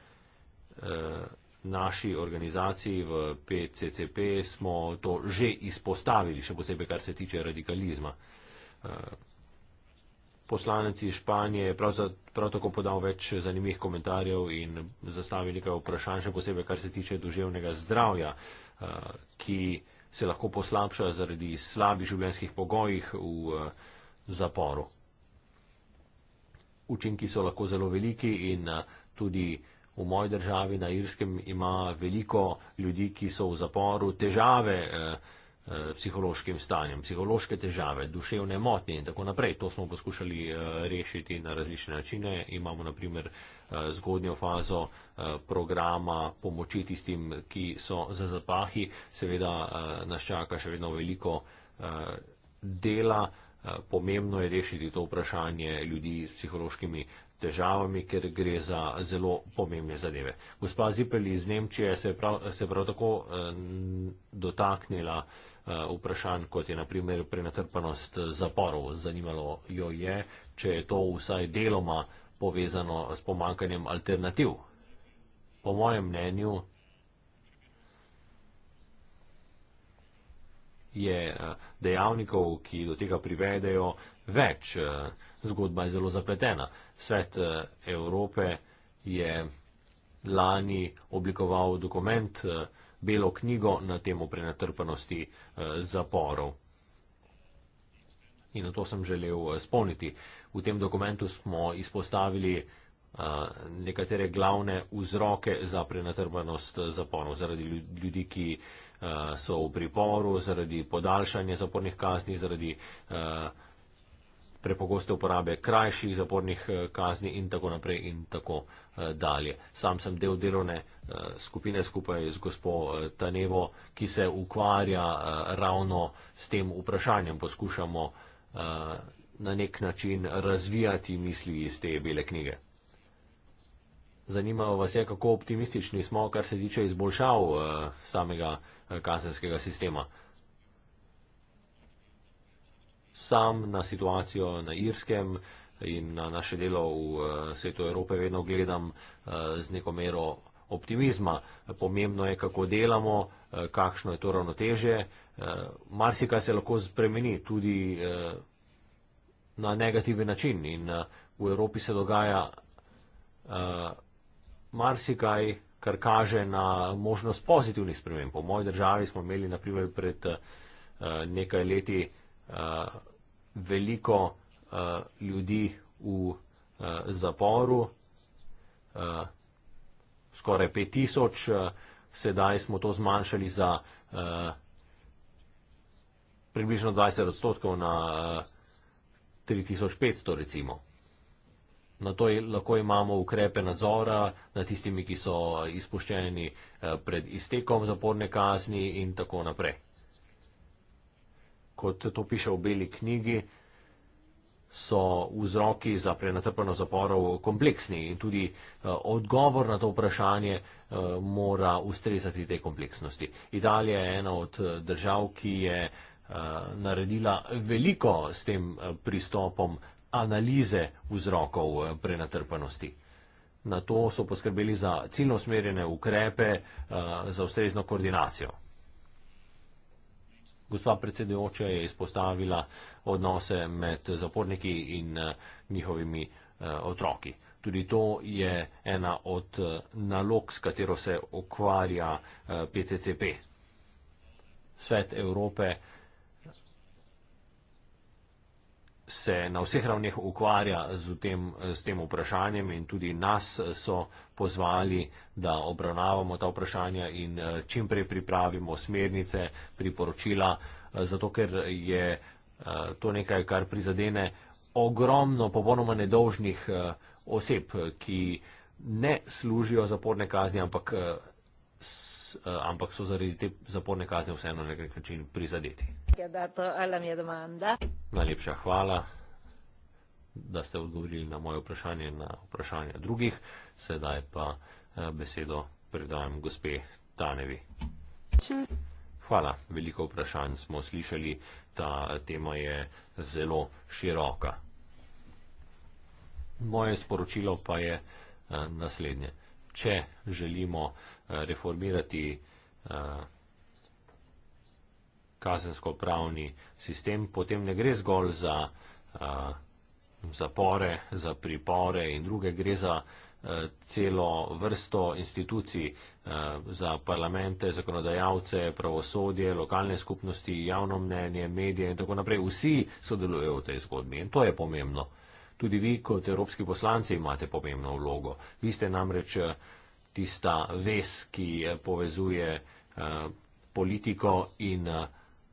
naši organizaciji, v PCCP, smo to že izpostavili, še posebej kar se tiče radikalizma. Poslanec iz Španije je prav, prav tako podal več zanimivih komentarjev in zastavil nekaj vprašanj, še posebej kar se tiče duševnega zdravja, eh, ki se lahko poslabša zaradi slabih življenjskih pogojih v eh, zaporu. Učinki so lahko zelo veliki in eh, tudi v moji državi na Irskem ima veliko ljudi, ki so v zaporu težave. Eh, Eh, psihološkim stanjem, psihološke težave, duševne motnje in tako naprej. To smo poskušali eh, rešiti na različne načine. Imamo naprimer eh, zgodnjo fazo programa pomoči tistim, ki so za zapahi. Seveda nas čaka še vedno veliko dela. Pomembno je rešiti to vprašanje ljudi s psihološkimi težavami, ker gre za zelo pomembne zadeve. Gospa Zipel iz Nemčije se je prav, prav tako eh, dotaknila eh, Eh, vprašanj, kot je naprimer prenatrpanost zaporov. Zanimalo jo je, če je to vsaj deloma povezano s pomankanjem alternativ. Po mojem mnenju je eh, dejavnikov, ki do tega privedejo, več. Eh, zgodba je zelo zapletena. Svet Evrope je lani oblikoval dokument, belo knjigo na temo prenatrpanosti eh, zaporov. In na to sem želel eh, spomniti. V tem dokumentu smo izpostavili eh, nekatere glavne vzroke za prenatrpanost zaporov, zaradi ljudi, ki so v priporu, zaradi podaljšanja zapornih kazni, zaradi prepogoste uporabe krajših zapornih eh, kazni in tako naprej in tako eh, dalje. Sam sem del delovne eh, skupine skupaj z gospo Tanevo, ki se ukvarja ravno s tem vprašanjem. Poskušamo na nek način razvijati misli iz te bele knjige. Zanima vas je, ja, kako optimistični smo, kar se tiče izboljšav samega kazenskega sistema sam na situacijo na Irskem in na naše delo v eh, svetu Evrope vedno gledam eh, z neko mero optimizma. Pomembno je, kako delamo, eh, kakšno je to ravnoteže. Marsikaj se lahko spremeni tudi na negativen način in v Evropi se dogaja marsikaj, kar kaže na možnost pozitivnih sprememb. Po moji državi smo imeli naprimer pred nekaj leti Eh, veliko uh, ljudi v uh, zaporu, uh, skoraj 5000, uh, sedaj smo to zmanjšali za uh, približno 20 odstotkov na uh, 3500 recimo. Na to je, lahko imamo ukrepe nadzora nad tistimi, ki so izpuščeni pred iztekom zaporne kazni in tako naprej kot to piše v beli knjigi, so vzroki za prenatrpanost zaporov kompleksni in tudi eh, odgovor na to vprašanje eh, mora ustrezati tej kompleksnosti. Italija je ena od eh, držav, ki je naredila veliko s tem pristopom analize vzrokov prenatrpanosti. Na to so poskrbeli za ciljno usmerjene ukrepe, za ustrezno koordinacijo gospa predsedujoča je izpostavila odnose med zaporniki in eh, njihovimi eh, otroki. Tudi to je ena od eh, nalog, s katero se ukvarja PCCP. Svet Evrope se na vseh ravneh ukvarja z tem, s tem vprašanjem in tudi nas so pozvali uh, da obravnavamo ta vprašanja in eh, čim prej pripravimo smernice, priporočila, eh, zato ker je eh, to nekaj, kar prizadene ogromno popolnoma nedolžnih oseb, ki ne služijo zaporne kazni, ampak, ampak so zaradi te zaporne kazni vseeno na nek način prizadeti. Najlepša hvala da ste odgovorili na moje vprašanje in na vprašanje drugih. Sedaj pa Eh, besedo predajam gospe Tanevi. Hvala, veliko vprašanj smo slišali, ta eh, tema je zelo široka. Moje sporočilo pa je eh, naslednje. Če želimo reformirati kazensko-pravni sistem, potem ne gre zgolj za zapore, za pripore in druge, gre za celo vrsto institucij eh, za parlamente, zakonodajalce, pravosodje, lokalne skupnosti, javno mnenje, medije in tako naprej. Vsi sodelujejo v tej zgodbi in to je pomembno. Tudi vi kot evropski poslanci imate pomembno vlogo. Vi ste namreč eh, tista ves, ki eh, povezuje politiko in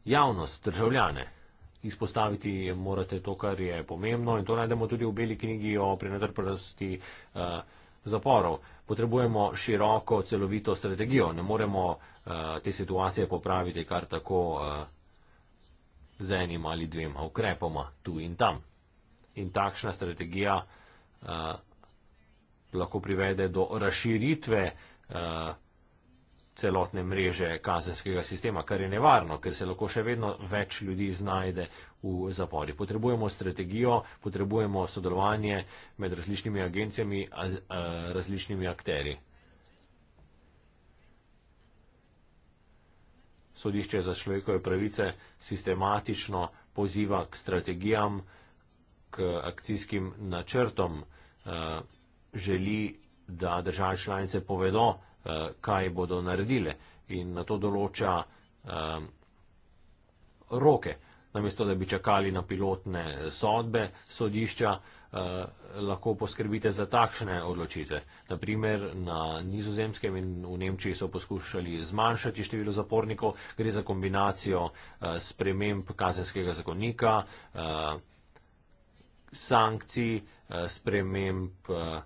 javnost, državljane. Izpostaviti morate to, kar je pomembno in to najdemo tudi v beli knjigi o prenatrpnosti uh, zaporov. Potrebujemo široko, celovito strategijo. Ne moremo uh, te situacije popraviti kar tako uh, z enim ali dvema ukrepoma tu in tam. In takšna strategija uh, lahko privede do razširitve uh, celotne mreže kazenskega sistema, kar je nevarno, ker se lahko še vedno več ljudi znajde v zapori. Potrebujemo strategijo, potrebujemo sodelovanje med različnimi agencijami, različnimi akteri. Sodišče za človekove pravice sistematično poziva k strategijam, k akcijskim načrtom, želi, da države članice povedo, Eh, kaj bodo naredile in na to določa um, roke. Namesto, da bi čakali na pilotne sodbe sodišča, uh, lahko poskrbite za takšne odločitve. Naprimer, na nizozemskem in v Nemčiji so poskušali zmanjšati število zapornikov, gre za kombinacijo uh, sprememb kazenskega zakonika, uh, sankcij, uh, sprememb uh,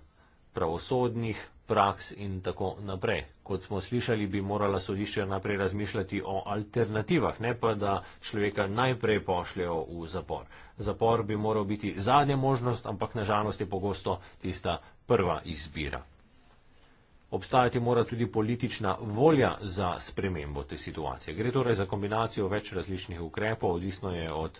pravosodnih praks in tako naprej. Kot smo slišali, bi morala sodišča naprej razmišljati o alternativah, ne pa da človeka najprej pošljajo v zapor. Zapor bi moral biti zadnja možnost, ampak nažalost je pogosto tista prva izbira. Obstajati mora tudi politična volja za spremembo te situacije. Gre torej za kombinacijo več različnih ukrepov, odvisno je od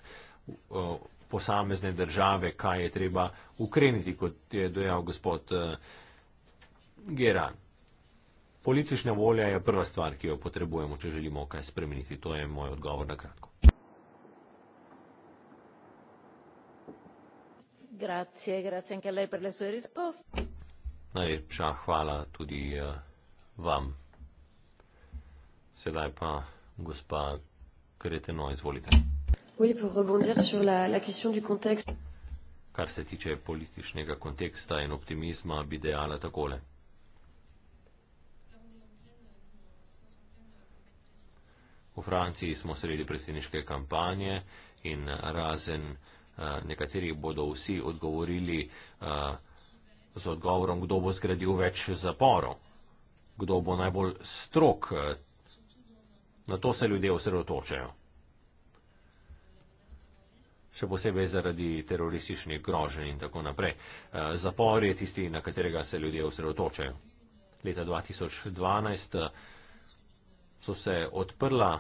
o, posamezne države, kaj je treba ukreniti, kot je dojal gospod. O, eh, Geran. Politična volja je prva stvar, ki jo potrebujemo, če želimo kaj spremeniti. To je moj odgovor na kratko. Grazie, grazie anche lei per le sue risposte. Najlepša hvala tudi uh, vam. Sedaj pa gospa Kreteno, izvolite. Oui, pour rebondir sur la, la question du contexte. Kar se tiče političnega konteksta in optimizma, bi dejala takole. V Franciji smo sredi predsedniške kampanje in razen eh, nekaterih bodo vsi odgovorili eh, z odgovorom, kdo bo zgradil več zaporov, kdo bo najbolj strok. Eh, na to se ljudje osredotočajo. Še posebej zaradi terorističnih groženj in tako naprej. Zapor je tisti, na katerega se ljudje osredotočajo. Leta 2012 so se odprla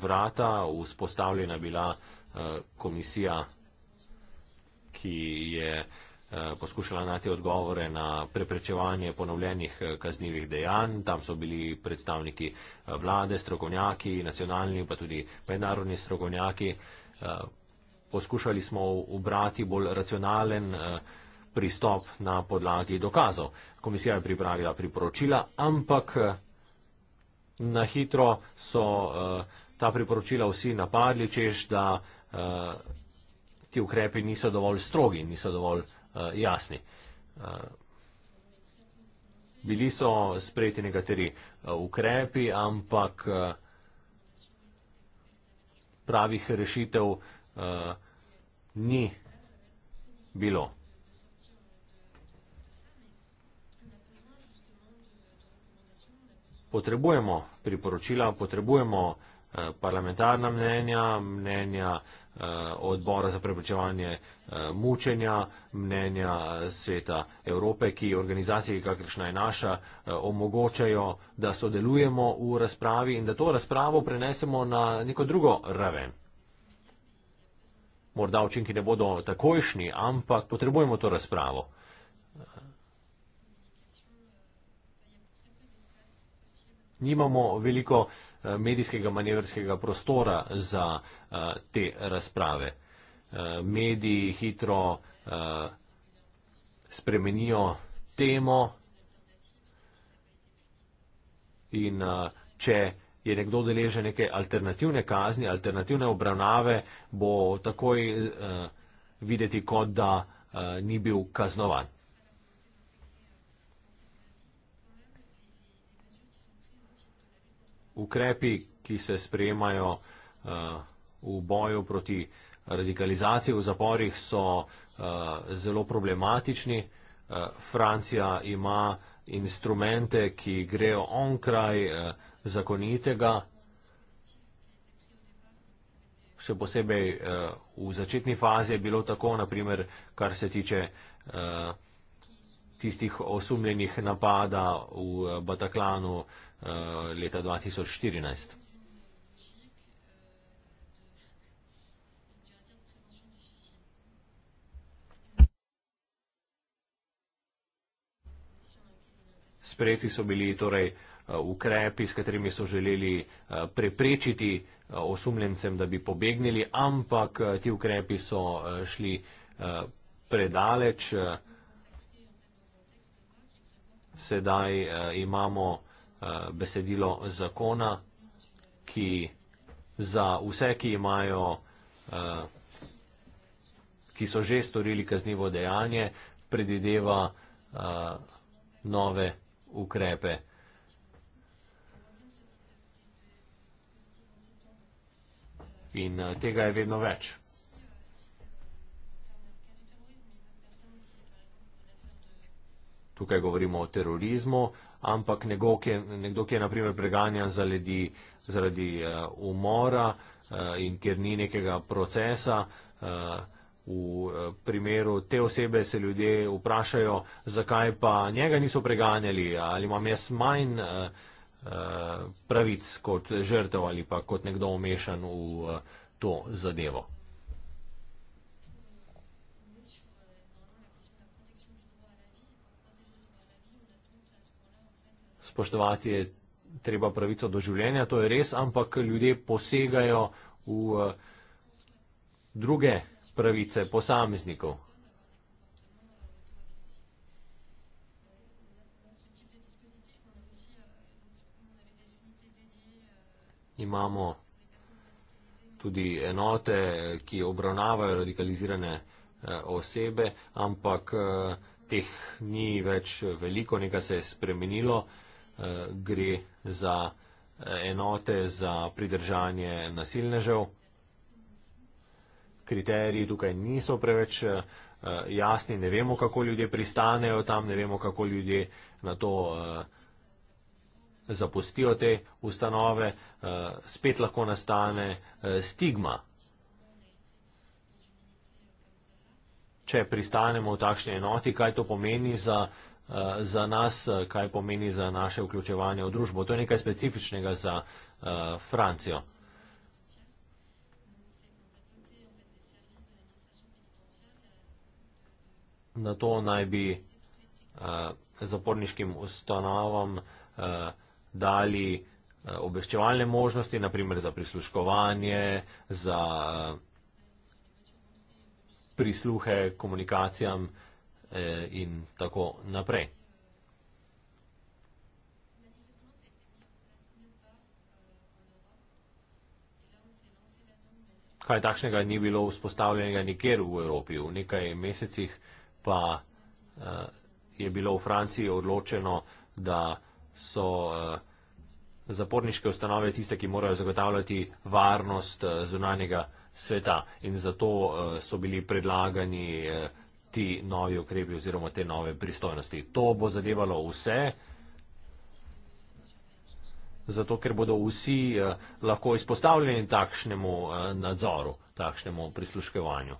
vrata, vzpostavljena bila eh, komisija, ki je eh, poskušala najti odgovore na preprečevanje ponovljenih eh, kaznjivih dejanj. Tam so bili predstavniki vlade, strokovnjaki, nacionalni, pa tudi mednarodni strokovnjaki. Poskušali smo ubrati bolj racionalen pristop na podlagi dokazov. Komisija je pripravila priporočila, ampak na hitro so eh, ta priporočila vsi napadli, češ, da eh, ti ukrepi niso dovolj strogi, niso dovolj eh, jasni. Bili so sprejeti nekateri ukrepi, ampak pravih rešitev ni bilo. potrebujemo priporočila, potrebujemo eh, parlamentarna mnenja, mnenja eh, odbora za preprečevanje eh, mučenja, mnenja sveta Evrope, ki organizacije, kakršna je naša, omogočajo, da sodelujemo v razpravi in da to razpravo prenesemo na neko drugo raven. Morda učinki ne bodo takojšnji, ampak potrebujemo to razpravo. nimamo veliko eh, medijskega manevrskega prostora za eh, te razprave. Eh, mediji hitro spremenijo temo in če je nekdo deležen neke alternativne kazni, alternativne obravnave, bo takoj videti kot, da ni bil kaznovan. ukrepi, ki se sprejemajo uh, v boju proti radikalizaciji v zaporih, so uh, zelo problematični. Uh, Francija ima instrumente, ki grejo onkraj uh, zakonitega, še posebej uh, v začetni fazi je bilo tako, naprimer, kar se tiče uh, tistih osumljenih napada v eh, Bataklanu eh, leta 2014. Sprejeti so bili torej eh, ukrepi, s katerimi so želeli preprečiti osumljencem, da bi pobegnili, ampak ti ukrepi so šli predaleč sedaj uh, imamo uh, besedilo zakona, ki za vse, ki imajo, uh, ki so že storili kaznivo dejanje, predideva uh, nove ukrepe. In uh, tega je vedno več. tukaj govorimo o terorizmu, ampak nekdo, ki je, nekdo, ki je naprimer preganjan za ljudi zaradi uh, umora uh, in ker ni nekega procesa, uh, v uh, primeru te osebe se ljudje vprašajo, zakaj pa njega niso preganjali, ali imam jaz manj uh, uh, pravic kot žrtev ali pa kot nekdo omešan v uh, to zadevo. spoštovati je treba pravico do življenja, to je res, ampak ljudje posegajo v eh, druge pravice posameznikov. Imamo tudi enote, ki obravnavajo radikalizirane eh, osebe, ampak eh, teh ni več veliko, nekaj se je spremenilo. Eh, gre za eh, enote za pridržanje nasilnežev. Kriteriji tukaj niso preveč eh, jasni, ne vemo, kako ljudje pristanejo tam, ne vemo, kako ljudje na to zapustijo te ustanove, spet lahko nastane stigma. Če pristanemo v takšni enoti, kaj to pomeni za Eh, za nas, eh, kaj pomeni za naše vključevanje v družbo. To je nekaj specifičnega za eh, Francijo. Na to naj bi zaporniškim ustanovam dali obveščevalne možnosti, naprimer za prisluškovanje, za prisluhe komunikacijam, za prisluhe komunikacijam, Eh, in tako naprej. Kaj takšnega ni bilo vzpostavljenega nikjer v Evropi. V nekaj mesecih pa eh, je bilo v Franciji odločeno, da so eh, zaporniške ustanove tiste, ki morajo zagotavljati varnost zunanjega sveta. In zato so bili predlagani ti novi ukrepi oziroma te nove pristojnosti. To bo zadevalo vse, zato ker bodo vsi eh, lahko izpostavljeni takšnemu eh, nadzoru, takšnemu prisluškevanju.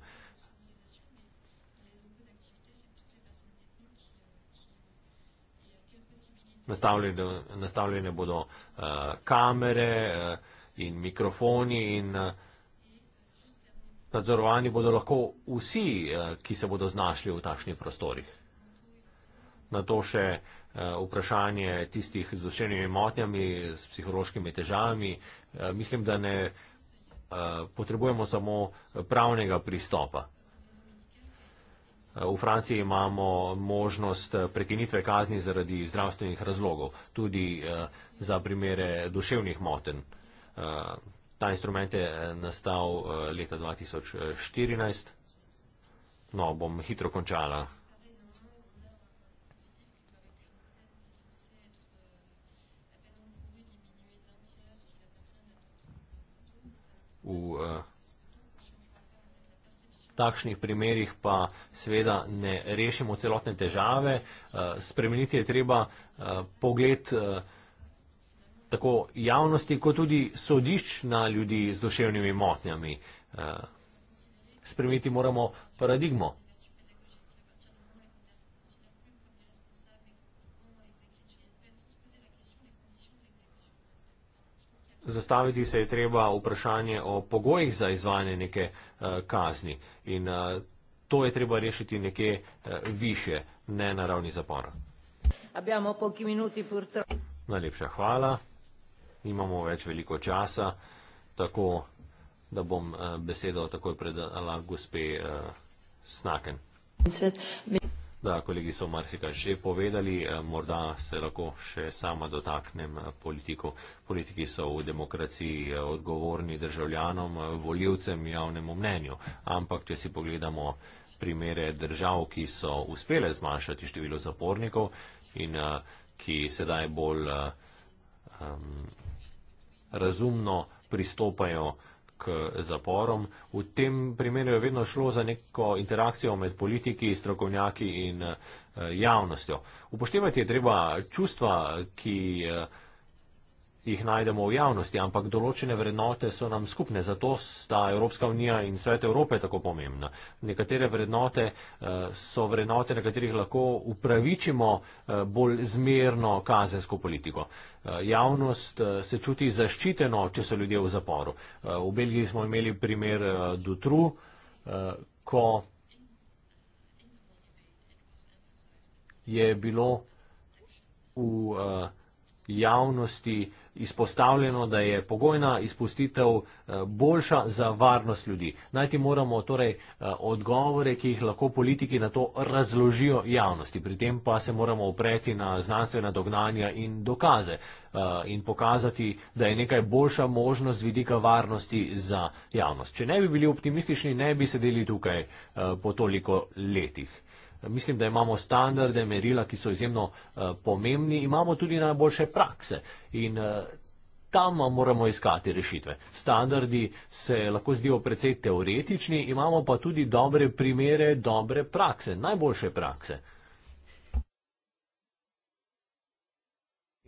Nastavljene, nastavljene bodo uh, kamere uh, in mikrofoni in uh, nadzorovani bodo lahko vsi, eh, ki se bodo znašli v takšnih prostorih. Na to še eh, vprašanje tistih z duševnimi motnjami, s psihološkimi težavami. Eh, mislim, da ne potrebujemo samo pravnega pristopa. V Franciji imamo možnost prekinitve kazni zaradi zdravstvenih razlogov, tudi za primere duševnih moten. Ta instrument je eh, nastal eh, leta 2014. No, bom hitro končala. V uh, takšnih primerjih pa seveda ne rešimo celotne težave. Uh, spremeniti je treba uh, pogled. Uh, tako javnosti, kot tudi sodišč na ljudi z duševnimi motnjami. Eh, spremeniti moramo paradigmo. Zastaviti se je treba vprašanje o pogojih za izvajanje neke eh, kazni in eh, to je treba rešiti nekje više, ne na ravni zapora. Najlepša hvala nimamo več veliko časa, tako da bom eh, besedo takoj predala gospe eh, Snaken. Da, kolegi so marsikaj že povedali, eh, morda se lahko še sama dotaknem politiko. Politiki so v demokraciji odgovorni državljanom, voljivcem, javnemu mnenju. Ampak, če si pogledamo primere držav, ki so uspele zmanjšati število zapornikov in ki sedaj bolj um, razumno pristopajo k zaporom. V tem primeru je vedno šlo za neko interakcijo med politiki, strokovnjaki in uh, javnostjo. Upoštevati je treba čustva, ki. Uh, jih najdemo v javnosti, ampak določene vrednote so nam skupne, zato sta Evropska unija in svet Evrope tako pomembna. Nekatere vrednote eh, so vrednote, na katerih lahko upravičimo eh, bolj zmerno kazensko politiko. Eh, javnost se čuti zaščiteno, če so ljudje v zaporu. V Belgiji smo imeli primer Dutru, ko je bilo v javnosti izpostavljeno, da je pogojna izpustitev eh, boljša za varnost ljudi. Najti moramo torej eh, odgovore, ki jih lahko politiki na to razložijo javnosti. Pri tem pa se moramo opreti na znanstvena dognanja in dokaze eh, in pokazati, da je nekaj boljša možnost z vidika varnosti za javnost. Če ne bi bili optimistični, ne bi sedeli tukaj po toliko letih. Mislim, da imamo standarde, merila, ki so izjemno eh, pomembni, imamo tudi najboljše prakse in eh, tam moramo iskati rešitve. Standardi se lahko zdijo precej teoretični, imamo pa tudi dobre primere, dobre prakse, najboljše prakse.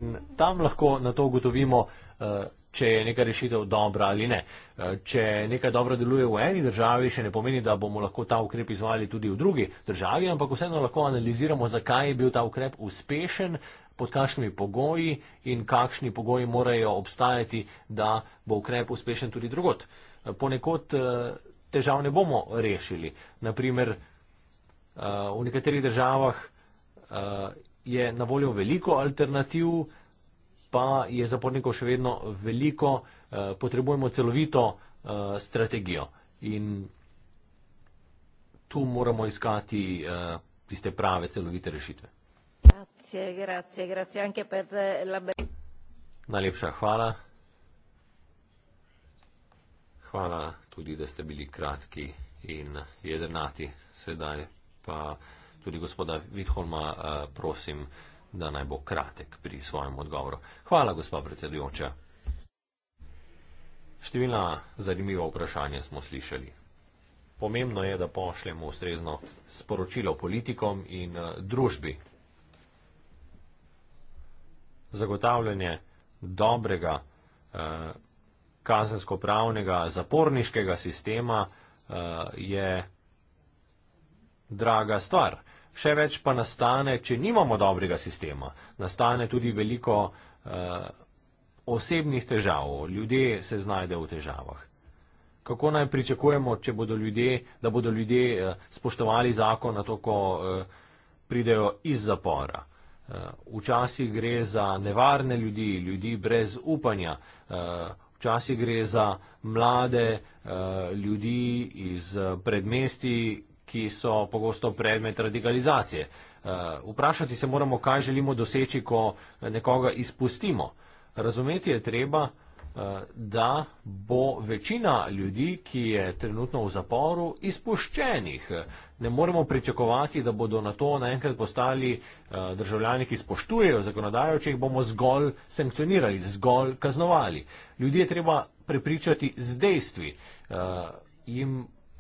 In tam lahko na to ugotovimo, eh, če je neka rešitev dobra ali ne. Eh, če nekaj dobro deluje v eni državi, še ne pomeni, da bomo lahko ta ukrep izvali tudi v drugi državi, ampak vseeno lahko analiziramo, zakaj je bil ta ukrep uspešen, pod kakšnimi pogoji in kakšni pogoji morajo obstajati, da bo ukrep uspešen tudi drugot. Eh, ponekod eh, težav ne bomo rešili. Naprimer, v nekaterih državah je na voljo veliko alternativ, pa je zapornikov še vedno veliko, eh, potrebujemo celovito eh, strategijo. In tu moramo iskati eh, tiste prave celovite rešitve. Najlepša hvala. Hvala tudi, da ste bili kratki in jedrnati. Sedaj pa tudi gospoda Vitholma, prosim da naj bo kratek pri svojem odgovoru. Hvala, gospa predsedujoča. Številna zanimiva vprašanja smo slišali. Pomembno je, da pošljemo ustrezno sporočilo politikom in eh, družbi. Zagotavljanje dobrega eh, kazensko-pravnega zaporniškega sistema eh, je draga stvar še več pa nastane, če nimamo dobrega sistema. Nastane tudi veliko uh, osebnih težav, ljudje se znajdejo v težavah. Kako naj pričakujemo, bodo ljudje, da bodo ljudje uh, spoštovali zakon, na to, ko uh, pridejo iz zapora? Včasih gre za nevarne ljudi, ljudi brez upanja, včasih gre za mlade ljudi iz predmesti, ki so pogosto predmet radikalizacije. Eh, vprašati se moramo, kaj želimo doseči, ko nekoga izpustimo. Razumeti je treba, eh, da bo večina ljudi, ki je trenutno v zaporu, izpuščenih. Ne moremo pričakovati, da bodo na to naenkrat postali eh, državljani, ki spoštujejo zakonodajo, če jih bomo zgolj sankcionirali, zgolj kaznovali. Ljudje treba prepričati z dejstvi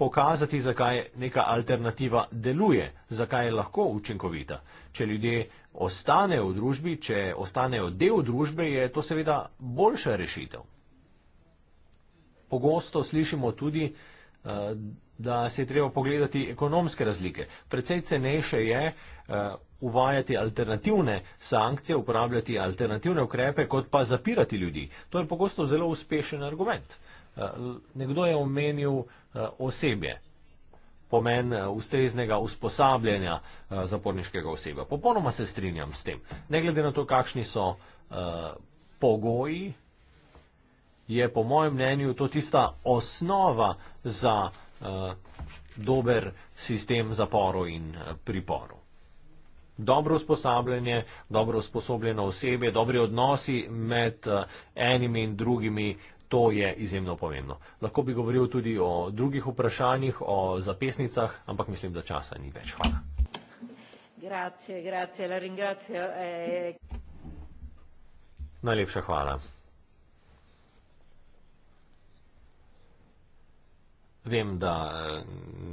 pokazati, zakaj neka alternativa deluje, zakaj je lahko učinkovita. Če ljudje ostanejo v družbi, če ostanejo del družbe, je to seveda boljša rešitev. Pogosto slišimo tudi, eh, da se je treba pogledati ekonomske razlike. Predvsej cenejše je eh, uvajati alternativne sankcije, uporabljati alternativne ukrepe, kot pa zapirati ljudi. To je pogosto zelo uspešen argument. Eh, nekdo je omenil eh, osebje, pomen eh, ustreznega usposabljanja zaporniškega osebja. Popolnoma se strinjam s tem. Ne glede na to, kakšni so pogoji, je po mojem mnenju to tista osnova za dober sistem zaporov in priporov. Dobro usposabljanje, dobro usposobljeno osebe, dobri odnosi med enimi in drugimi uh, to je izjemno pomembno. Lahko bi govoril tudi o drugih vprašanjih, o zapisnicah, ampak mislim, da časa ni več. Hvala. Grazie, grazie, la ringrazio. Eh. Najlepša hvala. Vem, da eh,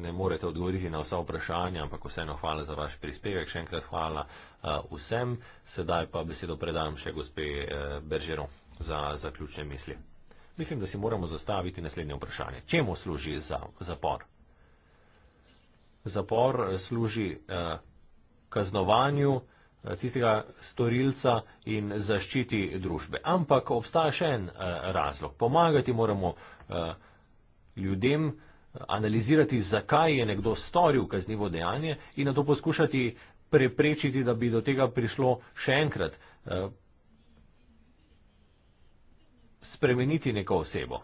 ne morete odgovoriti na vsa vprašanja, ampak vseeno hvala za vaš prispevek. Še enkrat hvala uh, vsem. Sedaj pa besedo predam še gospe uh, eh, Beržero za zaključne misli. Mislim, da si moramo zastaviti naslednje vprašanje. Čemu služi za, zapor? Zapor eh, služi eh, kaznovanju eh, tistega storilca in zaščiti družbe. Ampak obstaja še en eh, razlog. Pomagati moramo eh, ljudem eh, analizirati, zakaj je nekdo storil kaznivo dejanje in na to poskušati preprečiti, da bi do tega prišlo še enkrat. Eh, spremeniti neko osebo.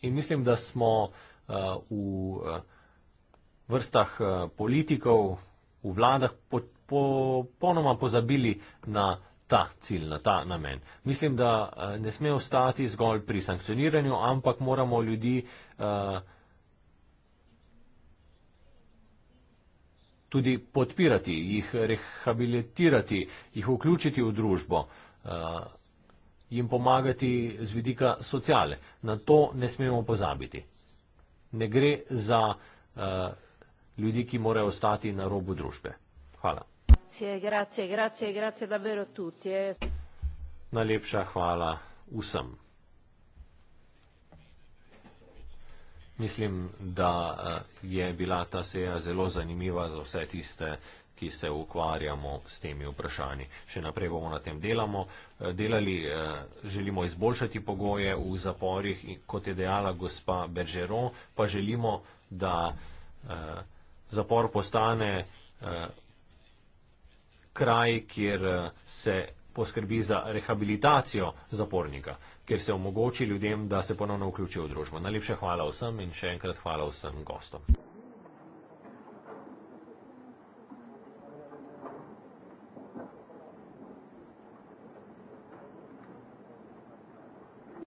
In mislim, da smo uh, v uh, vrstah uh, politikov, v vladah popolnoma po, pozabili na ta cilj, na ta namen. Mislim, da uh, ne sme ostati zgolj pri sankcioniranju, ampak moramo ljudi uh, tudi podpirati, jih rehabilitirati, jih vključiti v družbo. Uh, jim pomagati z vidika sociale. Na to ne smemo pozabiti. Ne gre za uh, ljudi, ki morajo ostati na robu družbe. Hvala. Grazie, grazie, grazie davvero tutti. Eh. Najlepša hvala vsem. Mislim, da eh, je bila ta seja zelo zanimiva za vse tiste, ki se ukvarjamo s temi vprašanji. Še naprej bomo na tem delamo, eh, delali, eh, želimo izboljšati pogoje v zaporih, kot je dejala gospa Bergeron, pa želimo, da eh, zapor postane kraj, kjer se poskrbi za rehabilitacijo zapornika, kjer se omogoči ljudem, da se ponovno vključijo v družbo. Najlepša hvala vsem in še enkrat hvala vsem gostom.